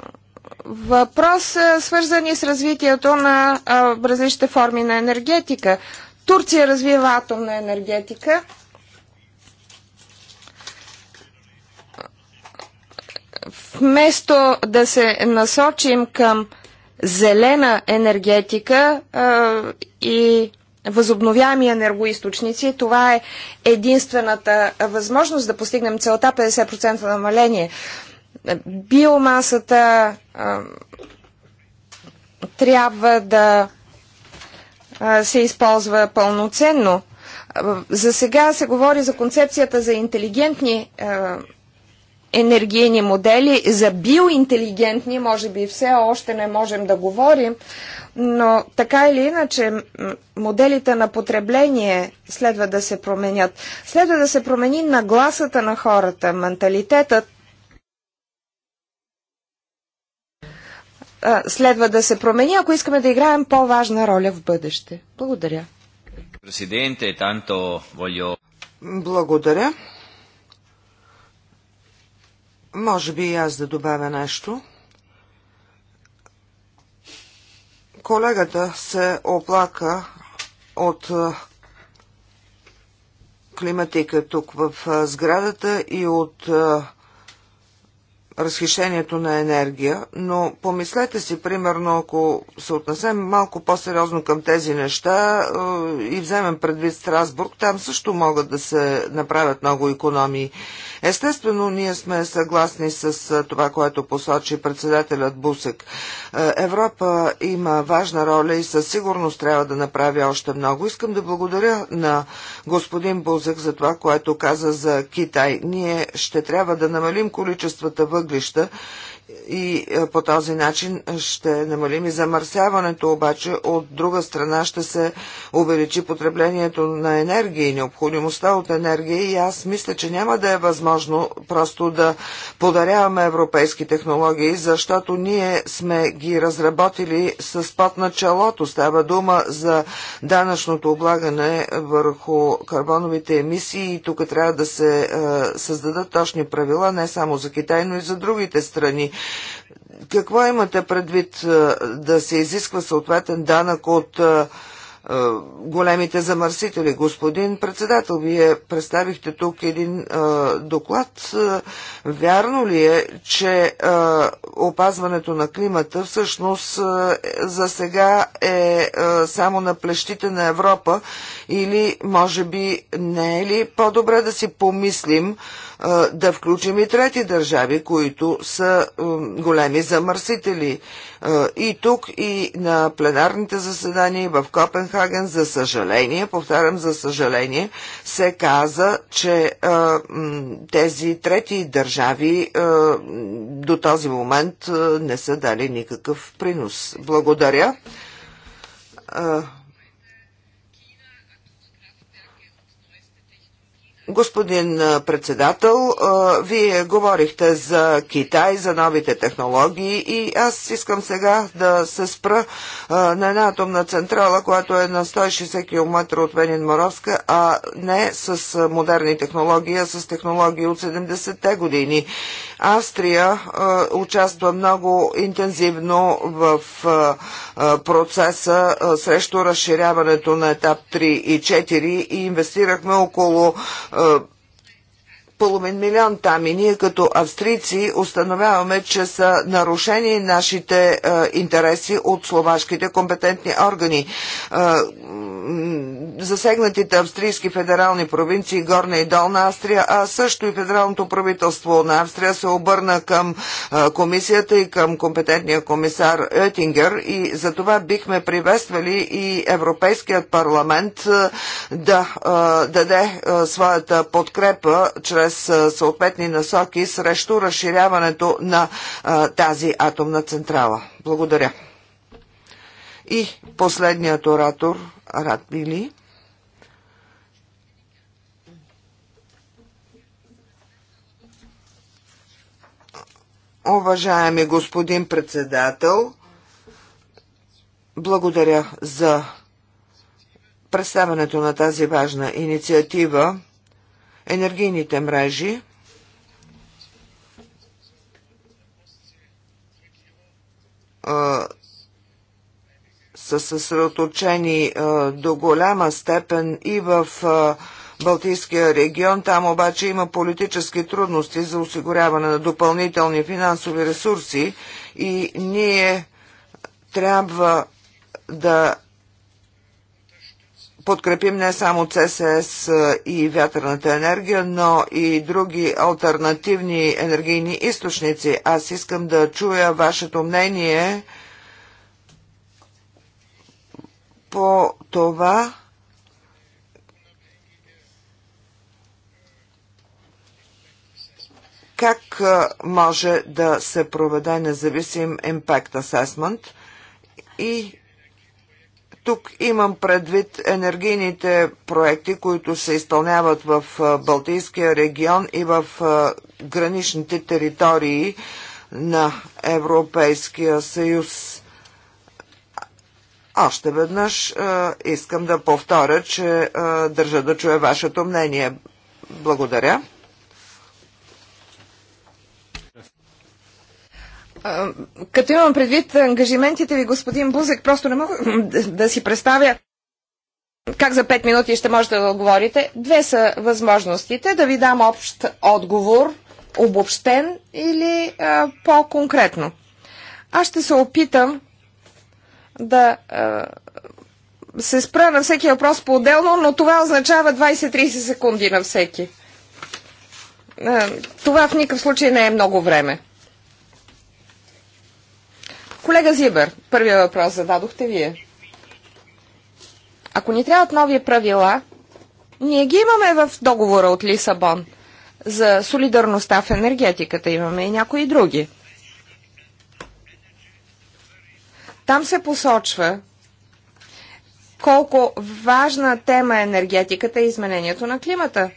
въпрос, е, свързани с развитието на различните форми на енергетика. Турция развива атомна енергетика. Вместо да се насочим към зелена енергетика а, и възобновяеми енергоисточници, това е единствената възможност да постигнем целта 50% намаление биомасата а, трябва да се използва пълноценно. За сега се говори за концепцията за интелигентни енергийни модели, за биоинтелигентни, може би все още не можем да говорим, но така или иначе моделите на потребление следва да се променят. Следва да се промени нагласата на хората, менталитетът следва да се промени, ако искаме да играем по-важна роля в бъдеще. Благодаря. Президенте, танто волю. Благодаря. Може би и аз да добавя нещо. Колегата се оплака от климатика тук в сградата и от а, разхищението на енергия, но помислете си, примерно, ако се отнесем малко по-сериозно към тези неща е, и вземем предвид Страсбург, там също могат да се направят много економии. Естествено, ние сме съгласни с това, което посочи председателят Бусек. Европа има важна роля и със сигурност трябва да направи още много. Искам да благодаря на господин Бузек за това, което каза за Китай. Ние ще трябва да намалим количествата въглища и е, по този начин ще намалим и замърсяването, обаче от друга страна ще се увеличи потреблението на енергия и необходимостта от енергия и аз мисля, че няма да е възможно просто да подаряваме европейски технологии, защото ние сме ги разработили с пот на челото. Става дума за данъчното облагане върху карбоновите емисии и тук трябва да се е, създадат точни правила не само за Китай, но и за другите страни какво имате предвид е, да се изисква съответен данък от е, е, големите замърсители. Господин председател, вие представихте тук един е, доклад. Вярно ли е, че е, опазването на климата всъщност е, за сега е само на плещите на Европа или може би не е ли по-добре да си помислим да включим и трети държави, които са големи замърсители. И тук, и на пленарните заседания в Копенхаген, за съжаление, повтарям, за съжаление, се каза, че тези трети държави до този момент не са дали никакъв принос. Благодаря. Господин председател, вие говорихте за Китай, за новите технологии и аз искам сега да се спра на една атомна централа, която е на 160 км от Венин Моровска, а не с модерни технологии, а с технологии от 70-те години. Австрия участва много интензивно в процеса срещу разширяването на етап 3 и 4 и инвестирахме около половин милион там и ние като австрийци установяваме, че са нарушени нашите е, интереси от словашките компетентни органи. Е, засегнатите австрийски федерални провинции Горна и Долна Австрия, а също и федералното правителство на Австрия се обърна към е, комисията и към компетентния комисар Етингер и за това бихме приветствали и Европейският парламент е, да е, даде е, своята подкрепа чрез съответни насоки срещу разширяването на а, тази атомна централа. Благодаря. И последният оратор, Рад Били. Уважаеми господин председател, благодаря за представянето на тази важна инициатива енергийните мрежи. са съсредоточени до голяма степен и в Балтийския регион. Там обаче има политически трудности за осигуряване на допълнителни финансови ресурси и ние трябва да подкрепим не само ЦСС и вятърната енергия, но и други альтернативни енергийни източници. Аз искам да чуя вашето мнение по това, как може да се проведе независим импакт асесмент и тук имам предвид енергийните проекти, които се изпълняват в Балтийския регион и в граничните територии на Европейския съюз. Още веднъж е, искам да повторя, че е, държа да чуя вашето мнение. Благодаря. Като имам предвид ангажиментите ви, господин Бузек, просто не мога да си представя как за 5 минути ще можете да отговорите. Две са възможностите да ви дам общ отговор, обобщен или по-конкретно. Аз ще се опитам да а, се спра на всеки въпрос по-отделно, но това означава 20-30 секунди на всеки. А, това в никакъв случай не е много време. Колега Зибер, първия въпрос зададохте вие. Ако ни трябват нови правила, ние ги имаме в договора от Лисабон. За солидарността в енергетиката имаме и някои други. Там се посочва колко важна тема е енергетиката и изменението на климата.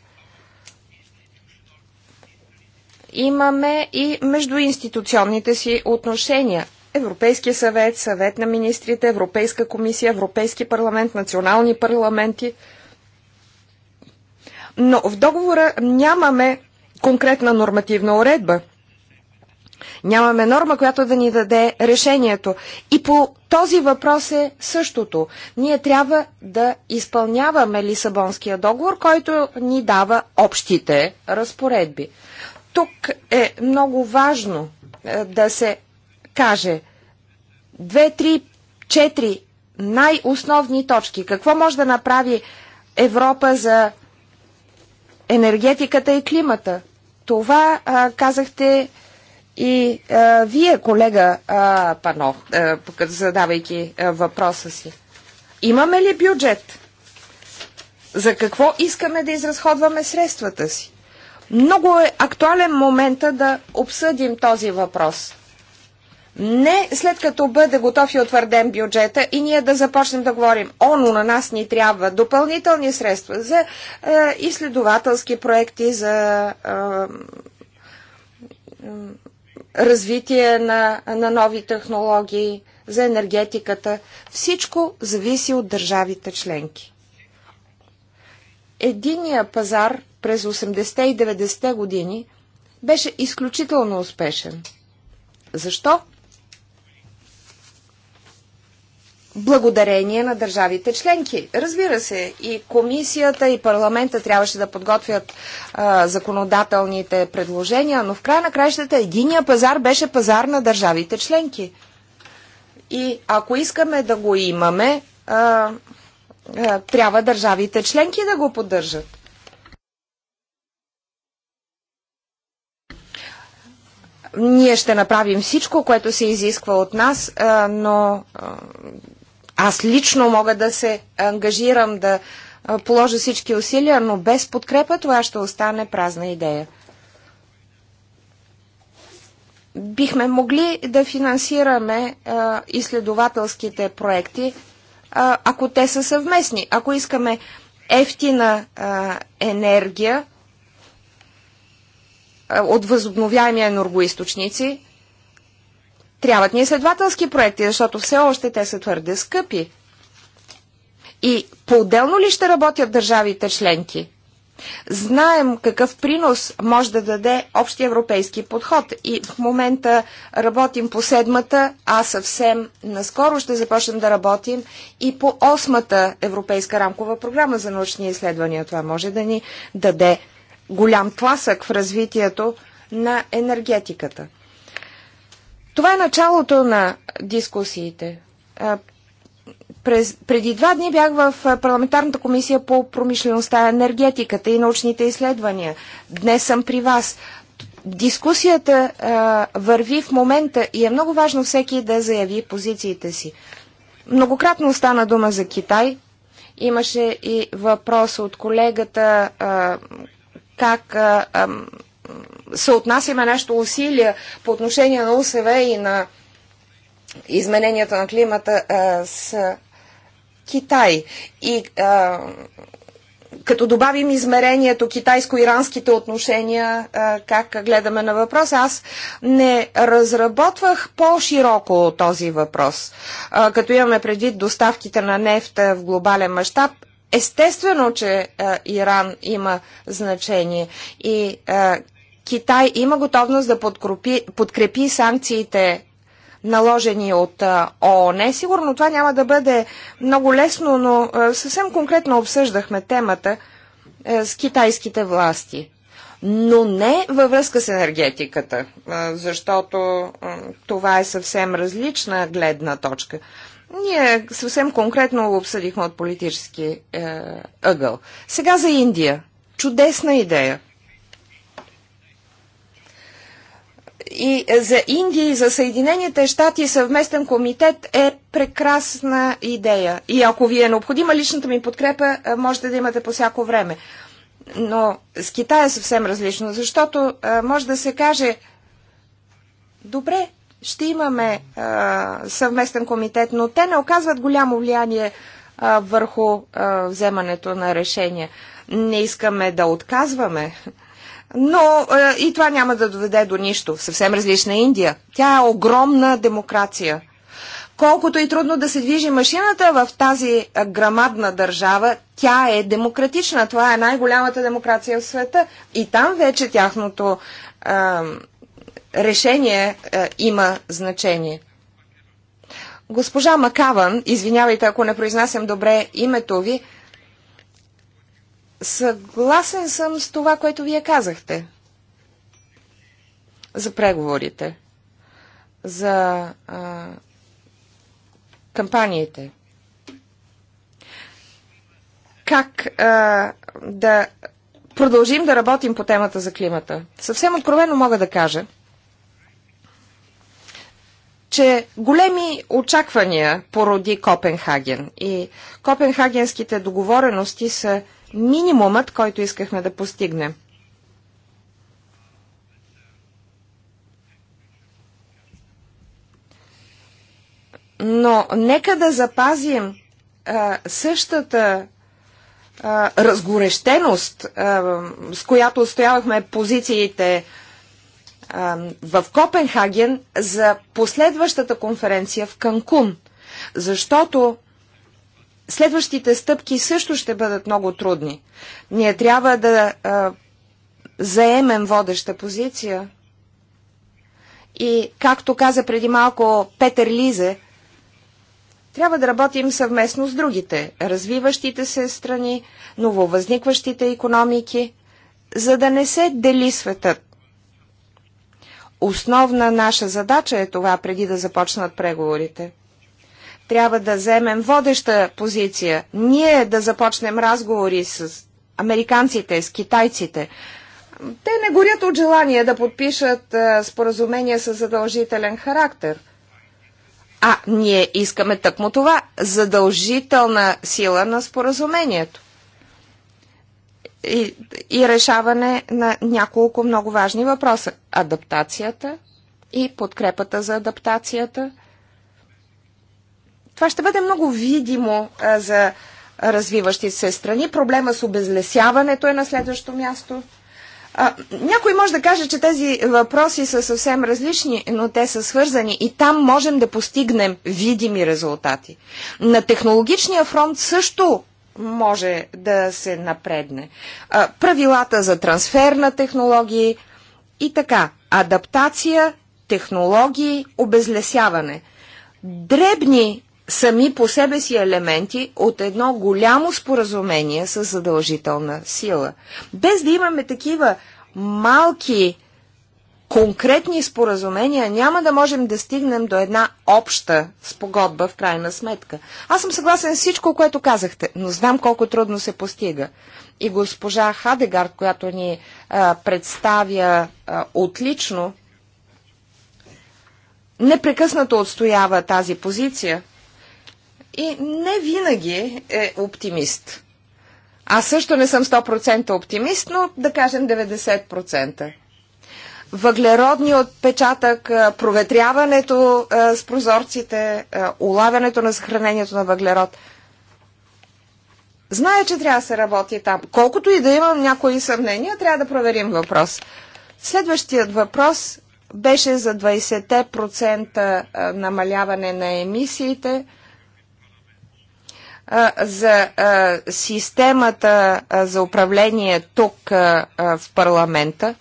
Имаме и междуинституционните си отношения. Европейския съвет, съвет на министрите, Европейска комисия, Европейски парламент, национални парламенти. Но в договора нямаме конкретна нормативна уредба. Нямаме норма, която да ни даде решението. И по този въпрос е същото. Ние трябва да изпълняваме Лисабонския договор, който ни дава общите разпоредби. Тук е много важно е, да се каже две, три, четири най-основни точки. Какво може да направи Европа за енергетиката и климата? Това а, казахте и а, вие, колега а, Панов, а, задавайки а, въпроса си. Имаме ли бюджет? За какво искаме да изразходваме средствата си? Много е актуален момента да обсъдим този въпрос. Не след като бъде готов и утвърден бюджета и ние да започнем да говорим, оно на нас ни трябва допълнителни средства за е, изследователски проекти, за е, е, развитие на, на нови технологии, за енергетиката. Всичко зависи от държавите членки. Единия пазар през 80 те и 90 те години беше изключително успешен. Защо? благодарение на държавите членки. Разбира се, и комисията, и парламента трябваше да подготвят а, законодателните предложения, но в край на краищата единия пазар беше пазар на държавите членки. И ако искаме да го имаме, а, а, трябва държавите членки да го поддържат. Ние ще направим всичко, което се изисква от нас, а, но а, аз лично мога да се ангажирам да положа всички усилия, но без подкрепа това ще остане празна идея. Бихме могли да финансираме а, изследователските проекти, а, ако те са съвместни. Ако искаме ефтина а, енергия а, от възобновяеми енергоисточници, Трябват ни изследователски проекти, защото все още те са твърде скъпи. И по-отделно ли ще работят държавите членки? Знаем какъв принос може да даде общи европейски подход и в момента работим по седмата, а съвсем наскоро ще започнем да работим и по осмата европейска рамкова програма за научни изследвания. Това може да ни даде голям тласък в развитието на енергетиката. Това е началото на дискусиите. През, преди два дни бях в парламентарната комисия по промишлеността, енергетиката и научните изследвания. Днес съм при вас. Дискусията а, върви в момента и е много важно всеки да заяви позициите си. Многократно стана дума за Китай. Имаше и въпрос от колегата а, как а, а, съотнасяме нашите усилия по отношение на УСВ и на измененията на климата а, с Китай. И а, като добавим измерението китайско-иранските отношения, а, как гледаме на въпрос, аз не разработвах по-широко този въпрос. А, като имаме предвид доставките на нефта в глобален мащаб, естествено, че а, Иран има значение. И а, Китай има готовност да подкрепи, подкрепи санкциите наложени от ООН. Сигурно това няма да бъде много лесно, но съвсем конкретно обсъждахме темата е, с китайските власти. Но не във връзка с енергетиката, защото това е съвсем различна гледна точка. Ние съвсем конкретно го обсъдихме от политически е, ъгъл. Сега за Индия. Чудесна идея. и за Индия и за Съединените щати съвместен комитет е прекрасна идея. И ако ви е необходима личната ми подкрепа, можете да имате по всяко време. Но с Китай е съвсем различно, защото може да се каже, добре, ще имаме а, съвместен комитет, но те не оказват голямо влияние а, върху а, вземането на решения. Не искаме да отказваме но е, и това няма да доведе до нищо. Съвсем различна е Индия. Тя е огромна демокрация. Колкото и трудно да се движи машината в тази е, грамадна държава, тя е демократична. Това е най-голямата демокрация в света. И там вече тяхното е, решение е, има значение. Госпожа Макаван, извинявайте ако не произнасям добре името ви, Съгласен съм с това, което вие казахте за преговорите, за а, кампаниите. Как а, да продължим да работим по темата за климата? Съвсем откровено мога да кажа, че големи очаквания породи Копенхаген и копенхагенските договорености са минимумът, който искахме да постигнем. Но нека да запазим а, същата а, разгорещеност, а, с която устоявахме позициите в Копенхаген за последващата конференция в Канкун. Защото следващите стъпки също ще бъдат много трудни. Ние трябва да а, заемем водеща позиция. И, както каза преди малко Петър Лизе, трябва да работим съвместно с другите, развиващите се страни, нововъзникващите економики, за да не се дели светът. Основна наша задача е това преди да започнат преговорите – трябва да вземем водеща позиция. Ние да започнем разговори с американците, с китайците. Те не горят от желание да подпишат е, споразумение с задължителен характер. А ние искаме тъкмо това задължителна сила на споразумението и, и решаване на няколко много важни въпроса. Адаптацията и подкрепата за адаптацията – това ще бъде много видимо а, за развиващи се страни. Проблема с обезлесяването е на следващо място. А, някой може да каже, че тези въпроси са съвсем различни, но те са свързани и там можем да постигнем видими резултати. На технологичния фронт също може да се напредне. А, правилата за трансфер на технологии и така. Адаптация, технологии, обезлесяване. Дребни сами по себе си елементи от едно голямо споразумение с задължителна сила. Без да имаме такива малки конкретни споразумения, няма да можем да стигнем до една обща спогодба в крайна сметка. Аз съм съгласен с всичко, което казахте, но знам колко трудно се постига. И госпожа Хадегард, която ни а, представя а, отлично, непрекъснато отстоява тази позиция – и не винаги е оптимист. Аз също не съм 100% оптимист, но да кажем 90%. Въглеродният отпечатък, проветряването с прозорците, улавянето на съхранението на въглерод. Знае, че трябва да се работи там. Колкото и да имам някои съмнения, трябва да проверим въпрос. Следващият въпрос беше за 20% намаляване на емисиите – за системата за управление тук в парламента.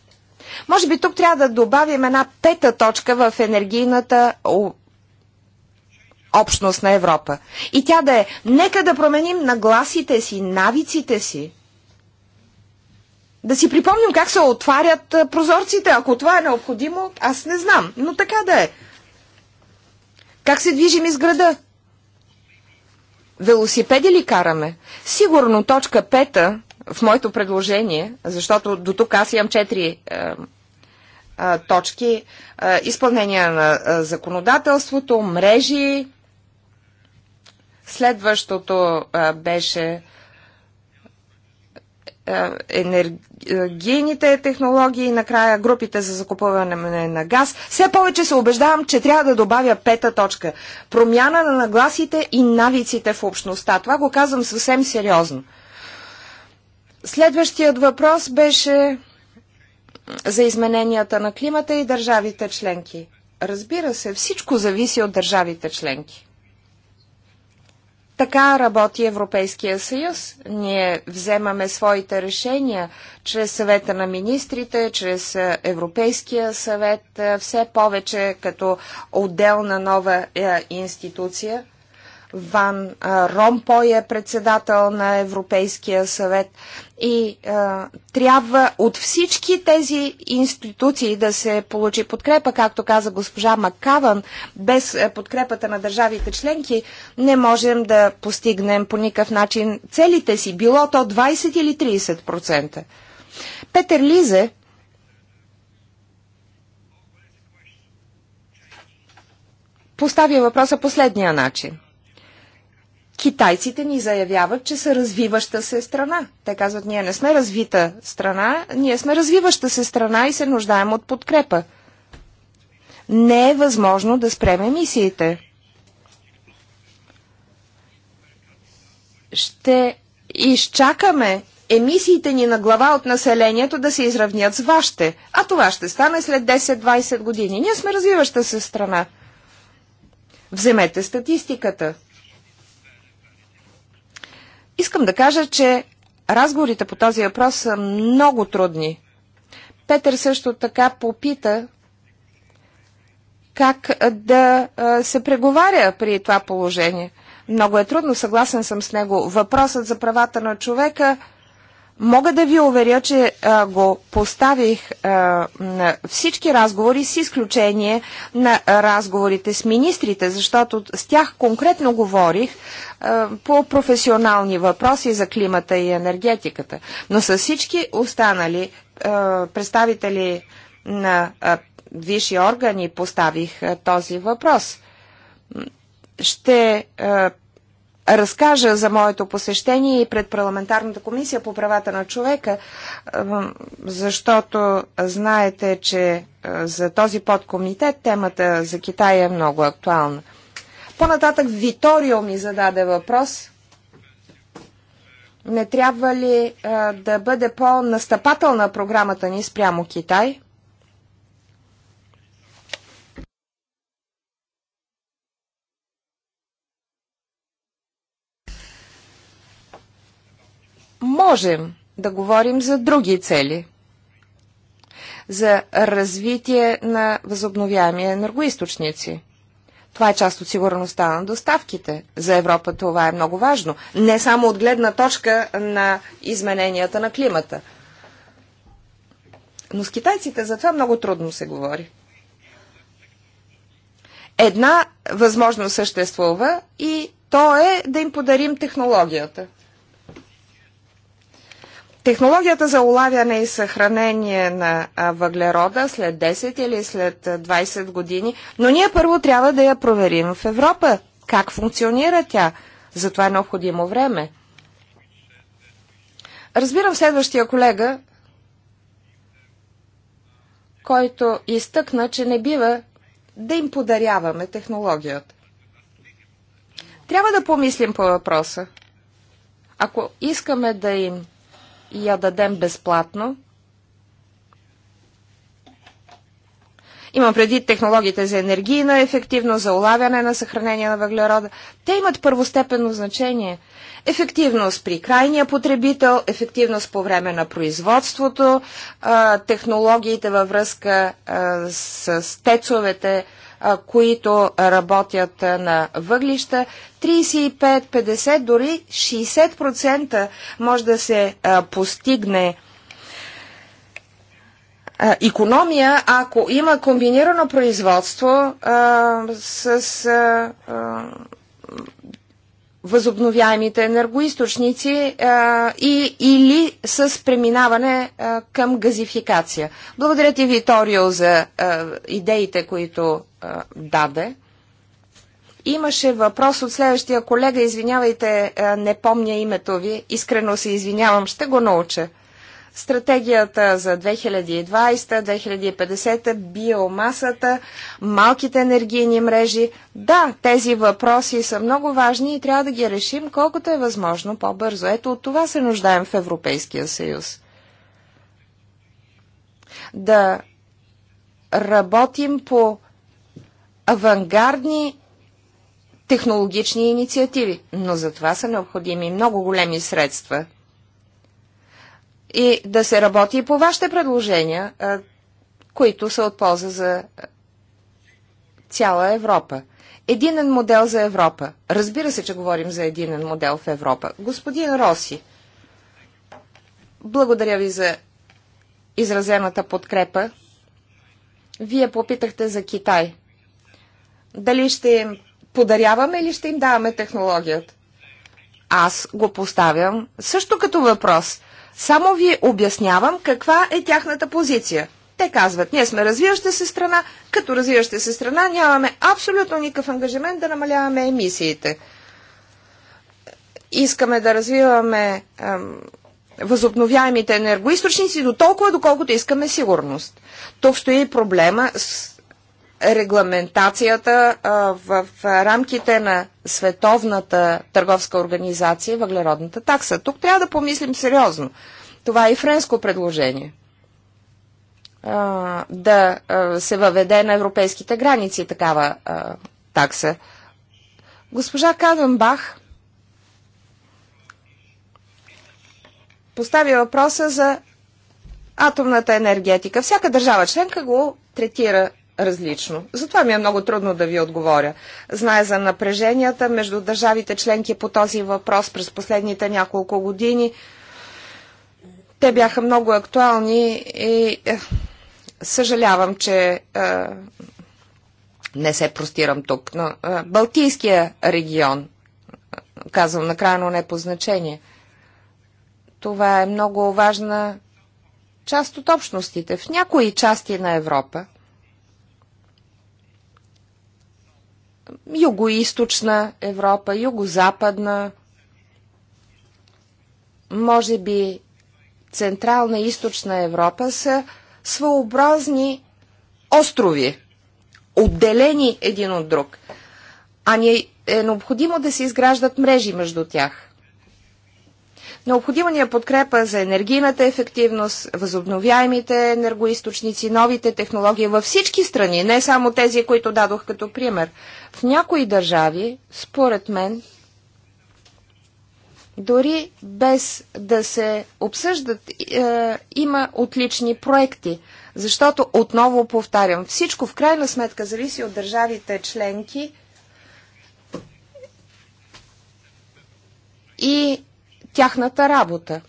Може би тук трябва да добавим една пета точка в енергийната общност на Европа. И тя да е, нека да променим нагласите си, навиците си. Да си припомним как се отварят прозорците. Ако това е необходимо, аз не знам. Но така да е. Как се движим из града? велосипеди ли караме? Сигурно точка пета в моето предложение, защото до тук аз имам четири е, е, точки, е, изпълнение на законодателството, мрежи, следващото беше е, енергийните технологии и накрая групите за закупуване на газ, все повече се убеждавам, че трябва да добавя пета точка. Промяна на нагласите и навиците в общността. Това го казвам съвсем сериозно. Следващият въпрос беше за измененията на климата и държавите членки. Разбира се, всичко зависи от държавите членки. Така работи Европейския съюз. Ние вземаме своите решения чрез съвета на министрите, чрез Европейския съвет, все повече като отделна нова институция. Ван Ромпой е председател на Европейския съвет и а, трябва от всички тези институции да се получи подкрепа, както каза госпожа Маккаван, без подкрепата на държавите членки не можем да постигнем по никакъв начин целите си, било то 20 или 30%. Петър Лизе поставя въпроса последния начин. Китайците ни заявяват, че са развиваща се страна. Те казват, ние не сме развита страна, ние сме развиваща се страна и се нуждаем от подкрепа. Не е възможно да спрем емисиите. Ще изчакаме емисиите ни на глава от населението да се изравнят с вашите. А това ще стане след 10-20 години. Ние сме развиваща се страна. Вземете статистиката. Искам да кажа, че разговорите по този въпрос са много трудни. Петър също така попита как да се преговаря при това положение. Много е трудно, съгласен съм с него. Въпросът за правата на човека – Мога да ви уверя, че а, го поставих а, на всички разговори, с изключение на разговорите с министрите, защото с тях конкретно говорих а, по професионални въпроси за климата и енергетиката. Но с всички останали а, представители на а, висши органи поставих а, този въпрос. Ще а, разкажа за моето посещение и пред парламентарната комисия по правата на човека, е, защото знаете, че е, за този подкомитет темата за Китай е много актуална. По-нататък Виторио ми зададе въпрос. Не трябва ли а, е, да бъде по-настъпателна програмата ни спрямо Китай? можем да говорим за други цели. За развитие на възобновяеми енергоисточници. Това е част от сигурността на доставките. За Европа това е много важно. Не само от гледна точка на измененията на климата. Но с китайците за това много трудно се говори. Една възможност съществува и то е да им подарим технологията. Технологията за улавяне и съхранение на въглерода след 10 или след 20 години, но ние първо трябва да я проверим в Европа. Как функционира тя? За това е необходимо време. Разбирам следващия колега, който изтъкна, че не бива да им подаряваме технологията. Трябва да помислим по въпроса. Ако искаме да им и я дадем безплатно. Имам преди технологиите за енергийна ефективност, за улавяне на съхранение на въглерода. Те имат първостепенно значение. Ефективност при крайния потребител, ефективност по време на производството, технологиите във връзка с тецовете, които работят на въглища. 35, 50, дори 60% може да се постигне економия, ако има комбинирано производство а, с а, а, възобновяемите енергоисточници а, и, или с преминаване а, към газификация. Благодаря ти, Виторио, за а, идеите, които даде. Имаше въпрос от следващия колега, извинявайте, не помня името ви, искрено се извинявам, ще го науча. Стратегията за 2020-2050, биомасата, малките енергийни мрежи. Да, тези въпроси са много важни и трябва да ги решим колкото е възможно по-бързо. Ето от това се нуждаем в Европейския съюз. Да работим по авангардни технологични инициативи, но за това са необходими много големи средства. И да се работи и по вашите предложения, които са от полза за цяла Европа. Единен модел за Европа. Разбира се, че говорим за единен модел в Европа. Господин Роси, благодаря ви за изразената подкрепа. Вие попитахте за Китай – дали ще им подаряваме или ще им даваме технологията? Аз го поставям също като въпрос. Само ви обяснявам каква е тяхната позиция. Те казват, ние сме развиваща се страна, като развиваща се страна нямаме абсолютно никакъв ангажимент да намаляваме емисиите. Искаме да развиваме ем, възобновяемите енергоисточници до толкова, доколкото искаме сигурност. Тук стои е проблема с регламентацията в рамките на Световната търговска организация въглеродната такса. Тук трябва да помислим сериозно. Това е и френско предложение. Да се въведе на европейските граници такава такса. Госпожа Каденбах постави въпроса за атомната енергетика. Всяка държава членка го третира различно. Затова ми е много трудно да ви отговоря. Знае за напреженията между държавите членки по този въпрос през последните няколко години. Те бяха много актуални и е, съжалявам, че е, не се простирам тук. Но, е, Балтийския регион, казвам накрая, но не по значение. Това е много важна част от общностите. В някои части на Европа Юго-Источна Европа, Юго-Западна, може би Централна и Източна Европа са своеобразни острови, отделени един от друг. А ни е, е необходимо да се изграждат мрежи между тях. Необходима ни е подкрепа за енергийната ефективност, възобновяемите енергоисточници, новите технологии във всички страни, не само тези, които дадох като пример. В някои държави, според мен, дори без да се обсъждат, е, има отлични проекти. Защото, отново повтарям, всичко в крайна сметка зависи от държавите членки и тяхната работа.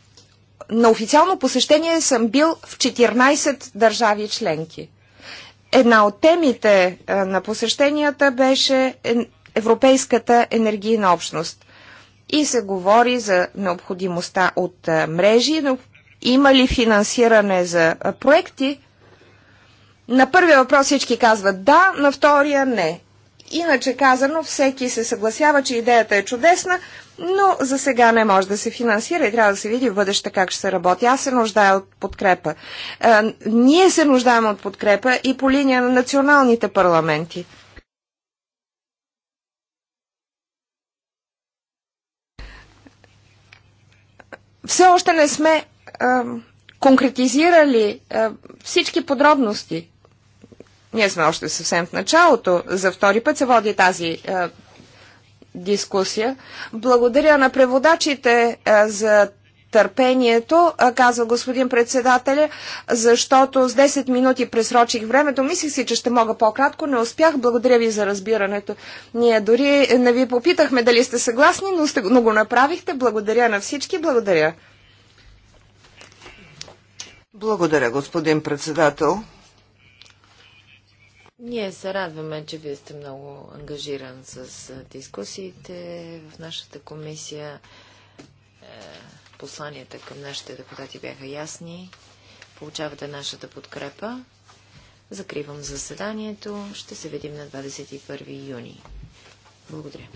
На официално посещение съм бил в 14 държави членки. Една от темите е, на посещенията беше е, Европейската енергийна общност. И се говори за необходимостта от е, мрежи, но има ли финансиране за проекти. На първия въпрос всички казват да, на втория не. Иначе казано, всеки се съгласява, че идеята е чудесна, но за сега не може да се финансира и трябва да се види в бъдеще как ще се работи. Аз се нуждая от подкрепа. А, ние се нуждаем от подкрепа и по линия на националните парламенти. Все още не сме а, конкретизирали а, всички подробности. Ние сме още съвсем в началото. За втори път се води тази а, дискусия. Благодаря на преводачите е, за търпението, е, казва господин председателя, защото с 10 минути пресрочих времето. Мислих си, че ще мога по-кратко, не успях. Благодаря ви за разбирането. Ние дори не ви попитахме дали сте съгласни, но, сте, но го направихте. Благодаря на всички. Благодаря. Благодаря, господин председател. Ние се радваме, че вие сте много ангажиран с дискусиите в нашата комисия. Е, посланията към нашите депутати бяха ясни. Получавате нашата подкрепа. Закривам заседанието. Ще се видим на 21 юни. Благодаря.